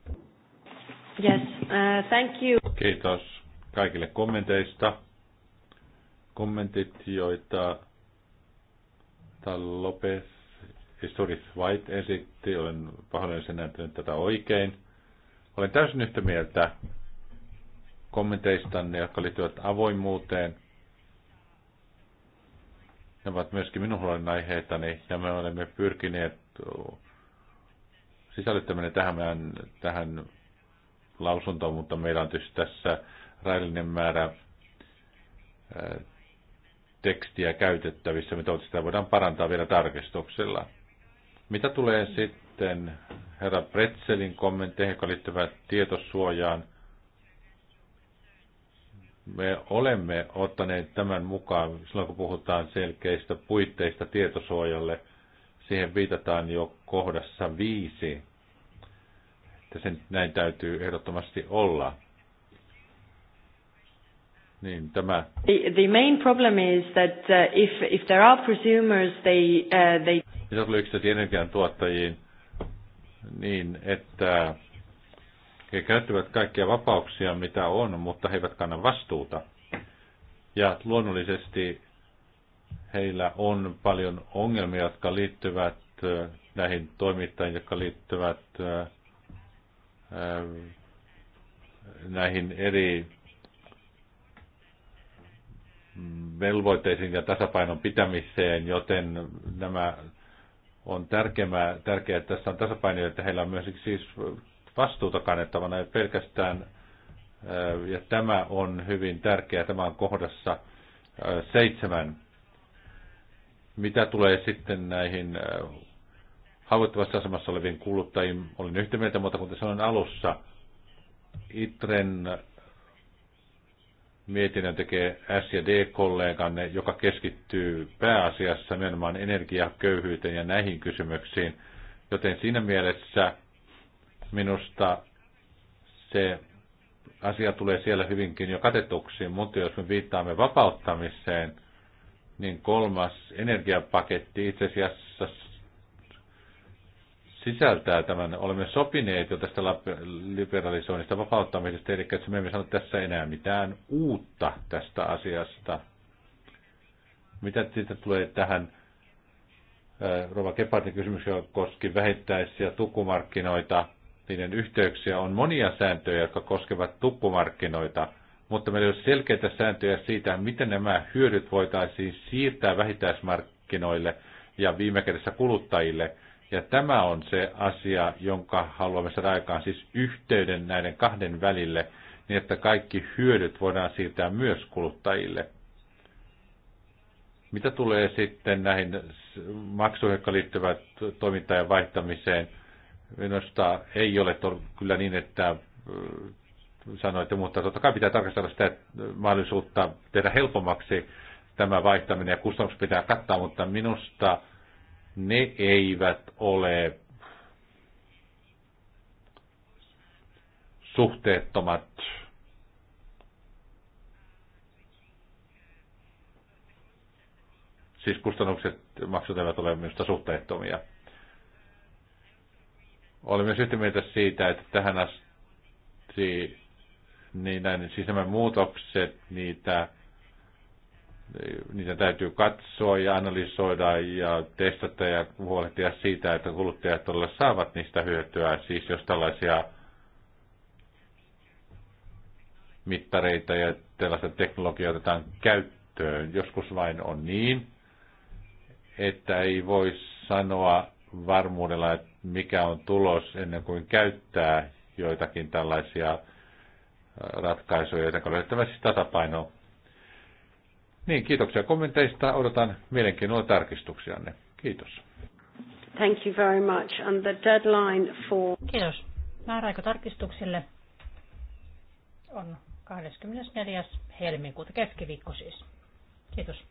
Yes, uh, thank you. Kiitos kaikille kommenteista. Kommentit, joita Tal Lopez Historis White esitti, olen pahoillani sen näyttänyt tätä oikein. Olen täysin yhtä mieltä kommenteistanne, jotka liittyvät avoimuuteen. Ne ovat myöskin minun huolenaiheitani ja me olemme pyrkineet sisällyttäminen tähän, meidän, tähän lausuntoon, mutta meillä on tietysti tässä rajallinen määrä tekstiä käytettävissä, mitä sitä voidaan parantaa vielä tarkistuksella. Mitä tulee sitten herra Pretzelin kommentteihin, jotka liittyvät tietosuojaan, me olemme ottaneet tämän mukaan silloin, kun puhutaan selkeistä puitteista tietosuojalle – Siihen viitataan jo kohdassa viisi, että sen näin täytyy ehdottomasti olla. Niin, tämä. The, the main problem is that uh, if, if there are prosumers, they... Uh, they... Mitä tulee yksityisiin energiantuottajiin, niin että he käyttävät kaikkia vapauksia, mitä on, mutta he eivät kanna vastuuta. Ja luonnollisesti heillä on paljon ongelmia, jotka liittyvät näihin toimittajiin, jotka liittyvät näihin eri velvoitteisiin ja tasapainon pitämiseen, joten nämä on tärkeää, tärkeää että tässä on tasapaino, että heillä on myös siis vastuuta kannettavana ja pelkästään, ja tämä on hyvin tärkeää, tämä on kohdassa seitsemän mitä tulee sitten näihin äh, haavoittuvassa asemassa oleviin kuluttajiin, olin yhtä mieltä, mutta kuten sanoin alussa, ITREN mietinnön tekee S- ja D-kolleganne, joka keskittyy pääasiassa nimenomaan energiaköyhyyteen ja näihin kysymyksiin. Joten siinä mielessä minusta se asia tulee siellä hyvinkin jo katetuksi, mutta jos me viittaamme vapauttamiseen, niin kolmas energiapaketti itse asiassa sisältää tämän. Olemme sopineet jo tästä liberalisoinnista vapauttamisesta, eli että me emme sano tässä enää mitään uutta tästä asiasta. Mitä siitä tulee tähän Rova Kepartin kysymys, joka koski vähittäisiä tukumarkkinoita niiden yhteyksiä on monia sääntöjä, jotka koskevat tukkumarkkinoita – mutta meillä ei ole selkeitä sääntöjä siitä, miten nämä hyödyt voitaisiin siirtää vähittäismarkkinoille ja viime kädessä kuluttajille. Ja tämä on se asia, jonka haluamme saada aikaan, siis yhteyden näiden kahden välille, niin että kaikki hyödyt voidaan siirtää myös kuluttajille. Mitä tulee sitten näihin maksuihin, jotka liittyvät ja vaihtamiseen, minusta ei ole kyllä niin, että sanoitte, mutta totta kai pitää tarkastella sitä mahdollisuutta tehdä helpommaksi tämä vaihtaminen ja kustannukset pitää kattaa, mutta minusta ne eivät ole suhteettomat Siis kustannukset, maksut eivät ole minusta suhteettomia. Olen myös yhtä mieltä siitä, että tähän asti niin näin, siis nämä muutokset, niitä, niitä täytyy katsoa ja analysoida ja testata ja huolehtia siitä, että kuluttajat todella saavat niistä hyötyä. Siis jos tällaisia mittareita ja tällaista teknologiaa otetaan käyttöön, joskus vain on niin, että ei voi sanoa varmuudella, että mikä on tulos ennen kuin käyttää joitakin tällaisia ratkaisuja, joten on löydettävä siis tasapainoa. Niin, kiitoksia kommenteista. Odotan mielenkiinnolla tarkistuksianne. Kiitos. Thank you very much. And the deadline for... Kiitos. Määräaika tarkistuksille on 24. helmikuuta, keskiviikko siis. Kiitos.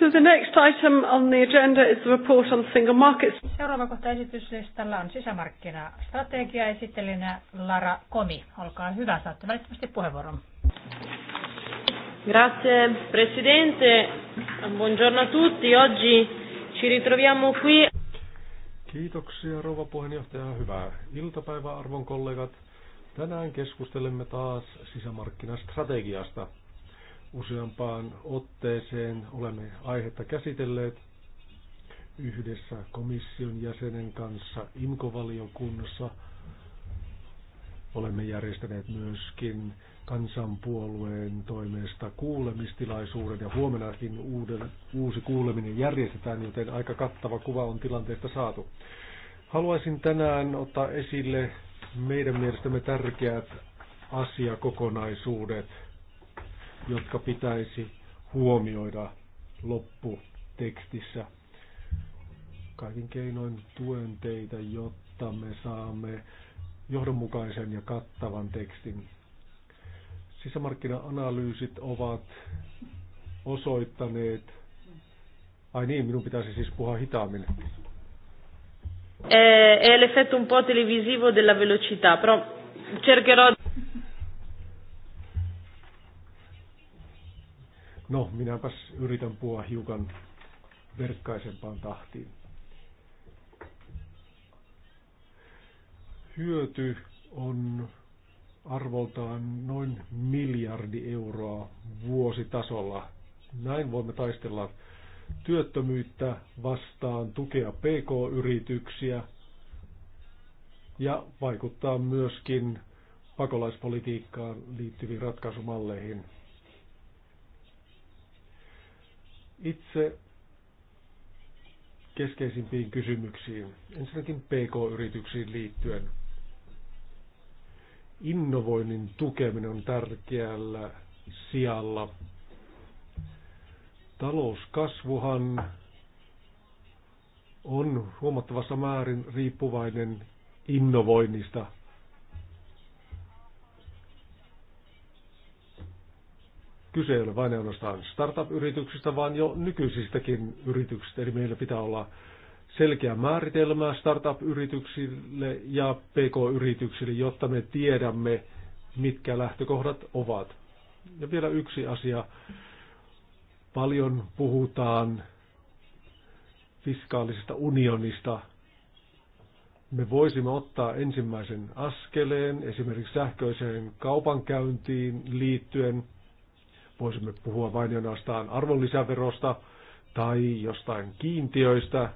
So the next item on the agenda is the report on single markets. Seuraava kohta esityslistalla on sisämarkkinastrategia esittelinä Lara Komi. Olkaa hyvä, saatte välittömästi puheenvuoron. Grazie Presidente, buongiorno a tutti. Oggi ci ritroviamo qui. Kiitoksia rouva puheenjohtaja. Hyvää iltapäivää arvon kollegat. Tänään keskustelemme taas sisämarkkinastrategiasta. Useampaan otteeseen olemme aihetta käsitelleet yhdessä komission jäsenen kanssa IMKO-valiokunnassa. Olemme järjestäneet myöskin kansanpuolueen toimesta kuulemistilaisuuden ja huomenakin uuden, uusi kuuleminen järjestetään, joten aika kattava kuva on tilanteesta saatu. Haluaisin tänään ottaa esille meidän mielestämme tärkeät asiakokonaisuudet – jotka pitäisi huomioida lopputekstissä. Kaikin keinoin tuen teitä, jotta me saamme johdonmukaisen ja kattavan tekstin. Sisämarkkina-analyysit ovat osoittaneet, ai niin, minun pitäisi siis puhua hitaammin. È l'effetto un po' televisivo della velocità, però cercherò No, minäpäs yritän puhua hiukan verkkaisempaan tahtiin. Hyöty on arvoltaan noin miljardi euroa vuositasolla. Näin voimme taistella työttömyyttä vastaan, tukea PK-yrityksiä ja vaikuttaa myöskin pakolaispolitiikkaan liittyviin ratkaisumalleihin. itse keskeisimpiin kysymyksiin. Ensinnäkin PK-yrityksiin liittyen. Innovoinnin tukeminen on tärkeällä sijalla. Talouskasvuhan on huomattavassa määrin riippuvainen innovoinnista, Kyse ei ole vain ainoastaan startup-yrityksistä, vaan jo nykyisistäkin yrityksistä. Eli meillä pitää olla selkeä määritelmä startup-yrityksille ja pk-yrityksille, jotta me tiedämme, mitkä lähtökohdat ovat. Ja vielä yksi asia. Paljon puhutaan fiskaalisesta unionista. Me voisimme ottaa ensimmäisen askeleen esimerkiksi sähköiseen kaupankäyntiin liittyen – Voisimme puhua vain ainoastaan arvonlisäverosta tai jostain kiintiöistä,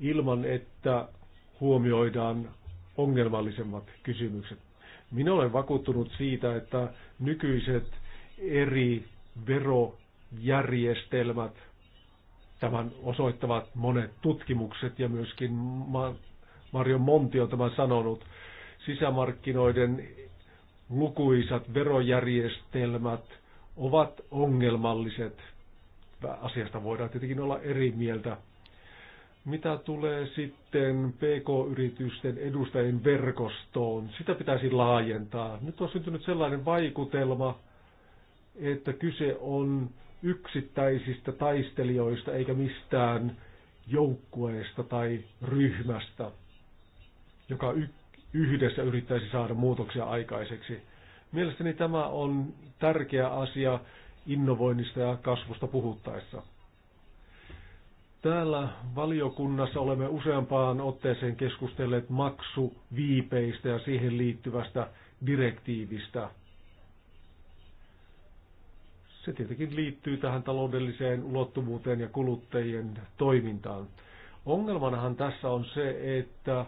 ilman että huomioidaan ongelmallisemmat kysymykset. Minä olen vakuuttunut siitä, että nykyiset eri verojärjestelmät, tämän osoittavat monet tutkimukset ja myöskin Mario Monti on tämän sanonut, sisämarkkinoiden lukuisat verojärjestelmät ovat ongelmalliset. Asiasta voidaan tietenkin olla eri mieltä. Mitä tulee sitten PK-yritysten edustajien verkostoon, sitä pitäisi laajentaa. Nyt on syntynyt sellainen vaikutelma, että kyse on yksittäisistä taistelijoista eikä mistään joukkueesta tai ryhmästä, joka yhdessä yrittäisi saada muutoksia aikaiseksi. Mielestäni tämä on tärkeä asia innovoinnista ja kasvusta puhuttaessa. Täällä valiokunnassa olemme useampaan otteeseen keskustelleet maksuviipeistä ja siihen liittyvästä direktiivistä. Se tietenkin liittyy tähän taloudelliseen ulottuvuuteen ja kuluttajien toimintaan. Ongelmanahan tässä on se, että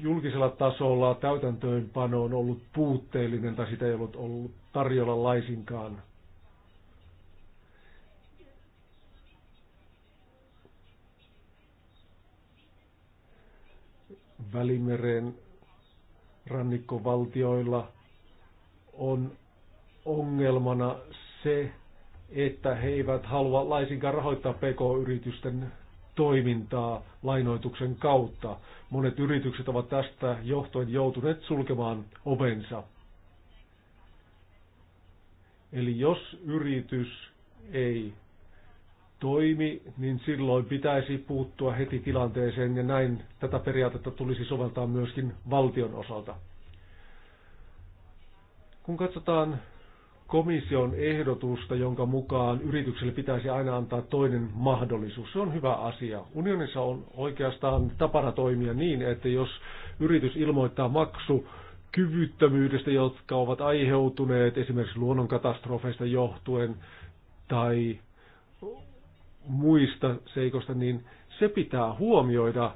julkisella tasolla täytäntöönpano on ollut puutteellinen tai sitä ei ollut ollut tarjolla laisinkaan. Välimeren rannikkovaltioilla on ongelmana se, että he eivät halua laisinkaan rahoittaa pk-yritysten toimintaa lainoituksen kautta. Monet yritykset ovat tästä johtuen joutuneet sulkemaan ovensa. Eli jos yritys ei toimi, niin silloin pitäisi puuttua heti tilanteeseen ja näin tätä periaatetta tulisi soveltaa myöskin valtion osalta. Kun katsotaan komission ehdotusta, jonka mukaan yritykselle pitäisi aina antaa toinen mahdollisuus. Se on hyvä asia. Unionissa on oikeastaan tapana toimia niin, että jos yritys ilmoittaa maksu kyvyttömyydestä, jotka ovat aiheutuneet esimerkiksi luonnonkatastrofeista johtuen tai muista seikoista, niin se pitää huomioida,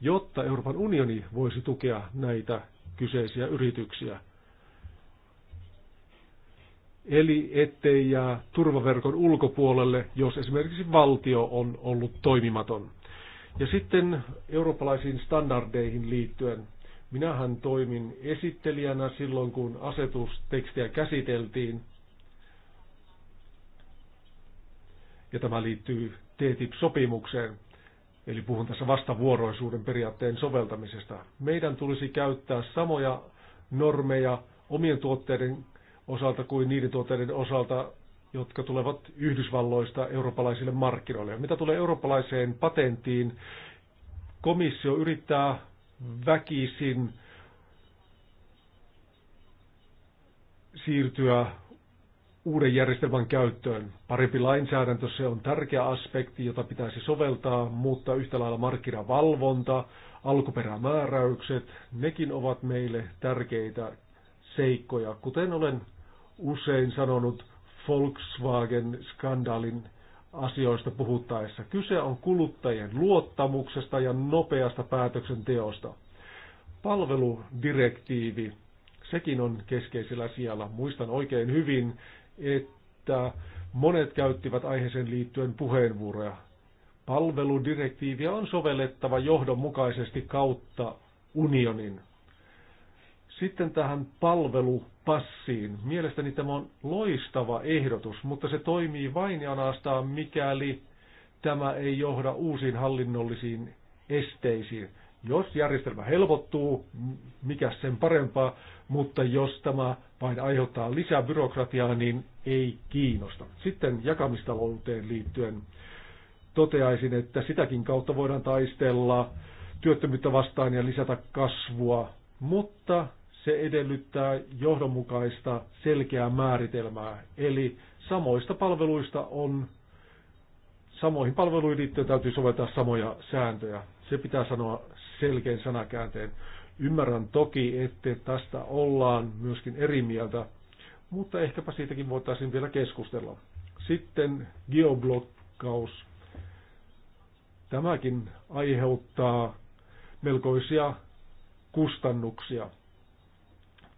jotta Euroopan unioni voisi tukea näitä kyseisiä yrityksiä. Eli ettei jää turvaverkon ulkopuolelle, jos esimerkiksi valtio on ollut toimimaton. Ja sitten eurooppalaisiin standardeihin liittyen. Minähän toimin esittelijänä silloin, kun asetustekstiä käsiteltiin. Ja tämä liittyy TTIP-sopimukseen. Eli puhun tässä vastavuoroisuuden periaatteen soveltamisesta. Meidän tulisi käyttää samoja normeja omien tuotteiden osalta kuin niiden tuotteiden osalta, jotka tulevat Yhdysvalloista eurooppalaisille markkinoille. Mitä tulee eurooppalaiseen patenttiin, komissio yrittää väkisin siirtyä uuden järjestelmän käyttöön. Parempi lainsäädäntö, se on tärkeä aspekti, jota pitäisi soveltaa, mutta yhtä lailla markkinavalvonta, alkuperämääräykset, nekin ovat meille tärkeitä seikkoja. Kuten olen usein sanonut Volkswagen-skandaalin asioista puhuttaessa. Kyse on kuluttajien luottamuksesta ja nopeasta päätöksenteosta. Palveludirektiivi, sekin on keskeisellä sijalla. Muistan oikein hyvin, että monet käyttivät aiheeseen liittyen puheenvuoroja. Palveludirektiiviä on sovellettava johdonmukaisesti kautta unionin. Sitten tähän palvelu passiin. Mielestäni tämä on loistava ehdotus, mutta se toimii vain ja ainoastaan, mikäli tämä ei johda uusiin hallinnollisiin esteisiin. Jos järjestelmä helpottuu, mikä sen parempaa, mutta jos tämä vain aiheuttaa lisää byrokratiaa, niin ei kiinnosta. Sitten jakamistalouteen liittyen toteaisin, että sitäkin kautta voidaan taistella työttömyyttä vastaan ja lisätä kasvua, mutta se edellyttää johdonmukaista selkeää määritelmää, eli samoista palveluista on, samoihin palveluihin liittyen täytyy soveltaa samoja sääntöjä. Se pitää sanoa selkeän sanakäänteen. Ymmärrän toki, että tästä ollaan myöskin eri mieltä, mutta ehkäpä siitäkin voitaisiin vielä keskustella. Sitten geoblokkaus. Tämäkin aiheuttaa melkoisia kustannuksia.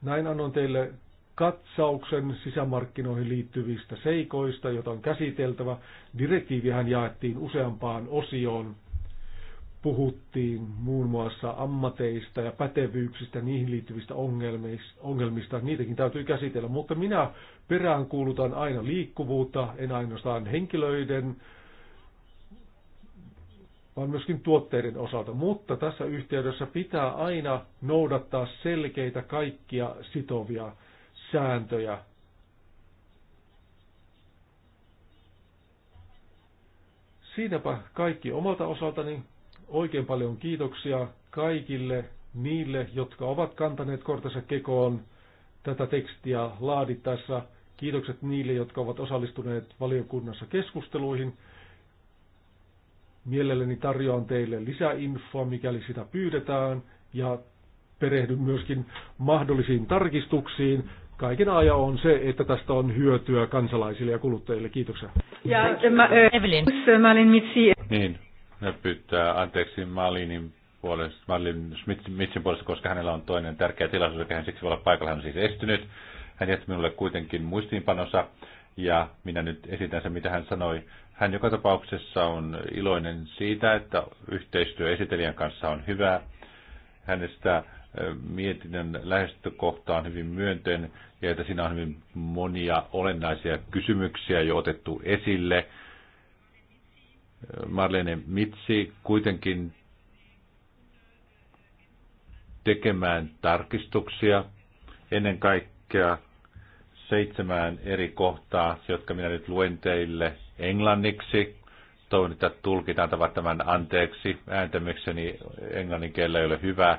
Näin annoin teille katsauksen sisämarkkinoihin liittyvistä seikoista, joita on käsiteltävä. Direktiivihän jaettiin useampaan osioon. Puhuttiin muun muassa ammateista ja pätevyyksistä, niihin liittyvistä ongelmista. Niitäkin täytyy käsitellä, mutta minä peräänkuulutan aina liikkuvuutta, en ainoastaan henkilöiden vaan myöskin tuotteiden osalta. Mutta tässä yhteydessä pitää aina noudattaa selkeitä kaikkia sitovia sääntöjä. Siinäpä kaikki omalta osaltani. Oikein paljon kiitoksia kaikille niille, jotka ovat kantaneet kortensa kekoon tätä tekstiä laadittaessa. Kiitokset niille, jotka ovat osallistuneet valiokunnassa keskusteluihin. Mielelläni tarjoan teille lisäinfoa, mikäli sitä pyydetään, ja perehdyn myöskin mahdollisiin tarkistuksiin. Kaiken aja on se, että tästä on hyötyä kansalaisille ja kuluttajille. Kiitoksia. Ja Evelyn. Niin, ne pyytää anteeksi Malinin puolesta, Malin Mitsin puolesta, koska hänellä on toinen tärkeä tilaisuus, joka hän siksi voi olla paikalla. Hän on siis estynyt. Hän jätti minulle kuitenkin muistiinpanossa ja minä nyt esitän sen, mitä hän sanoi hän joka tapauksessa on iloinen siitä, että yhteistyö esitelijän kanssa on hyvää. Hänestä mietinnän lähestökohta on hyvin myönteinen ja että siinä on hyvin monia olennaisia kysymyksiä jo otettu esille. Marlene Mitsi kuitenkin tekemään tarkistuksia ennen kaikkea seitsemään eri kohtaa, jotka minä nyt luen teille englanniksi. Toivon, että tulkitaan tämän anteeksi ääntämykseni. Englannin kielellä ei ole hyvä,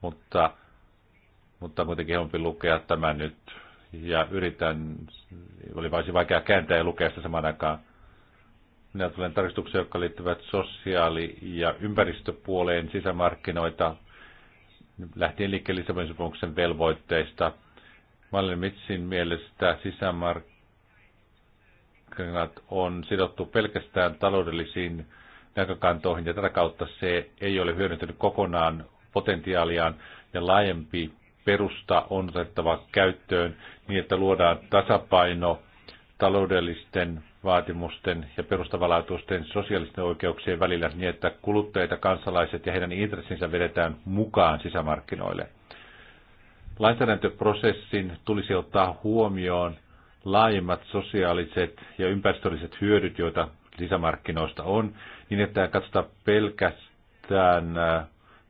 mutta, mutta kuitenkin helpompi lukea tämän nyt. Ja yritän, oli varsin vaikea kääntää ja lukea sitä saman aikaan. Minä tulen tarkistuksia, jotka liittyvät sosiaali- ja ympäristöpuoleen sisämarkkinoita, lähtien liikkeelle Lissabonin sopimuksen velvoitteista. olen Mitsin mielestä sisämark markkinat on sidottu pelkästään taloudellisiin näkökantoihin ja tätä kautta se ei ole hyödyntänyt kokonaan potentiaaliaan ja laajempi perusta on otettava käyttöön niin, että luodaan tasapaino taloudellisten vaatimusten ja perustavanlaatuisten sosiaalisten oikeuksien välillä niin, että kuluttajat kansalaiset ja heidän intressinsä vedetään mukaan sisämarkkinoille. Lainsäädäntöprosessin tulisi ottaa huomioon laajemmat sosiaaliset ja ympäristölliset hyödyt, joita lisämarkkinoista on, niin että katsotaan pelkästään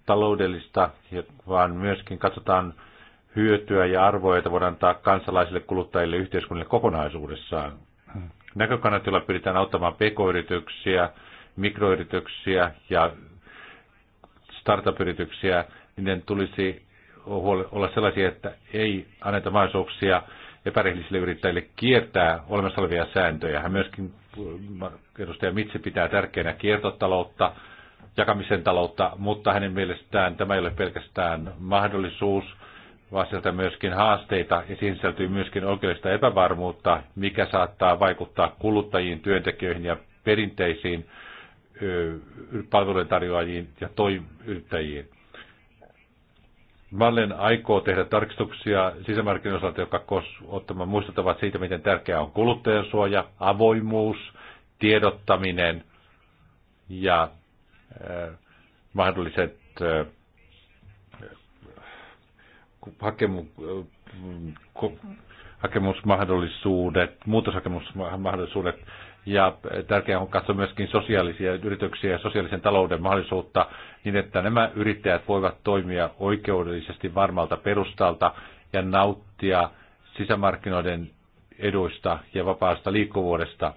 taloudellista, vaan myöskin katsotaan hyötyä ja arvoja, joita voidaan antaa kansalaisille, kuluttajille, yhteiskunnille kokonaisuudessaan. Näkökannat, joilla pyritään auttamaan pk-yrityksiä, mikroyrityksiä ja startup-yrityksiä, niiden tulisi olla sellaisia, että ei anneta mahdollisuuksia epärehellisille yrittäjille kiertää olemassa olevia sääntöjä. Hän myöskin, edustaja Mitsi, pitää tärkeänä kiertotaloutta, jakamisen taloutta, mutta hänen mielestään tämä ei ole pelkästään mahdollisuus, vaan sieltä myöskin haasteita ja siihen sisältyy myöskin oikeudellista epävarmuutta, mikä saattaa vaikuttaa kuluttajiin, työntekijöihin ja perinteisiin palvelujen tarjoajiin ja toimittajiin. Mallen aikoo tehdä tarkistuksia sisämarkkinoiden osalta, jotka ottamaan muistuttavat siitä, miten tärkeää on kuluttajansuoja, avoimuus, tiedottaminen ja eh, mahdolliset eh, hakemu, eh, hakemusmahdollisuudet, muutoshakemusmahdollisuudet ja tärkeää on katsoa myöskin sosiaalisia yrityksiä ja sosiaalisen talouden mahdollisuutta niin, että nämä yrittäjät voivat toimia oikeudellisesti varmalta perustalta ja nauttia sisämarkkinoiden eduista ja vapaasta liikkuvuudesta.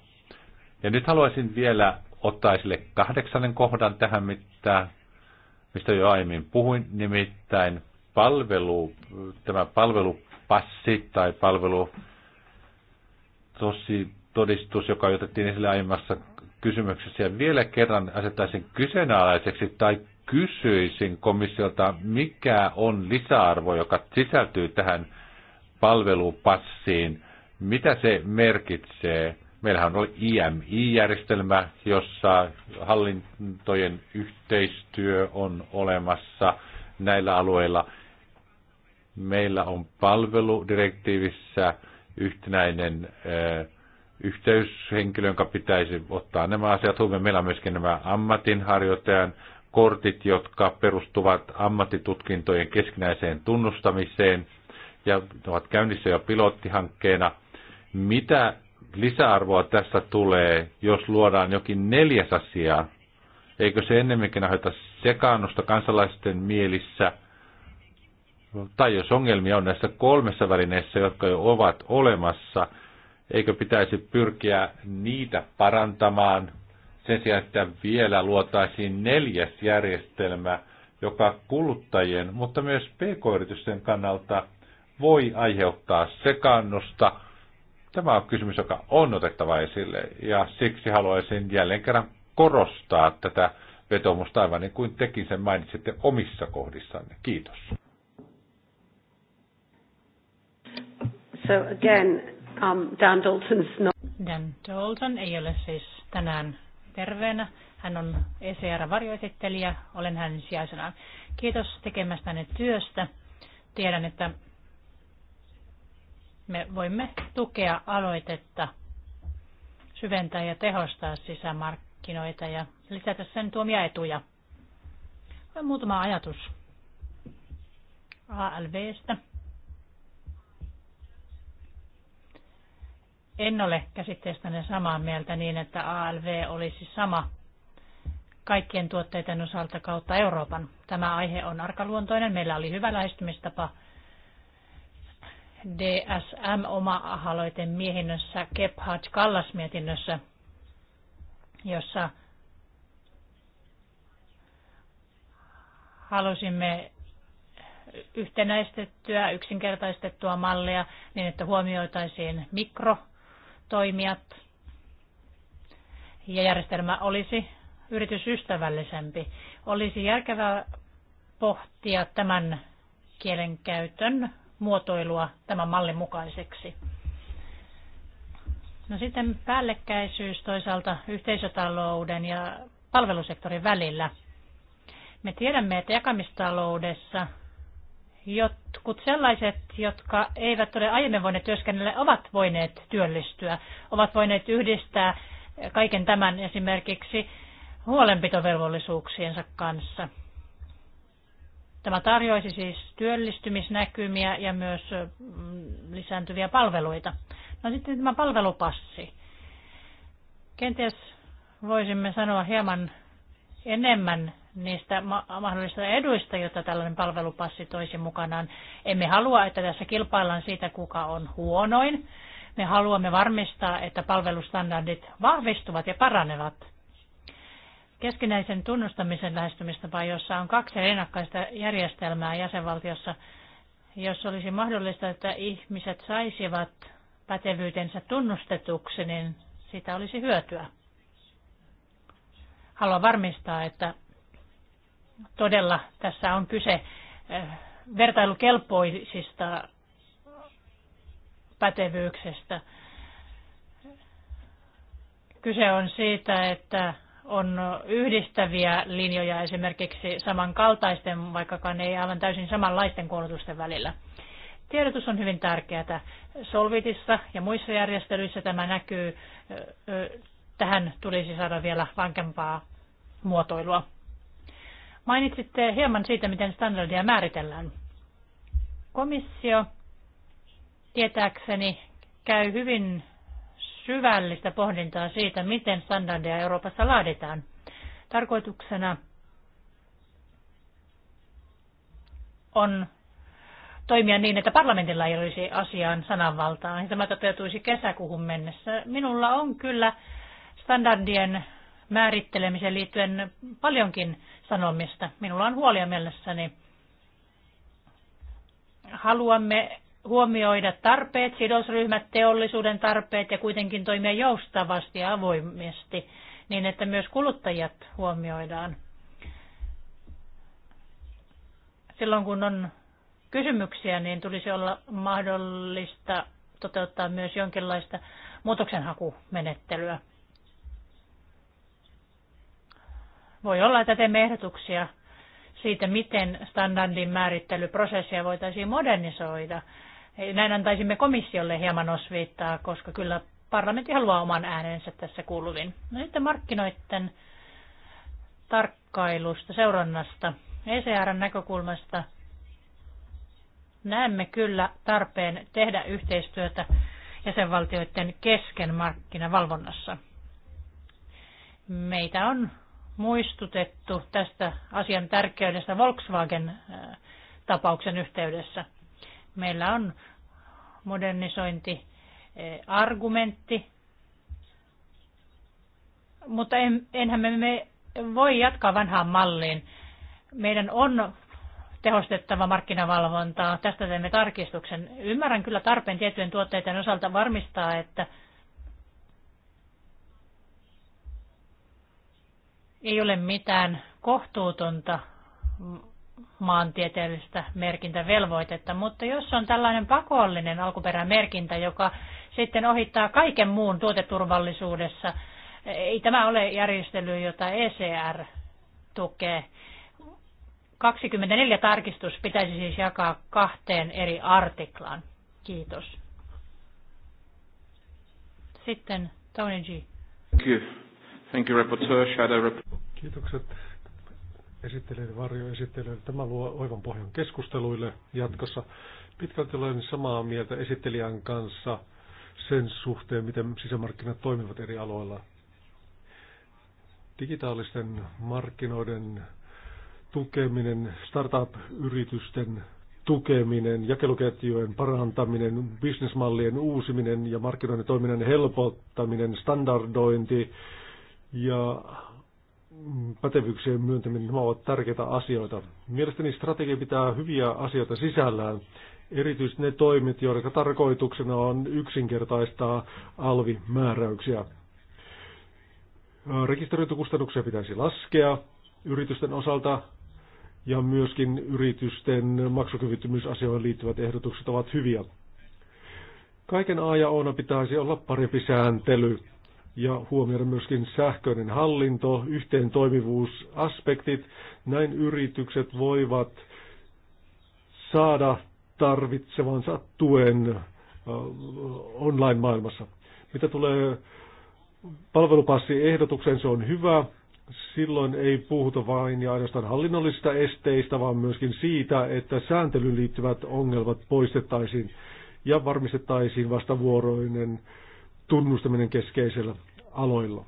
Ja nyt haluaisin vielä ottaa esille kahdeksannen kohdan tähän, mitä, mistä jo aiemmin puhuin, nimittäin palvelu, tämä palvelupassi tai palvelu tosi todistus, joka otettiin esille aiemmassa kysymyksessä, ja vielä kerran asettaisin kyseenalaiseksi tai kysyisin komissiolta, mikä on lisäarvo, joka sisältyy tähän palvelupassiin, mitä se merkitsee. Meillähän on IMI-järjestelmä, jossa hallintojen yhteistyö on olemassa näillä alueilla. Meillä on palveludirektiivissä yhtenäinen äh, yhteyshenkilö, jonka pitäisi ottaa nämä asiat huomioon. Meillä on myöskin nämä ammatinharjoittajan kortit, jotka perustuvat ammattitutkintojen keskinäiseen tunnustamiseen ja ovat käynnissä jo pilottihankkeena. Mitä lisäarvoa tässä tulee, jos luodaan jokin neljäs asia? Eikö se ennemminkin aiheuta sekaannusta kansalaisten mielissä? Tai jos ongelmia on näissä kolmessa välineessä, jotka jo ovat olemassa – Eikö pitäisi pyrkiä niitä parantamaan sen sijaan, että vielä luotaisiin neljäs järjestelmä, joka kuluttajien, mutta myös pk-yritysten kannalta voi aiheuttaa sekannusta. Tämä on kysymys, joka on otettava esille, ja siksi haluaisin jälleen kerran korostaa tätä vetomusta aivan niin kuin tekin sen mainitsitte omissa kohdissanne. Kiitos. So again, Um, Dan, Dalton's not. Dan Dalton ei ole siis tänään terveenä. Hän on ECR-varjoesittelijä. Olen hänen sijaisenaan. Kiitos tekemästänne työstä. Tiedän, että me voimme tukea aloitetta syventää ja tehostaa sisämarkkinoita ja lisätä sen tuomia etuja. Muutama ajatus ALVstä. En ole käsitteestäni samaa mieltä niin, että ALV olisi sama kaikkien tuotteiden osalta kautta Euroopan. Tämä aihe on arkaluontoinen. Meillä oli hyvä lähestymistapa DSM oma aloite miehinnössä Gebhard Kallas mietinnössä, jossa halusimme yhtenäistettyä, yksinkertaistettua mallia niin, että huomioitaisiin mikro- toimijat ja järjestelmä olisi yritysystävällisempi. Olisi järkevää pohtia tämän kielenkäytön muotoilua tämän mallin mukaiseksi. No sitten päällekkäisyys toisaalta yhteisötalouden ja palvelusektorin välillä. Me tiedämme, että jakamistaloudessa jotkut sellaiset, jotka eivät ole aiemmin voineet työskennellä, ovat voineet työllistyä, ovat voineet yhdistää kaiken tämän esimerkiksi huolenpitovelvollisuuksiensa kanssa. Tämä tarjoaisi siis työllistymisnäkymiä ja myös mm, lisääntyviä palveluita. No sitten tämä palvelupassi. Kenties voisimme sanoa hieman enemmän niistä mahdollisista eduista, joita tällainen palvelupassi toisi mukanaan. Emme halua, että tässä kilpaillaan siitä, kuka on huonoin. Me haluamme varmistaa, että palvelustandardit vahvistuvat ja paranevat. Keskinäisen tunnustamisen lähestymistapa, jossa on kaksi rinnakkaista järjestelmää jäsenvaltiossa, jos olisi mahdollista, että ihmiset saisivat pätevyytensä tunnustetuksi, niin siitä olisi hyötyä. Haluan varmistaa, että todella tässä on kyse eh, vertailukelpoisista pätevyyksistä. Kyse on siitä, että on yhdistäviä linjoja esimerkiksi samankaltaisten, vaikkakaan ei aivan täysin samanlaisten koulutusten välillä. Tiedotus on hyvin tärkeää. Solvitissa ja muissa järjestelyissä tämä näkyy. Eh, eh, tähän tulisi saada vielä vankempaa muotoilua. Mainitsitte hieman siitä, miten standardia määritellään. Komissio tietääkseni käy hyvin syvällistä pohdintaa siitä, miten standardeja Euroopassa laaditaan. Tarkoituksena on toimia niin, että parlamentilla ei olisi asiaan sananvaltaa. Tämä toteutuisi kesäkuuhun mennessä. Minulla on kyllä standardien määrittelemiseen liittyen paljonkin sanomista. Minulla on huolia mielessäni. Haluamme huomioida tarpeet, sidosryhmät, teollisuuden tarpeet ja kuitenkin toimia joustavasti ja avoimesti niin, että myös kuluttajat huomioidaan. Silloin kun on kysymyksiä, niin tulisi olla mahdollista toteuttaa myös jonkinlaista muutoksenhakumenettelyä. Voi olla, että teemme ehdotuksia siitä, miten standardin määrittelyprosessia voitaisiin modernisoida. Näin antaisimme komissiolle hieman osviittaa, koska kyllä parlamentti haluaa oman äänensä tässä kuuluvin. No sitten markkinoiden tarkkailusta, seurannasta, ECRn näkökulmasta näemme kyllä tarpeen tehdä yhteistyötä jäsenvaltioiden kesken markkinavalvonnassa. Meitä on muistutettu tästä asian tärkeydestä Volkswagen-tapauksen äh, yhteydessä. Meillä on modernisointi äh, argumentti, mutta en, enhän me, me voi jatkaa vanhaan malliin. Meidän on tehostettava markkinavalvontaa. Tästä teemme tarkistuksen. Ymmärrän kyllä tarpeen tiettyjen tuotteiden osalta varmistaa, että Ei ole mitään kohtuutonta maantieteellistä merkintävelvoitetta, mutta jos on tällainen pakollinen alkuperämerkintä, joka sitten ohittaa kaiken muun tuoteturvallisuudessa, ei tämä ole järjestely, jota ECR tukee. 24 tarkistus pitäisi siis jakaa kahteen eri artiklaan. Kiitos. Sitten Tony G. Kyllä. Thank you, Rapporteur, Shadow Rapporteur. Kiitokset esittelijöiden esittelijöiden. Tämä luo oivan pohjan keskusteluille jatkossa. Pitkälti olen samaa mieltä esittelijän kanssa sen suhteen, miten sisämarkkinat toimivat eri aloilla. Digitaalisten markkinoiden tukeminen, startup-yritysten tukeminen, jakeluketjujen parantaminen, bisnesmallien uusiminen ja markkinoiden toiminnan helpottaminen, standardointi, ja mm, pätevyyksien myöntäminen, nämä ovat tärkeitä asioita. Mielestäni strategia pitää hyviä asioita sisällään, erityisesti ne toimet, joiden tarkoituksena on yksinkertaistaa alvimääräyksiä. Rekisteröintikustannuksia pitäisi laskea yritysten osalta ja myöskin yritysten maksukyvyttömyysasioihin liittyvät ehdotukset ovat hyviä. Kaiken A ja O pitäisi olla parempi sääntely ja huomioida myöskin sähköinen hallinto, yhteen toimivuusaspektit. Näin yritykset voivat saada tarvitsevansa tuen online-maailmassa. Mitä tulee palvelupassiehdotukseen, se on hyvä. Silloin ei puhuta vain ja ainoastaan hallinnollisista esteistä, vaan myöskin siitä, että sääntelyyn liittyvät ongelmat poistettaisiin ja varmistettaisiin vastavuoroinen vuoroinen tunnustaminen keskeisellä aloilla.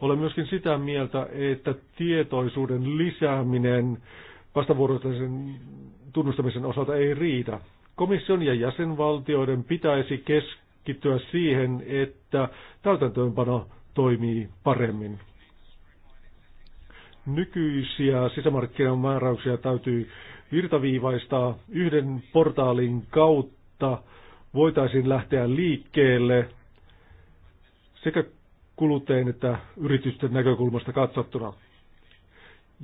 Olen myöskin sitä mieltä, että tietoisuuden lisääminen vastavuoroisen tunnustamisen osalta ei riitä. Komission ja jäsenvaltioiden pitäisi keskittyä siihen, että täytäntöönpano toimii paremmin. Nykyisiä sisämarkkinan määräyksiä täytyy virtaviivaistaa yhden portaalin kautta voitaisiin lähteä liikkeelle sekä kuluttajien että yritysten näkökulmasta katsottuna.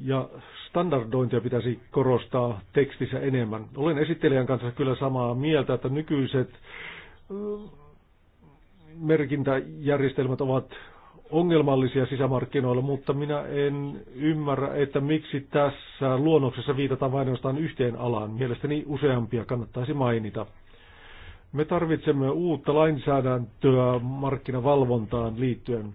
Ja standardointia pitäisi korostaa tekstissä enemmän. Olen esittelijän kanssa kyllä samaa mieltä, että nykyiset merkintäjärjestelmät ovat ongelmallisia sisämarkkinoilla, mutta minä en ymmärrä, että miksi tässä luonnoksessa viitataan vain yhteen alaan. Mielestäni useampia kannattaisi mainita. Me tarvitsemme uutta lainsäädäntöä markkinavalvontaan liittyen.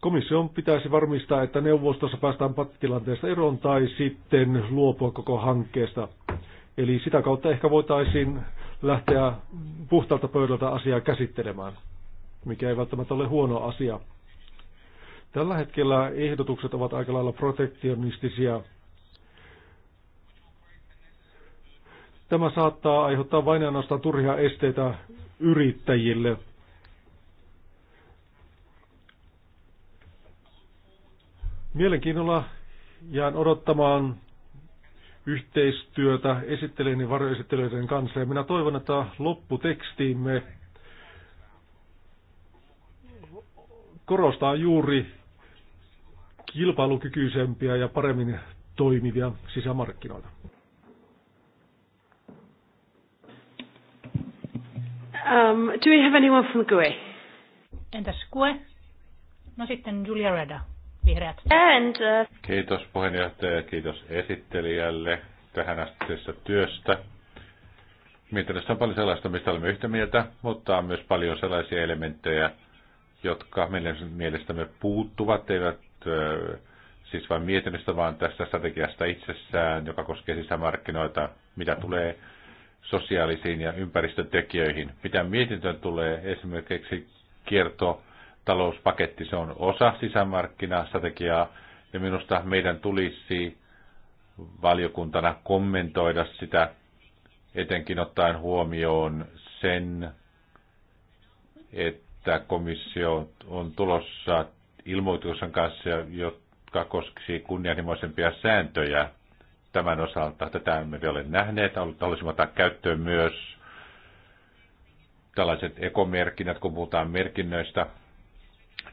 Komission pitäisi varmistaa, että neuvostossa päästään pattitilanteesta eroon tai sitten luopua koko hankkeesta. Eli sitä kautta ehkä voitaisiin lähteä puhtaalta pöydältä asiaa käsittelemään, mikä ei välttämättä ole huono asia. Tällä hetkellä ehdotukset ovat aika lailla protektionistisia Tämä saattaa aiheuttaa vain ainoastaan turhia esteitä yrittäjille. Mielenkiinnolla jään odottamaan yhteistyötä esittelijän ja varjoesittelijöiden kanssa. Ja minä toivon, että lopputekstiimme korostaa juuri kilpailukykyisempiä ja paremmin toimivia sisämarkkinoita. Um, do we have anyone from GUE? Entäs GUE? No sitten Julia Reda, vihreät. And, uh... Kiitos puheenjohtaja ja kiitos esittelijälle tähän astisessa työstä. Mietinnössä on paljon sellaista, mistä olemme yhtä mieltä, mutta on myös paljon sellaisia elementtejä, jotka meidän mielestämme puuttuvat, eivät siis vain mietinnöstä, vaan tästä strategiasta itsessään, joka koskee sisämarkkinoita, mitä tulee sosiaalisiin ja ympäristötekijöihin. Mitä mietintöön tulee esimerkiksi kiertotalouspaketti, se on osa sisämarkkinastrategiaa ja minusta meidän tulisi valiokuntana kommentoida sitä, etenkin ottaen huomioon sen, että komissio on tulossa ilmoituksen kanssa, jotka koskisi kunnianhimoisempia sääntöjä tämän osalta. Tätä emme vielä ole nähneet. Haluaisin ottaa käyttöön myös tällaiset ekomerkinnät, kun puhutaan merkinnöistä,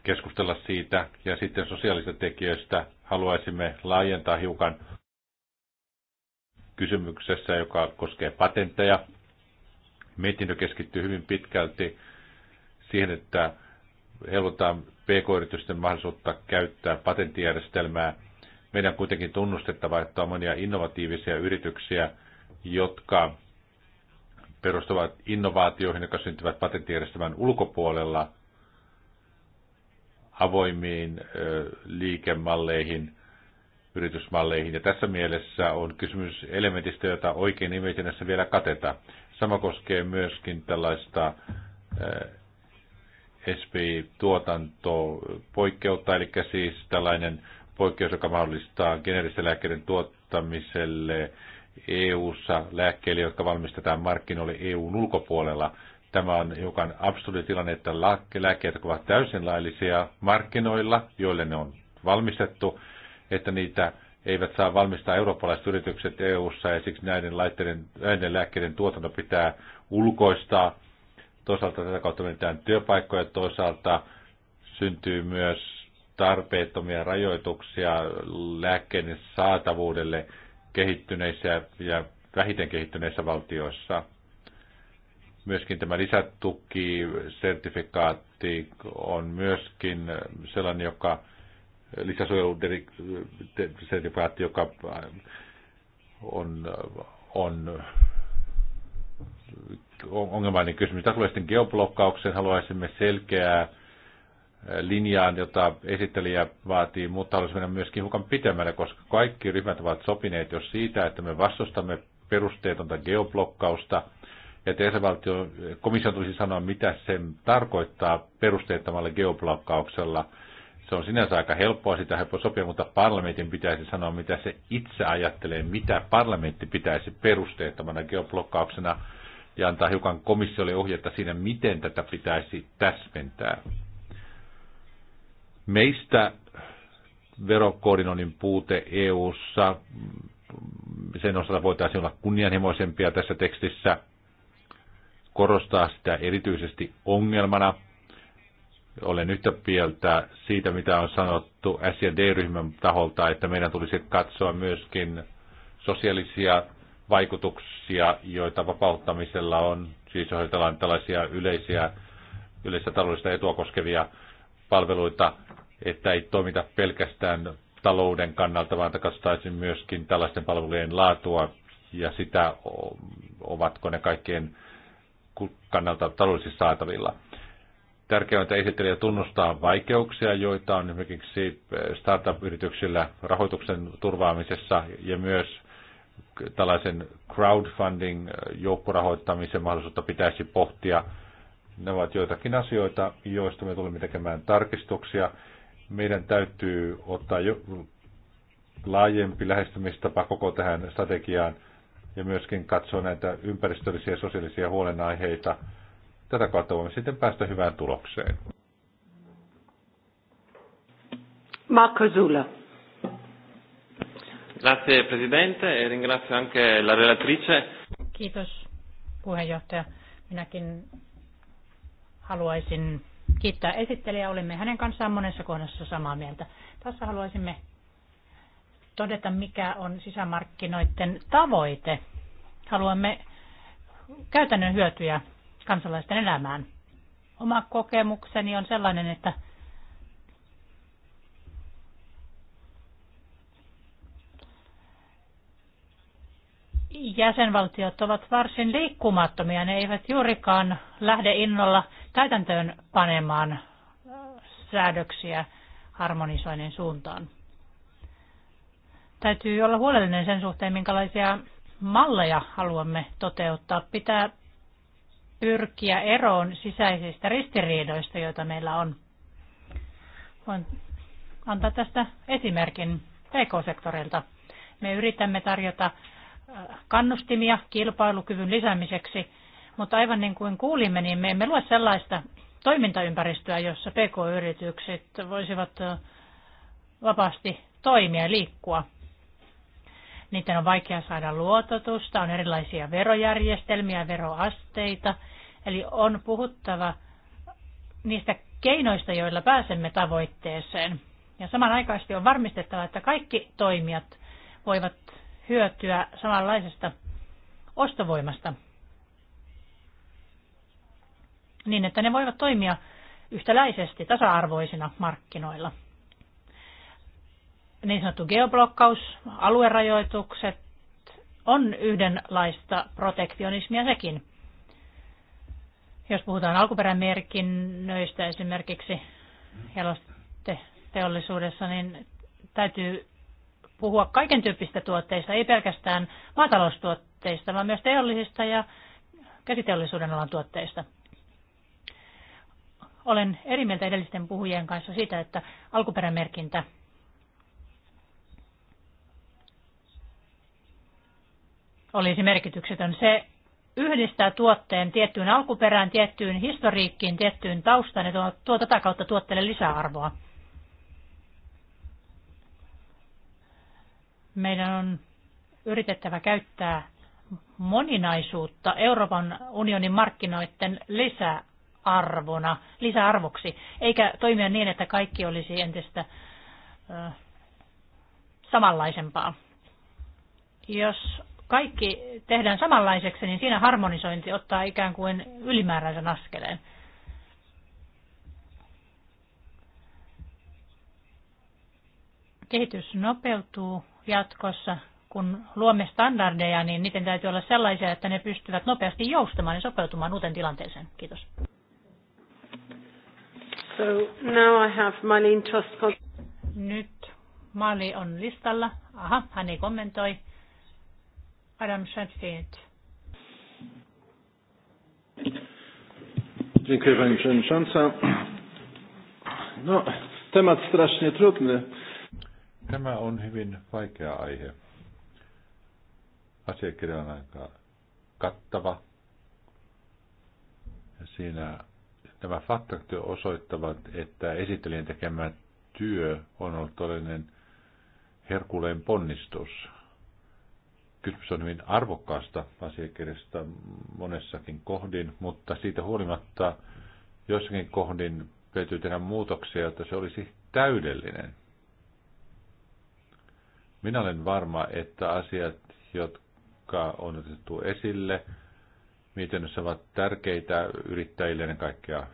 keskustella siitä. Ja sitten sosiaalista tekijöistä haluaisimme laajentaa hiukan kysymyksessä, joka koskee patentteja. Mietintö keskittyy hyvin pitkälti siihen, että helpotetaan pk-yritysten mahdollisuutta käyttää patenttijärjestelmää – meidän kuitenkin tunnustettava, että on monia innovatiivisia yrityksiä, jotka perustuvat innovaatioihin, jotka syntyvät patenttijärjestelmän ulkopuolella, avoimiin liikemalleihin, yritysmalleihin. Ja tässä mielessä on kysymys elementistä, jota oikein nimetinässä vielä kateta. Sama koskee myöskin tällaista SPI-tuotantopoikkeutta, eli siis tällainen poikkeus, joka mahdollistaa geneeristen lääkkeiden tuottamiselle EU-ssa lääkkeille, jotka valmistetaan markkinoille EUn ulkopuolella. Tämä on hiukan absurdi tilanne, että lääkkeet ovat täysin laillisia markkinoilla, joille ne on valmistettu, että niitä eivät saa valmistaa eurooppalaiset yritykset EU-ssa ja siksi näiden, laitteiden, näiden lääkkeiden tuotanto pitää ulkoistaa. Toisaalta tätä kautta menetään työpaikkoja, toisaalta syntyy myös tarpeettomia rajoituksia lääkkeiden saatavuudelle kehittyneissä ja vähiten kehittyneissä valtioissa. Myöskin tämä lisätukisertifikaatti sertifikaatti on myöskin sellainen, joka lisäsuojelusertifikaatti, joka on, on ongelmainen kysymys. Tässä tulee sitten geoblokkaukseen. haluaisimme selkeää linjaan, jota esittelijä vaatii, mutta haluaisin mennä myöskin hukan pitemmälle, koska kaikki ryhmät ovat sopineet jo siitä, että me vastustamme perusteetonta geoblokkausta, että jäsenvaltio, komission tulisi sanoa, mitä se tarkoittaa perusteettomalle geoblokkauksella. Se on sinänsä aika helppoa, sitä helppo sopia, mutta parlamentin pitäisi sanoa, mitä se itse ajattelee, mitä parlamentti pitäisi perusteettomana geoblokkauksena ja antaa hiukan komissiolle ohjetta siinä, miten tätä pitäisi täsmentää. Meistä verokoordinoinnin puute EU:ssa sen osalta voitaisiin olla kunnianhimoisempia tässä tekstissä, korostaa sitä erityisesti ongelmana. Olen yhtä pieltä siitä, mitä on sanottu S&D-ryhmän taholta, että meidän tulisi katsoa myöskin sosiaalisia vaikutuksia, joita vapauttamisella on, siis jos tällaisia yleisiä, yleistä taloudellista etua koskevia palveluita, että ei toimita pelkästään talouden kannalta, vaan takaisin myöskin tällaisten palvelujen laatua ja sitä, ovatko ne kaikkien kannalta taloudellisesti saatavilla. Tärkeää on, että esittelijä tunnustaa vaikeuksia, joita on esimerkiksi eh, startup-yrityksillä rahoituksen turvaamisessa ja myös tällaisen crowdfunding-joukkorahoittamisen eh, mahdollisuutta pitäisi pohtia – ne ovat joitakin asioita, joista me tulemme tekemään tarkistuksia. Meidän täytyy ottaa jo laajempi lähestymistapa koko tähän strategiaan ja myöskin katsoa näitä ympäristöllisiä ja sosiaalisia huolenaiheita. Tätä kautta voimme sitten päästä hyvään tulokseen. Marco Zula. Grazie Presidente e ringrazio anche la relatrice. Kiitos puheenjohtaja. Minäkin haluaisin kiittää esittelijää. Olemme hänen kanssaan monessa kohdassa samaa mieltä. Tässä haluaisimme todeta, mikä on sisämarkkinoiden tavoite. Haluamme käytännön hyötyjä kansalaisten elämään. Oma kokemukseni on sellainen, että jäsenvaltiot ovat varsin liikkumattomia. Ne eivät juurikaan lähde innolla täytäntöön panemaan äh, säädöksiä harmonisoinnin suuntaan. Täytyy olla huolellinen sen suhteen, minkälaisia malleja haluamme toteuttaa. Pitää pyrkiä eroon sisäisistä ristiriidoista, joita meillä on. Voin antaa tästä esimerkin PK-sektorilta. Me yritämme tarjota kannustimia kilpailukyvyn lisäämiseksi, mutta aivan niin kuin kuulimme, niin me emme lue sellaista toimintaympäristöä, jossa pk-yritykset voisivat vapaasti toimia ja liikkua. Niiden on vaikea saada luototusta, on erilaisia verojärjestelmiä, veroasteita, eli on puhuttava niistä keinoista, joilla pääsemme tavoitteeseen. Ja samanaikaisesti on varmistettava, että kaikki toimijat voivat hyötyä samanlaisesta ostovoimasta niin, että ne voivat toimia yhtäläisesti tasa-arvoisina markkinoilla. Niin sanottu geoblokkaus, aluerajoitukset on yhdenlaista protektionismia sekin. Jos puhutaan alkuperämerkinnöistä esimerkiksi jalosteteollisuudessa, niin täytyy puhua kaiken tyyppistä tuotteista, ei pelkästään maataloustuotteista, vaan myös teollisista ja käsiteollisuuden alan tuotteista. Olen eri mieltä edellisten puhujien kanssa siitä, että alkuperämerkintä olisi merkityksetön. Se yhdistää tuotteen tiettyyn alkuperään, tiettyyn historiikkiin, tiettyyn taustaan ja tuo, tuo tätä kautta tuotteelle lisäarvoa. Meidän on yritettävä käyttää moninaisuutta Euroopan unionin markkinoiden lisäarvona, lisäarvoksi, eikä toimia niin, että kaikki olisi entistä ö, samanlaisempaa. Jos kaikki tehdään samanlaiseksi, niin siinä harmonisointi ottaa ikään kuin ylimääräisen askeleen. Kehitys nopeutuu jatkossa, kun luomme standardeja, niin niiden täytyy olla sellaisia, että ne pystyvät nopeasti joustamaan ja sopeutumaan uuteen tilanteeseen. Kiitos. So now I have Malin Trust. Nyt Mali on listalla. Aha, hän ei kommentoi. Adam Sheffield. Dziękuję Pani Przewodnicząca. No, temat strasznie trudny Tämä on hyvin vaikea aihe. Asiakirja on aika kattava. Ja siinä nämä faktat osoittavat, että esittelijän tekemä työ on ollut todellinen herkuleen ponnistus. Kysymys on hyvin arvokkaasta asiakirjasta monessakin kohdin, mutta siitä huolimatta jossakin kohdin täytyy tehdä muutoksia, että se olisi täydellinen. Minä olen varma, että asiat, jotka on otettu esille, miten ne ovat tärkeitä yrittäjille, ja kaikkea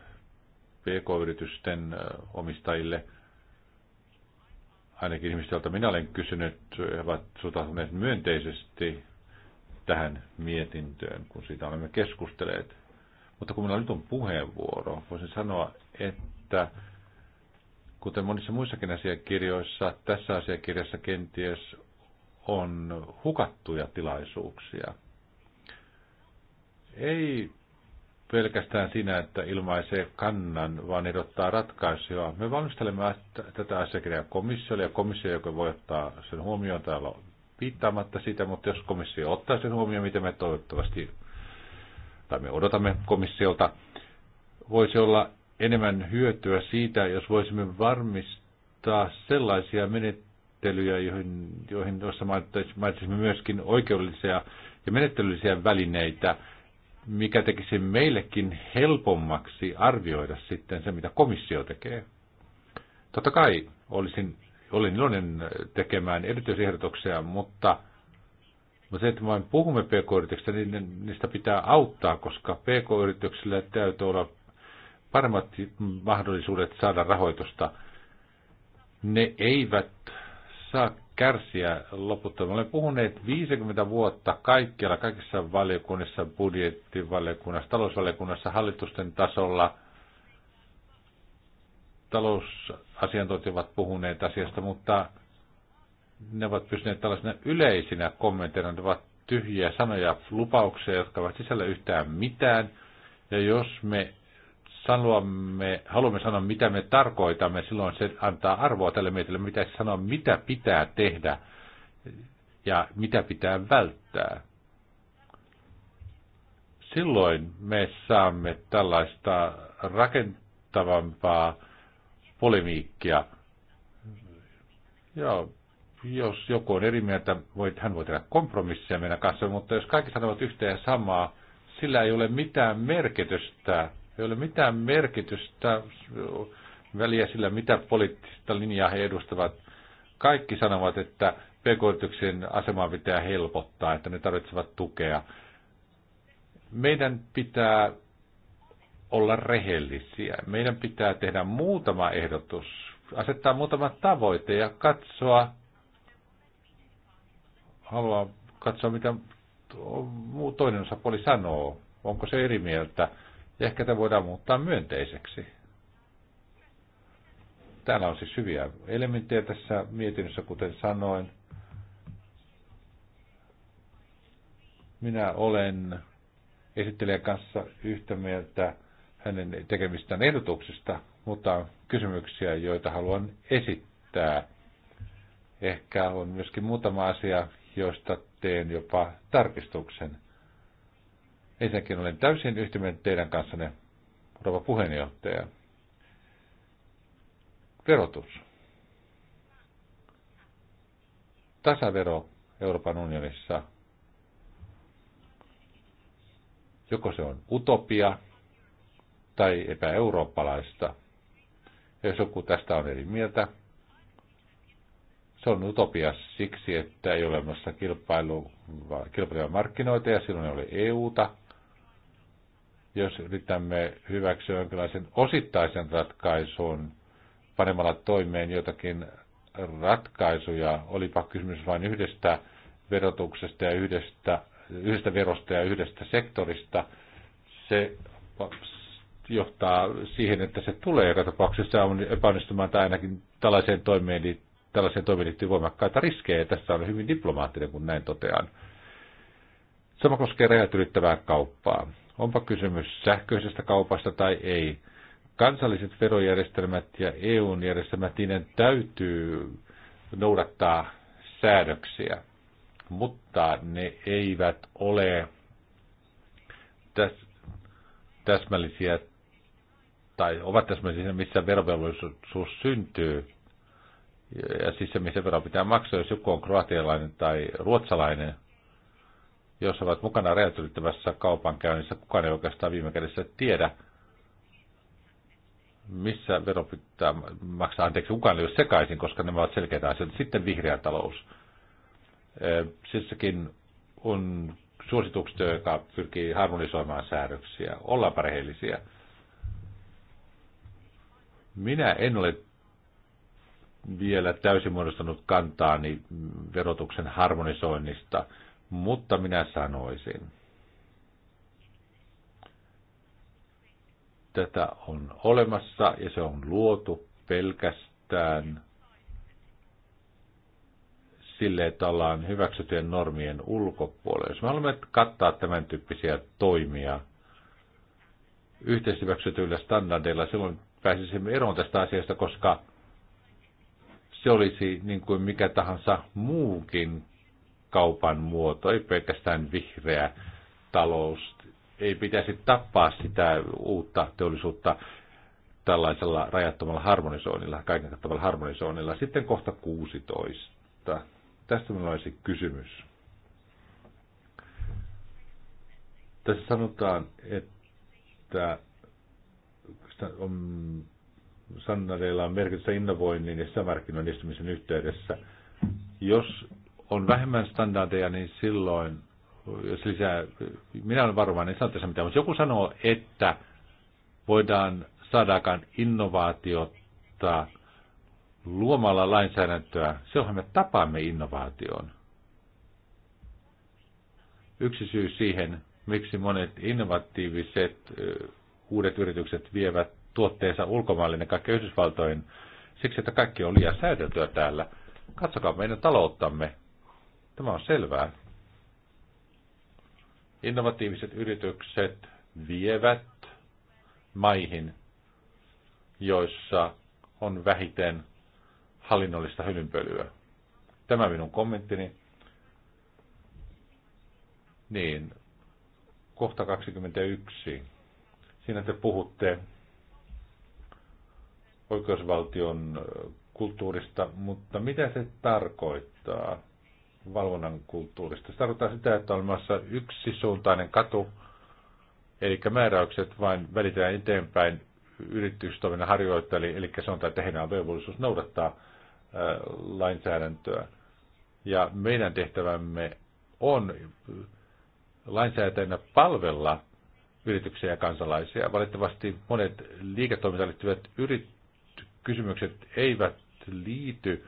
pk-yritysten omistajille, ainakin ihmiset, joilta minä olen kysynyt, ovat suhtautuneet myönteisesti tähän mietintöön, kun siitä olemme keskustelleet. Mutta kun minulla nyt on puheenvuoro, voisin sanoa, että Kuten monissa muissakin asiakirjoissa, tässä asiakirjassa kenties on hukattuja tilaisuuksia. Ei pelkästään siinä, että ilmaisee kannan, vaan ehdottaa ratkaisuja. Me valmistelemme tätä asiakirjaa komissiolle ja komissio, joka voi ottaa sen huomioon täällä piittaamatta sitä, mutta jos komissio ottaa sen huomioon, mitä me toivottavasti, tai me odotamme komissiolta, voisi olla enemmän hyötyä siitä, jos voisimme varmistaa sellaisia menettelyjä, joihin, joihin tuossa mainitsisimme myöskin oikeudellisia ja menettelyllisiä välineitä, mikä tekisi meillekin helpommaksi arvioida sitten se, mitä komissio tekee. Totta kai olisin, olin iloinen tekemään erityisehdotuksia, mutta, mutta se, että vain puhumme pk-yrityksistä, niin niistä pitää auttaa, koska pk-yrityksillä täytyy olla paremmat mahdollisuudet saada rahoitusta, ne eivät saa kärsiä loputtomasti. Olen puhuneet 50 vuotta kaikkialla, kaikissa valiokunnissa, budjettivaliokunnassa, talousvaliokunnassa, hallitusten tasolla. Talousasiantuntijat ovat puhuneet asiasta, mutta ne ovat pysyneet tällaisina yleisinä kommentteina. Ne ovat tyhjiä sanoja, lupauksia, jotka ovat sisällä yhtään mitään. Ja jos me sanomme, haluamme sanoa, mitä me tarkoitamme, silloin se antaa arvoa tälle mietille, mitä sanoa, mitä pitää tehdä ja mitä pitää välttää. Silloin me saamme tällaista rakentavampaa polemiikkia. Joo, jos joku on eri mieltä, voit, hän voi tehdä kompromisseja meidän kanssa, mutta jos kaikki sanovat yhtä ja samaa, sillä ei ole mitään merkitystä ei ole mitään merkitystä väliä sillä, mitä poliittista linjaa he edustavat. Kaikki sanovat, että pk asemaa pitää helpottaa, että ne tarvitsevat tukea. Meidän pitää olla rehellisiä. Meidän pitää tehdä muutama ehdotus, asettaa muutama tavoite ja katsoa, haluaa katsoa, mitä toinen osapuoli sanoo. Onko se eri mieltä? ja ehkä tämä voidaan muuttaa myönteiseksi. Täällä on siis hyviä elementtejä tässä mietinnössä, kuten sanoin. Minä olen esittelijän kanssa yhtä mieltä hänen tekemistään ehdotuksista, mutta on kysymyksiä, joita haluan esittää. Ehkä on myöskin muutama asia, joista teen jopa tarkistuksen. Ensinnäkin olen täysin yhtyminen teidän kanssanne, rouva puheenjohtaja. Verotus. Tasavero Euroopan unionissa. Joko se on utopia tai epäeurooppalaista. Ja jos joku tästä on eri mieltä, se on utopia siksi, että ei ole olemassa kilpailu, kilpailuja markkinoita ja silloin ei ole EUta jos yritämme hyväksyä jonkinlaisen osittaisen ratkaisun panemalla toimeen jotakin ratkaisuja, olipa kysymys vain yhdestä verotuksesta ja yhdestä, yhdestä verosta ja yhdestä sektorista, se johtaa siihen, että se tulee joka tapauksessa epäonnistumaan tai ainakin tällaiseen toimeen, niin tällaiseen toimeen liittyy voimakkaita riskejä. Tässä on hyvin diplomaattinen, kun näin totean. Sama koskee rajat ylittävää kauppaa onpa kysymys sähköisestä kaupasta tai ei. Kansalliset verojärjestelmät ja EUn järjestelmät, niiden täytyy noudattaa säädöksiä, mutta ne eivät ole täs, täsmällisiä tai ovat täsmällisiä, missä verovelvollisuus syntyy ja siis se, missä vero pitää maksaa, jos joku on kroatialainen tai ruotsalainen – jos ovat mukana rajatylittävässä kaupankäynnissä, kukaan ei oikeastaan viime kädessä tiedä, missä vero pitää maksaa. Anteeksi, kukaan ei ole sekaisin, koska nämä ovat selkeitä asioita. Sitten vihreä talous. Sissäkin on suositukset, joka pyrkii harmonisoimaan säädöksiä. Ollaan parheellisia. Minä en ole vielä täysin muodostanut kantaani verotuksen harmonisoinnista – mutta minä sanoisin, tätä on olemassa ja se on luotu pelkästään sille, että ollaan hyväksytyjen normien ulkopuolella. Jos me haluamme kattaa tämän tyyppisiä toimia yhteishyväksytyillä standardeilla, silloin pääsisimme eroon tästä asiasta, koska se olisi niin kuin mikä tahansa muukin kaupan muoto, ei pelkästään vihreä talous. Ei pitäisi tappaa sitä uutta teollisuutta tällaisella rajattomalla harmonisoinnilla, kaiken kattavalla harmonisoinnilla. Sitten kohta 16. Tästä minulla olisi kysymys. Tässä sanotaan, että on, sannareilla on merkitystä innovoinnin ja sisämarkkinoiden yhteydessä. Jos on vähemmän standardeja, niin silloin, jos lisää, minä olen varovainen, niin sanon tässä mitään, mutta joku sanoo, että voidaan saadaakaan innovaatiota luomalla lainsäädäntöä, silloinhan me tapaamme innovaation. Yksi syy siihen, miksi monet innovatiiviset uudet yritykset vievät tuotteensa ulkomaille, ne kaikki Yhdysvaltoihin, siksi että kaikki on liian säädeltyä täällä. Katsokaa meidän talouttamme. Tämä on selvää. Innovatiiviset yritykset vievät maihin, joissa on vähiten hallinnollista hylynpölyä. Tämä minun kommenttini. Niin, kohta 21. Siinä te puhutte oikeusvaltion kulttuurista, mutta mitä se tarkoittaa? valvonnan kulttuurista. Se tarkoittaa sitä, että on olemassa yksisuuntainen katu, eli määräykset vain välitetään eteenpäin yritystoiminnan harjoittajille, eli se on tämä, tehdään velvollisuus noudattaa lainsäädäntöä. Ja meidän tehtävämme on lainsäätäjänä palvella yrityksiä ja kansalaisia. Valitettavasti monet liiketoimintaan liittyvät yrit- kysymykset eivät liity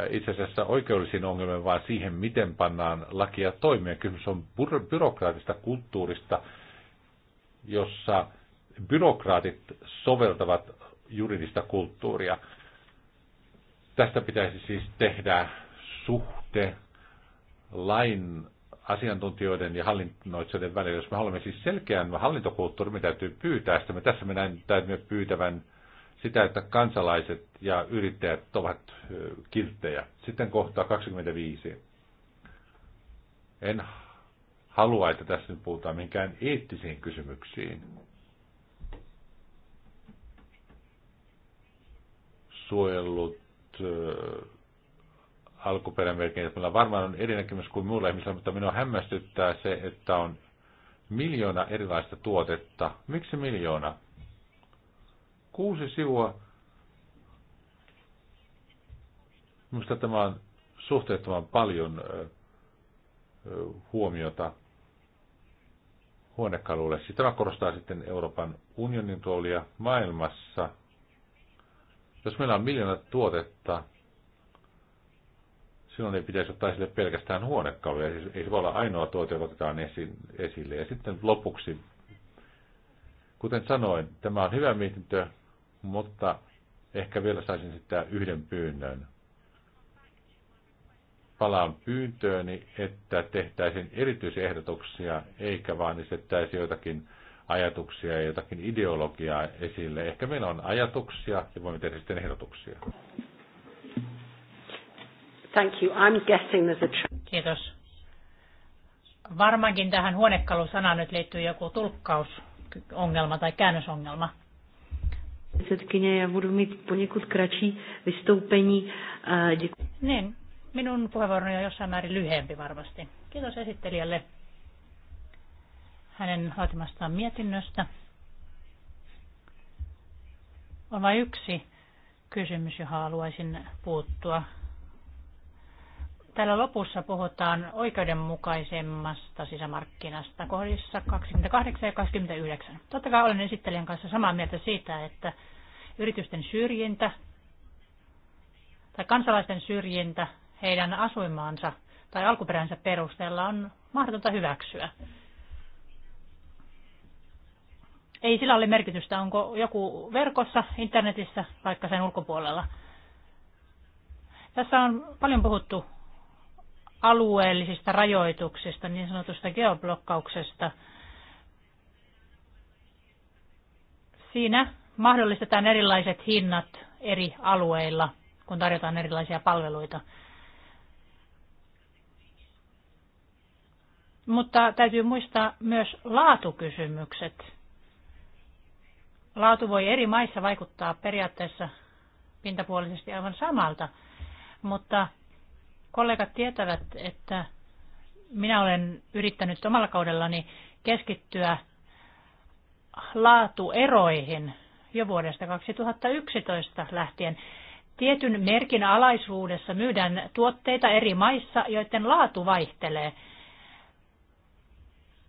Äh, itse asiassa oikeudellisiin ongelmiin, vaan siihen, miten pannaan lakia toimeen. Kysymys on byrokraatista kulttuurista, jossa byrokraatit soveltavat juridista kulttuuria. Tästä pitäisi siis tehdä suhte lain asiantuntijoiden ja hallinnoitsijoiden välillä. Jos me haluamme siis selkeän hallintokulttuurin, me täytyy pyytää sitä. Me tässä me täytyy pyytävän sitä, että kansalaiset ja yrittäjät ovat kilttejä. Sitten kohta 25. En halua, että tässä nyt puhutaan minkään eettisiin kysymyksiin. Suojellut äh, että Meillä varmaan on eri näkemys kuin muilla ihmisillä, mutta minua hämmästyttää se, että on miljoona erilaista tuotetta. Miksi miljoona? kuusi sivua. Minusta tämä on suhteettoman paljon huomiota huonekaluille. Siis tämä korostaa sitten Euroopan unionin roolia maailmassa. Jos meillä on miljoona tuotetta, silloin ei pitäisi ottaa esille pelkästään huonekaluja. Siis ei se voi olla ainoa tuote, joka otetaan esille. Ja sitten lopuksi, kuten sanoin, tämä on hyvä mietintö, mutta ehkä vielä saisin sitten yhden pyynnön. Palaan pyyntööni, että tehtäisiin erityisehdotuksia, eikä vaan esittäisi joitakin ajatuksia ja jotakin ideologiaa esille. Ehkä meillä on ajatuksia ja voimme tehdä sitten ehdotuksia. Thank you. I'm guessing there's a... Kiitos. Varmaankin tähän huonekalusanaan nyt liittyy joku tulkkausongelma tai käännösongelma. Předsedkyně, já budu mít poněkud kratší vystoupení. Děkuji. Niin, minun puheenvuoroni on jossain määrin lyhyempi varmasti. Kiitos esittelijälle hänen laatimastaan mietinnöstä. On vain yksi kysymys, johon haluaisin puuttua. Täällä lopussa puhutaan oikeudenmukaisemmasta sisämarkkinasta kohdissa 28 ja 29. Totta kai olen esittelijän kanssa samaa mieltä siitä, että yritysten syrjintä tai kansalaisten syrjintä heidän asuimaansa tai alkuperänsä perusteella on mahdotonta hyväksyä. Ei sillä ole merkitystä, onko joku verkossa, internetissä, vaikka sen ulkopuolella. Tässä on paljon puhuttu alueellisista rajoituksista, niin sanotusta geoblokkauksesta. Siinä mahdollistetaan erilaiset hinnat eri alueilla, kun tarjotaan erilaisia palveluita. Mutta täytyy muistaa myös laatukysymykset. Laatu voi eri maissa vaikuttaa periaatteessa pintapuolisesti aivan samalta, mutta Kollegat tietävät, että minä olen yrittänyt omalla kaudellani keskittyä laatueroihin jo vuodesta 2011 lähtien. Tietyn merkin alaisuudessa myydään tuotteita eri maissa, joiden laatu vaihtelee.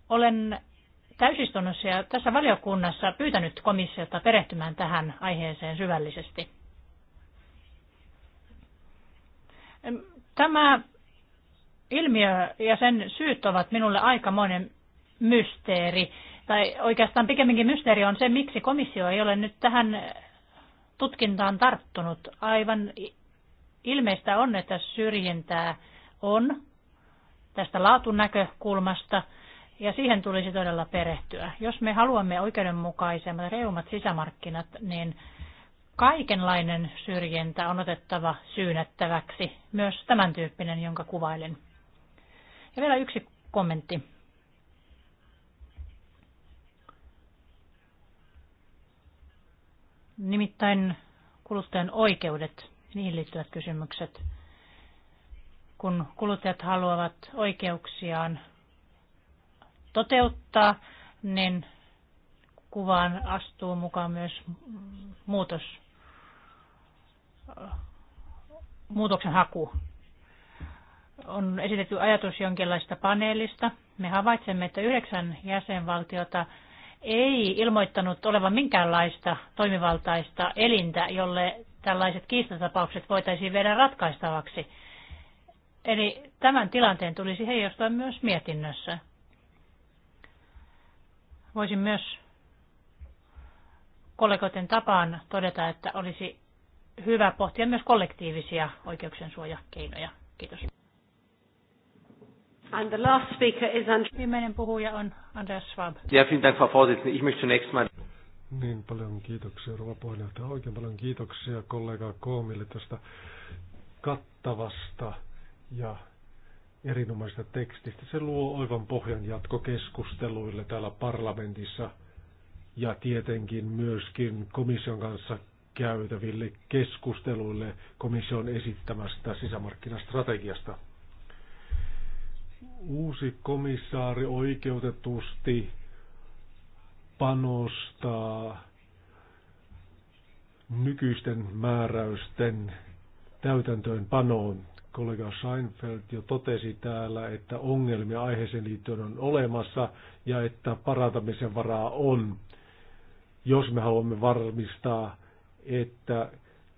Olen täysistunnossa ja tässä valiokunnassa pyytänyt komissiota perehtymään tähän aiheeseen syvällisesti. Tämä ilmiö ja sen syyt ovat minulle aikamoinen mysteeri. Tai oikeastaan pikemminkin mysteeri on se, miksi komissio ei ole nyt tähän tutkintaan tarttunut. Aivan ilmeistä on, että syrjintää on tästä laatun näkökulmasta ja siihen tulisi todella perehtyä. Jos me haluamme oikeudenmukaisemmat reumat sisämarkkinat, niin kaikenlainen syrjintä on otettava syynättäväksi, myös tämän tyyppinen, jonka kuvailen. Ja vielä yksi kommentti. Nimittäin kuluttajan oikeudet, niihin liittyvät kysymykset. Kun kuluttajat haluavat oikeuksiaan toteuttaa, niin kuvaan astuu mukaan myös muutos Muutoksen haku. On esitetty ajatus jonkinlaista paneelista. Me havaitsemme, että yhdeksän jäsenvaltiota ei ilmoittanut olevan minkäänlaista toimivaltaista elintä, jolle tällaiset kiistatapaukset voitaisiin viedä ratkaistavaksi. Eli tämän tilanteen tulisi heijastua myös mietinnössä. Voisin myös kollegoiden tapaan todeta, että olisi hyvä pohtia myös kollektiivisia oikeuksien suojakeinoja. Kiitos. And the last speaker is Viimeinen puhuja on Andreas Schwab. Ja, vielen Dank, Frau Vorsitzende. Ich möchte zunächst mal... Niin paljon kiitoksia, Rova puheenjohtaja. Oikein paljon kiitoksia kollega Koomille tästä kattavasta ja erinomaisesta tekstistä. Se luo oivan pohjan jatkokeskusteluille täällä parlamentissa ja tietenkin myöskin komission kanssa käytäville keskusteluille komission esittämästä sisämarkkinastrategiasta. Uusi komissaari oikeutetusti panostaa nykyisten määräysten täytäntöönpanoon. Kollega Seinfeld jo totesi täällä, että ongelmia aiheeseen liittyen on olemassa ja että parantamisen varaa on, jos me haluamme varmistaa että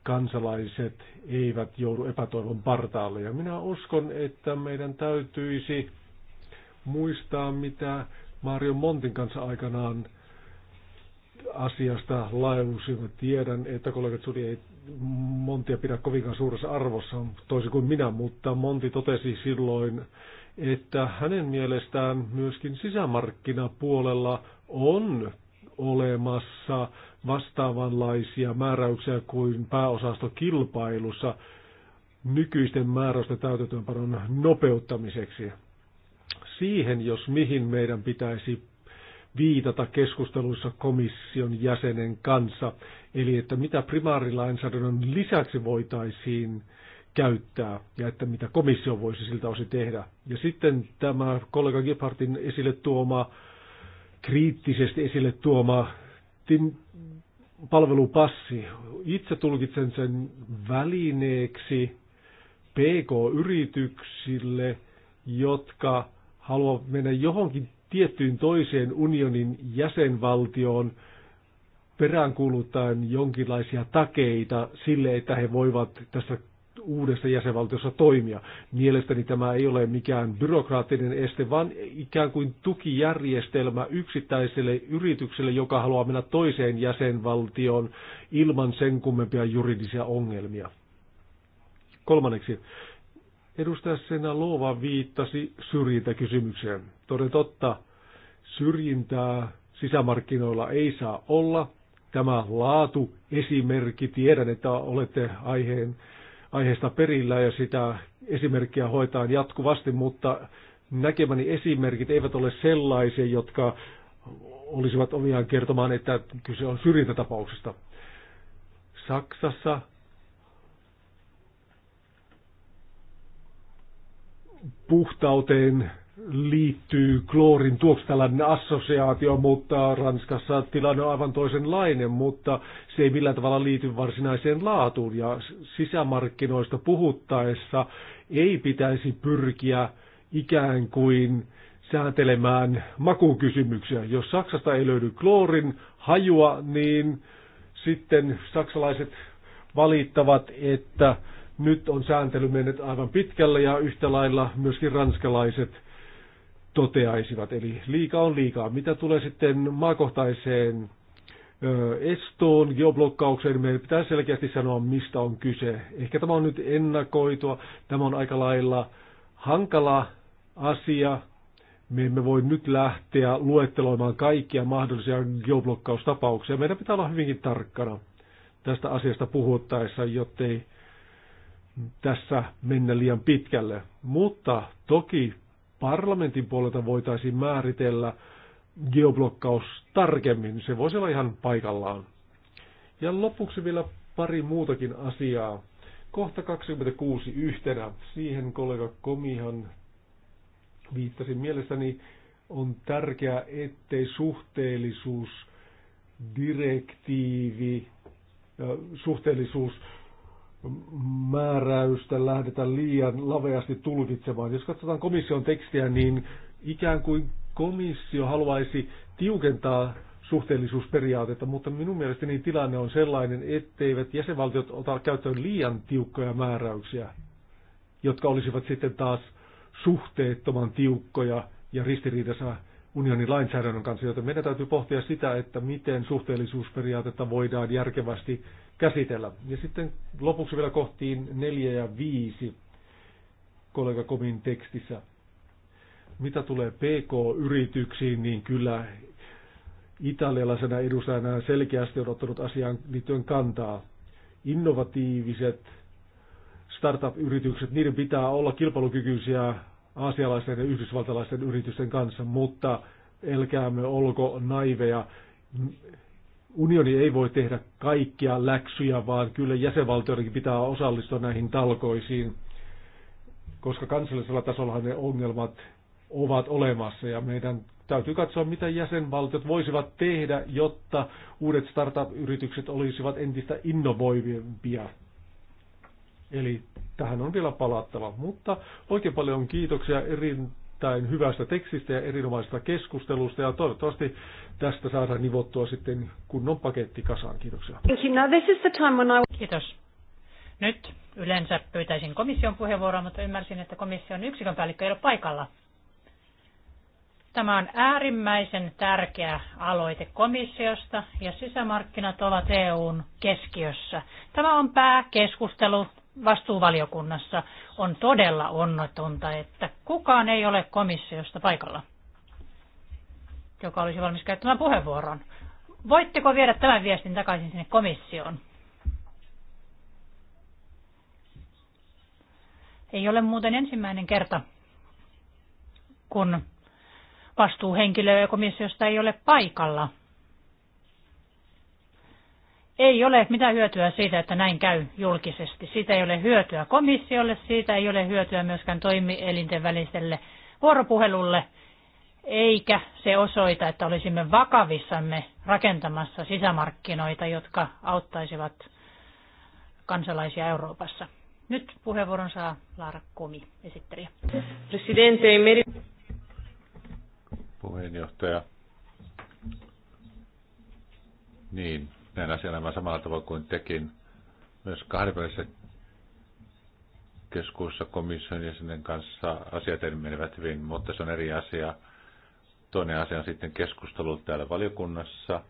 kansalaiset eivät joudu epätoivon partaalle. Ja minä uskon, että meidän täytyisi muistaa, mitä Mario Montin kanssa aikanaan asiasta laajennusimme. Tiedän, että kollegat Suri ei Montia pidä kovinkaan suuressa arvossa, toisin kuin minä, mutta Monti totesi silloin, että hänen mielestään myöskin sisämarkkinapuolella on olemassa vastaavanlaisia määräyksiä kuin pääosastokilpailussa nykyisten määräysten täytäntöönpanon nopeuttamiseksi. Siihen, jos mihin meidän pitäisi viitata keskusteluissa komission jäsenen kanssa, eli että mitä primaarilainsäädännön lisäksi voitaisiin käyttää ja että mitä komissio voisi siltä osin tehdä. Ja sitten tämä kollega Gebhardin esille tuoma, kriittisesti esille tuoma palvelupassi. Itse tulkitsen sen välineeksi PK-yrityksille, jotka haluavat mennä johonkin tiettyyn toiseen unionin jäsenvaltioon peräänkuuluttaen jonkinlaisia takeita sille, että he voivat tässä uudesta jäsenvaltiossa toimia. Mielestäni tämä ei ole mikään byrokraattinen este, vaan ikään kuin tukijärjestelmä yksittäiselle yritykselle, joka haluaa mennä toiseen jäsenvaltioon ilman sen kummempia juridisia ongelmia. Kolmanneksi, edustaja Sena Loova viittasi syrjintäkysymykseen. Toden totta, syrjintää sisämarkkinoilla ei saa olla. Tämä laatu esimerkki, tiedän, että olette aiheen aiheesta perillä ja sitä esimerkkiä hoitaan jatkuvasti, mutta näkemäni esimerkit eivät ole sellaisia, jotka olisivat omiaan kertomaan, että kyse on syrjintätapauksesta. Saksassa puhtauteen liittyy kloorin tuoksi tällainen assosiaatio, mutta Ranskassa tilanne on aivan toisenlainen, mutta se ei millään tavalla liity varsinaiseen laatuun. Ja sisämarkkinoista puhuttaessa ei pitäisi pyrkiä ikään kuin sääntelemään makukysymyksiä. Jos Saksasta ei löydy kloorin hajua, niin sitten saksalaiset valittavat, että nyt on sääntely mennyt aivan pitkälle ja yhtä lailla myöskin ranskalaiset – toteaisivat. Eli liika on liikaa. Mitä tulee sitten maakohtaiseen estoon, geoblokkaukseen, meidän pitää selkeästi sanoa, mistä on kyse. Ehkä tämä on nyt ennakoitua, tämä on aika lailla hankala asia. Me emme voi nyt lähteä luetteloimaan kaikkia mahdollisia geoblokkaustapauksia. Meidän pitää olla hyvinkin tarkkana tästä asiasta puhuttaessa, jottei tässä mennä liian pitkälle. Mutta toki parlamentin puolelta voitaisiin määritellä geoblokkaus tarkemmin. Se voisi olla ihan paikallaan. Ja lopuksi vielä pari muutakin asiaa. Kohta 26 yhtenä. Siihen kollega Komihan viittasi. Mielestäni on tärkeää, ettei suhteellisuus direktiivi, suhteellisuus määräystä lähdetään liian laveasti tulkitsemaan. Jos katsotaan komission tekstiä, niin ikään kuin komissio haluaisi tiukentaa suhteellisuusperiaatetta, mutta minun mielestäni tilanne on sellainen, etteivät jäsenvaltiot ota käyttöön liian tiukkoja määräyksiä, jotka olisivat sitten taas suhteettoman tiukkoja ja ristiriidassa unionin lainsäädännön kanssa, joten meidän täytyy pohtia sitä, että miten suhteellisuusperiaatetta voidaan järkevästi käsitellä. Ja sitten lopuksi vielä kohtiin 4 ja 5 kollega Komin tekstissä. Mitä tulee PK-yrityksiin, niin kyllä italialaisena edustajana selkeästi on ottanut asiaan liittyen kantaa. Innovatiiviset startup-yritykset, niiden pitää olla kilpailukykyisiä aasialaisten ja yhdysvaltalaisten yritysten kanssa, mutta elkäämme olko naiveja unioni ei voi tehdä kaikkia läksyjä, vaan kyllä jäsenvaltioidenkin pitää osallistua näihin talkoisiin, koska kansallisella tasolla ne ongelmat ovat olemassa ja meidän täytyy katsoa, mitä jäsenvaltiot voisivat tehdä, jotta uudet startup-yritykset olisivat entistä innovoivimpia. Eli tähän on vielä palattava, mutta oikein paljon kiitoksia eri erittäin hyvästä tekstistä ja erinomaisesta keskustelusta ja toivottavasti tästä saadaan nivottua sitten kunnon paketti kasaan. Kiitoksia. Kiitos. Nyt yleensä pyytäisin komission puheenvuoroa, mutta ymmärsin, että komission yksikön päällikkö ei ole paikalla. Tämä on äärimmäisen tärkeä aloite komissiosta ja sisämarkkinat ovat EUn keskiössä. Tämä on pääkeskustelu vastuuvaliokunnassa on todella onnotonta, että kukaan ei ole komissiosta paikalla, joka olisi valmis käyttämään puheenvuoron. Voitteko viedä tämän viestin takaisin sinne komissioon? Ei ole muuten ensimmäinen kerta, kun vastuuhenkilö komissiosta ei ole paikalla – ei ole mitään hyötyä siitä, että näin käy julkisesti. Siitä ei ole hyötyä komissiolle, siitä ei ole hyötyä myöskään toimielinten väliselle vuoropuhelulle, eikä se osoita, että olisimme vakavissamme rakentamassa sisämarkkinoita, jotka auttaisivat kansalaisia Euroopassa. Nyt puheenvuoron saa Laara Komi, esittelijä. Puheenjohtaja. Niin, näin asian samalla tavalla kuin tekin myös kahdenvälisessä keskuussa komission jäsenen kanssa asiat menevät hyvin, mutta se on eri asia. Toinen asia on sitten keskustelu täällä valiokunnassa,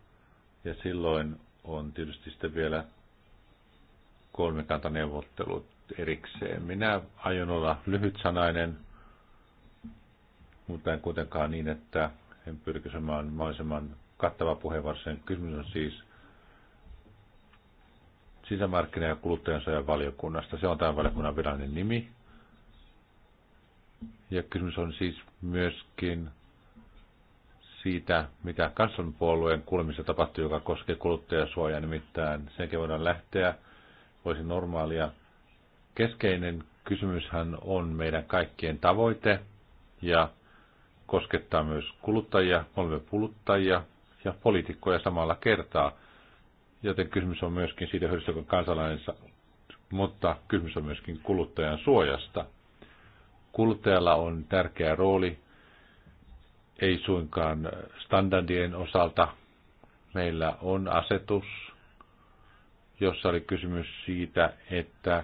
ja silloin on tietysti sitten vielä kolmikantaneuvottelut erikseen. Minä aion olla lyhytsanainen, mutta en kuitenkaan niin, että en pyrkisemään mahdollisimman kattava puheenvuoro. Kysymys on siis sisämarkkina- ja kuluttajansuojan valiokunnasta. Se on tämän valiokunnan virallinen nimi. Ja kysymys on siis myöskin siitä, mitä kansanpuolueen kuulemissa tapahtui, joka koskee kuluttajasuojaa. Nimittäin senkin voidaan lähteä, voisi normaalia. Keskeinen kysymyshän on meidän kaikkien tavoite ja koskettaa myös kuluttajia, olemme kuluttajia ja poliitikkoja samalla kertaa – joten kysymys on myöskin siitä hyödystä, kun kansalainen mutta kysymys on myöskin kuluttajan suojasta. Kuluttajalla on tärkeä rooli, ei suinkaan standardien osalta. Meillä on asetus, jossa oli kysymys siitä, että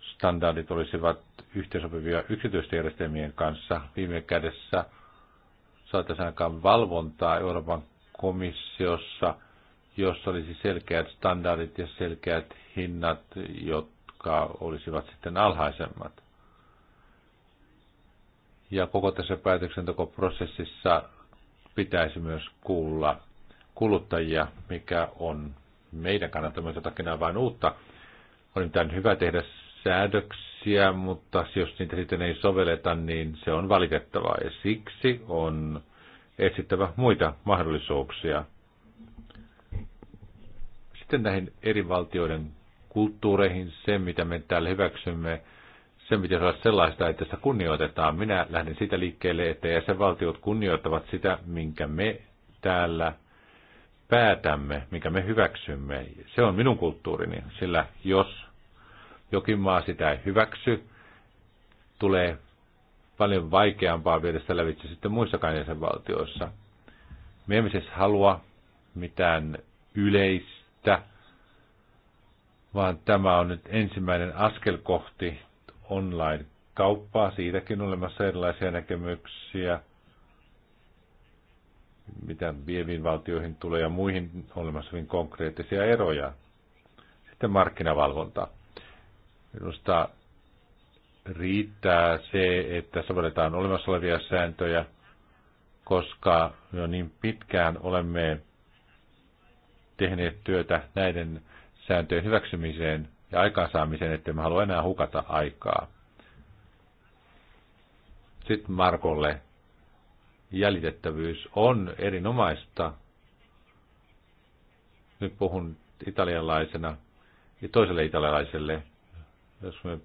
standardit olisivat yhteensopivia yksityisten järjestelmien kanssa. Viime kädessä saataisiin aikaan valvontaa Euroopan komissiossa – jossa olisi selkeät standardit ja selkeät hinnat, jotka olisivat sitten alhaisemmat. Ja koko tässä päätöksentekoprosessissa pitäisi myös kuulla kuluttajia, mikä on meidän kannalta myös jotakin vain uutta. On tämän hyvä tehdä säädöksiä, mutta jos niitä sitten ei sovelleta, niin se on valitettavaa. Ja siksi on etsittävä muita mahdollisuuksia. Sitten näihin eri valtioiden kulttuureihin, se mitä me täällä hyväksymme, se pitäisi olla sellaista, että sitä kunnioitetaan. Minä lähden siitä liikkeelle, että jäsenvaltiot kunnioittavat sitä, minkä me täällä päätämme, mikä me hyväksymme. Se on minun kulttuurini, sillä jos jokin maa sitä ei hyväksy, tulee paljon vaikeampaa viedä sitä lävitse sitten muissakaan jäsenvaltioissa. Me emme siis halua mitään yleistä että, vaan tämä on nyt ensimmäinen askel kohti online-kauppaa. Siitäkin on olemassa erilaisia näkemyksiä, mitä vieviin valtioihin tulee ja muihin on olemassa hyvin konkreettisia eroja. Sitten markkinavalvonta. Minusta riittää se, että sovelletaan olemassa olevia sääntöjä, koska jo niin pitkään olemme tehneet työtä näiden sääntöjen hyväksymiseen ja aikaansaamiseen, että me halua enää hukata aikaa. Sitten Markolle jäljitettävyys on erinomaista. Nyt puhun italialaisena ja toiselle italialaiselle. Jos me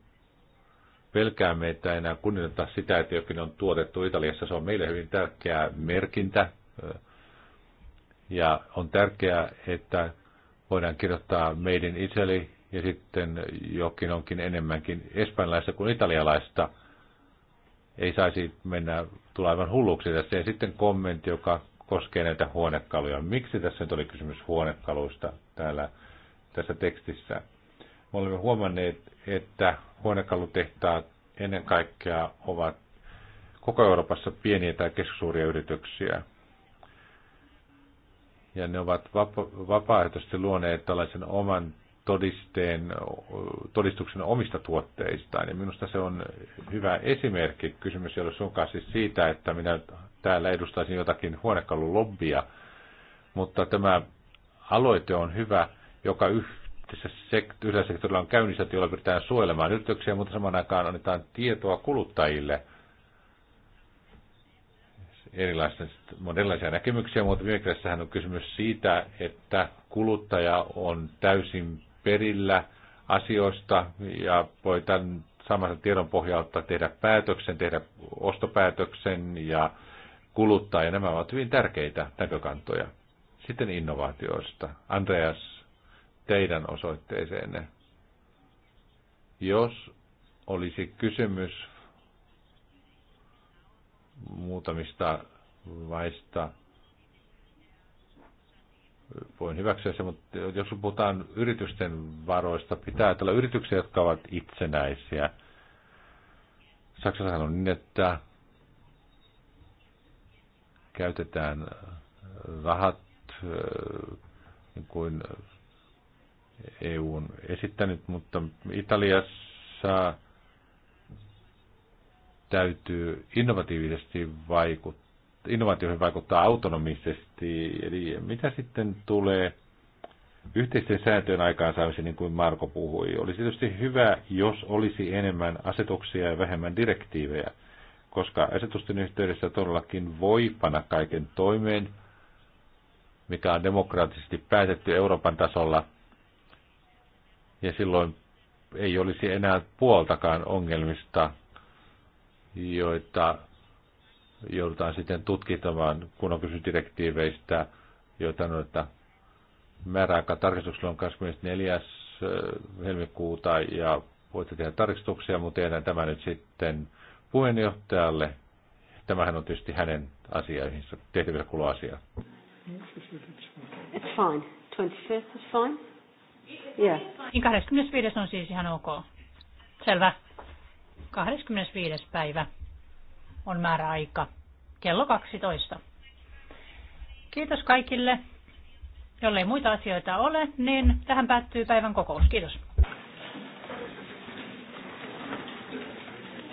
pelkäämme, että enää kunnioiteta sitä, että jokin on tuotettu Italiassa, se on meille hyvin tärkeä merkintä, ja on tärkeää, että voidaan kirjoittaa Made in Italy ja sitten jokin onkin enemmänkin espanjalaista kuin italialaista. Ei saisi mennä, tulla aivan hulluksi tässä. Ja sitten kommentti, joka koskee näitä huonekaluja. Miksi tässä nyt oli kysymys huonekaluista täällä tässä tekstissä? Me olemme huomanneet, että huonekalutehtaat ennen kaikkea ovat koko Euroopassa pieniä tai keskisuuria yrityksiä ja ne ovat vapaaehtoisesti luoneet tällaisen oman todisteen, todistuksen omista tuotteistaan. Ja minusta se on hyvä esimerkki. Kysymys ei ole sunkaan siis siitä, että minä täällä edustaisin jotakin huonekalulobbia, mutta tämä aloite on hyvä, joka yhdessä sekt- yhdellä sektorilla on käynnissä, jolla pyritään suojelemaan yrityksiä, mutta samaan aikaan annetaan tietoa kuluttajille – erilaisia, monenlaisia näkemyksiä, mutta viime on kysymys siitä, että kuluttaja on täysin perillä asioista ja voi tämän samansa tiedon pohjalta tehdä päätöksen, tehdä ostopäätöksen ja kuluttaa, ja nämä ovat hyvin tärkeitä näkökantoja. Sitten innovaatioista. Andreas, teidän osoitteeseenne. Jos olisi kysymys muutamista laista voin hyväksyä se, mutta jos puhutaan yritysten varoista, pitää ajatella yrityksiä, jotka ovat itsenäisiä. Saksassahan on niin, että käytetään rahat eh, niin kuin EU on esittänyt, mutta Italiassa täytyy innovatiivisesti vaikuttaa innovaatioihin vaikuttaa autonomisesti. Eli mitä sitten tulee yhteisten sääntöjen aikaansaamiseen, niin kuin Marko puhui, olisi tietysti hyvä, jos olisi enemmän asetuksia ja vähemmän direktiivejä, koska asetusten yhteydessä todellakin voi panna kaiken toimeen, mikä on demokraattisesti päätetty Euroopan tasolla, ja silloin ei olisi enää puoltakaan ongelmista, joita joudutaan sitten tutkitamaan, kun on kysymys direktiiveistä, joita noita määräaikaa tarkistuksella on 24. Eh, helmikuuta ja voitte tehdä tarkistuksia, mutta tehdään tämä nyt sitten puheenjohtajalle. Tämähän on tietysti hänen asioihinsa, tehtävillä asia. It's fine. 25th is fine. Yeah. 25 niin on siis ihan ok. Selvä. 25. päivä on määräaika kello 12. Kiitos kaikille. Jollei muita asioita ole, niin tähän päättyy päivän kokous. Kiitos.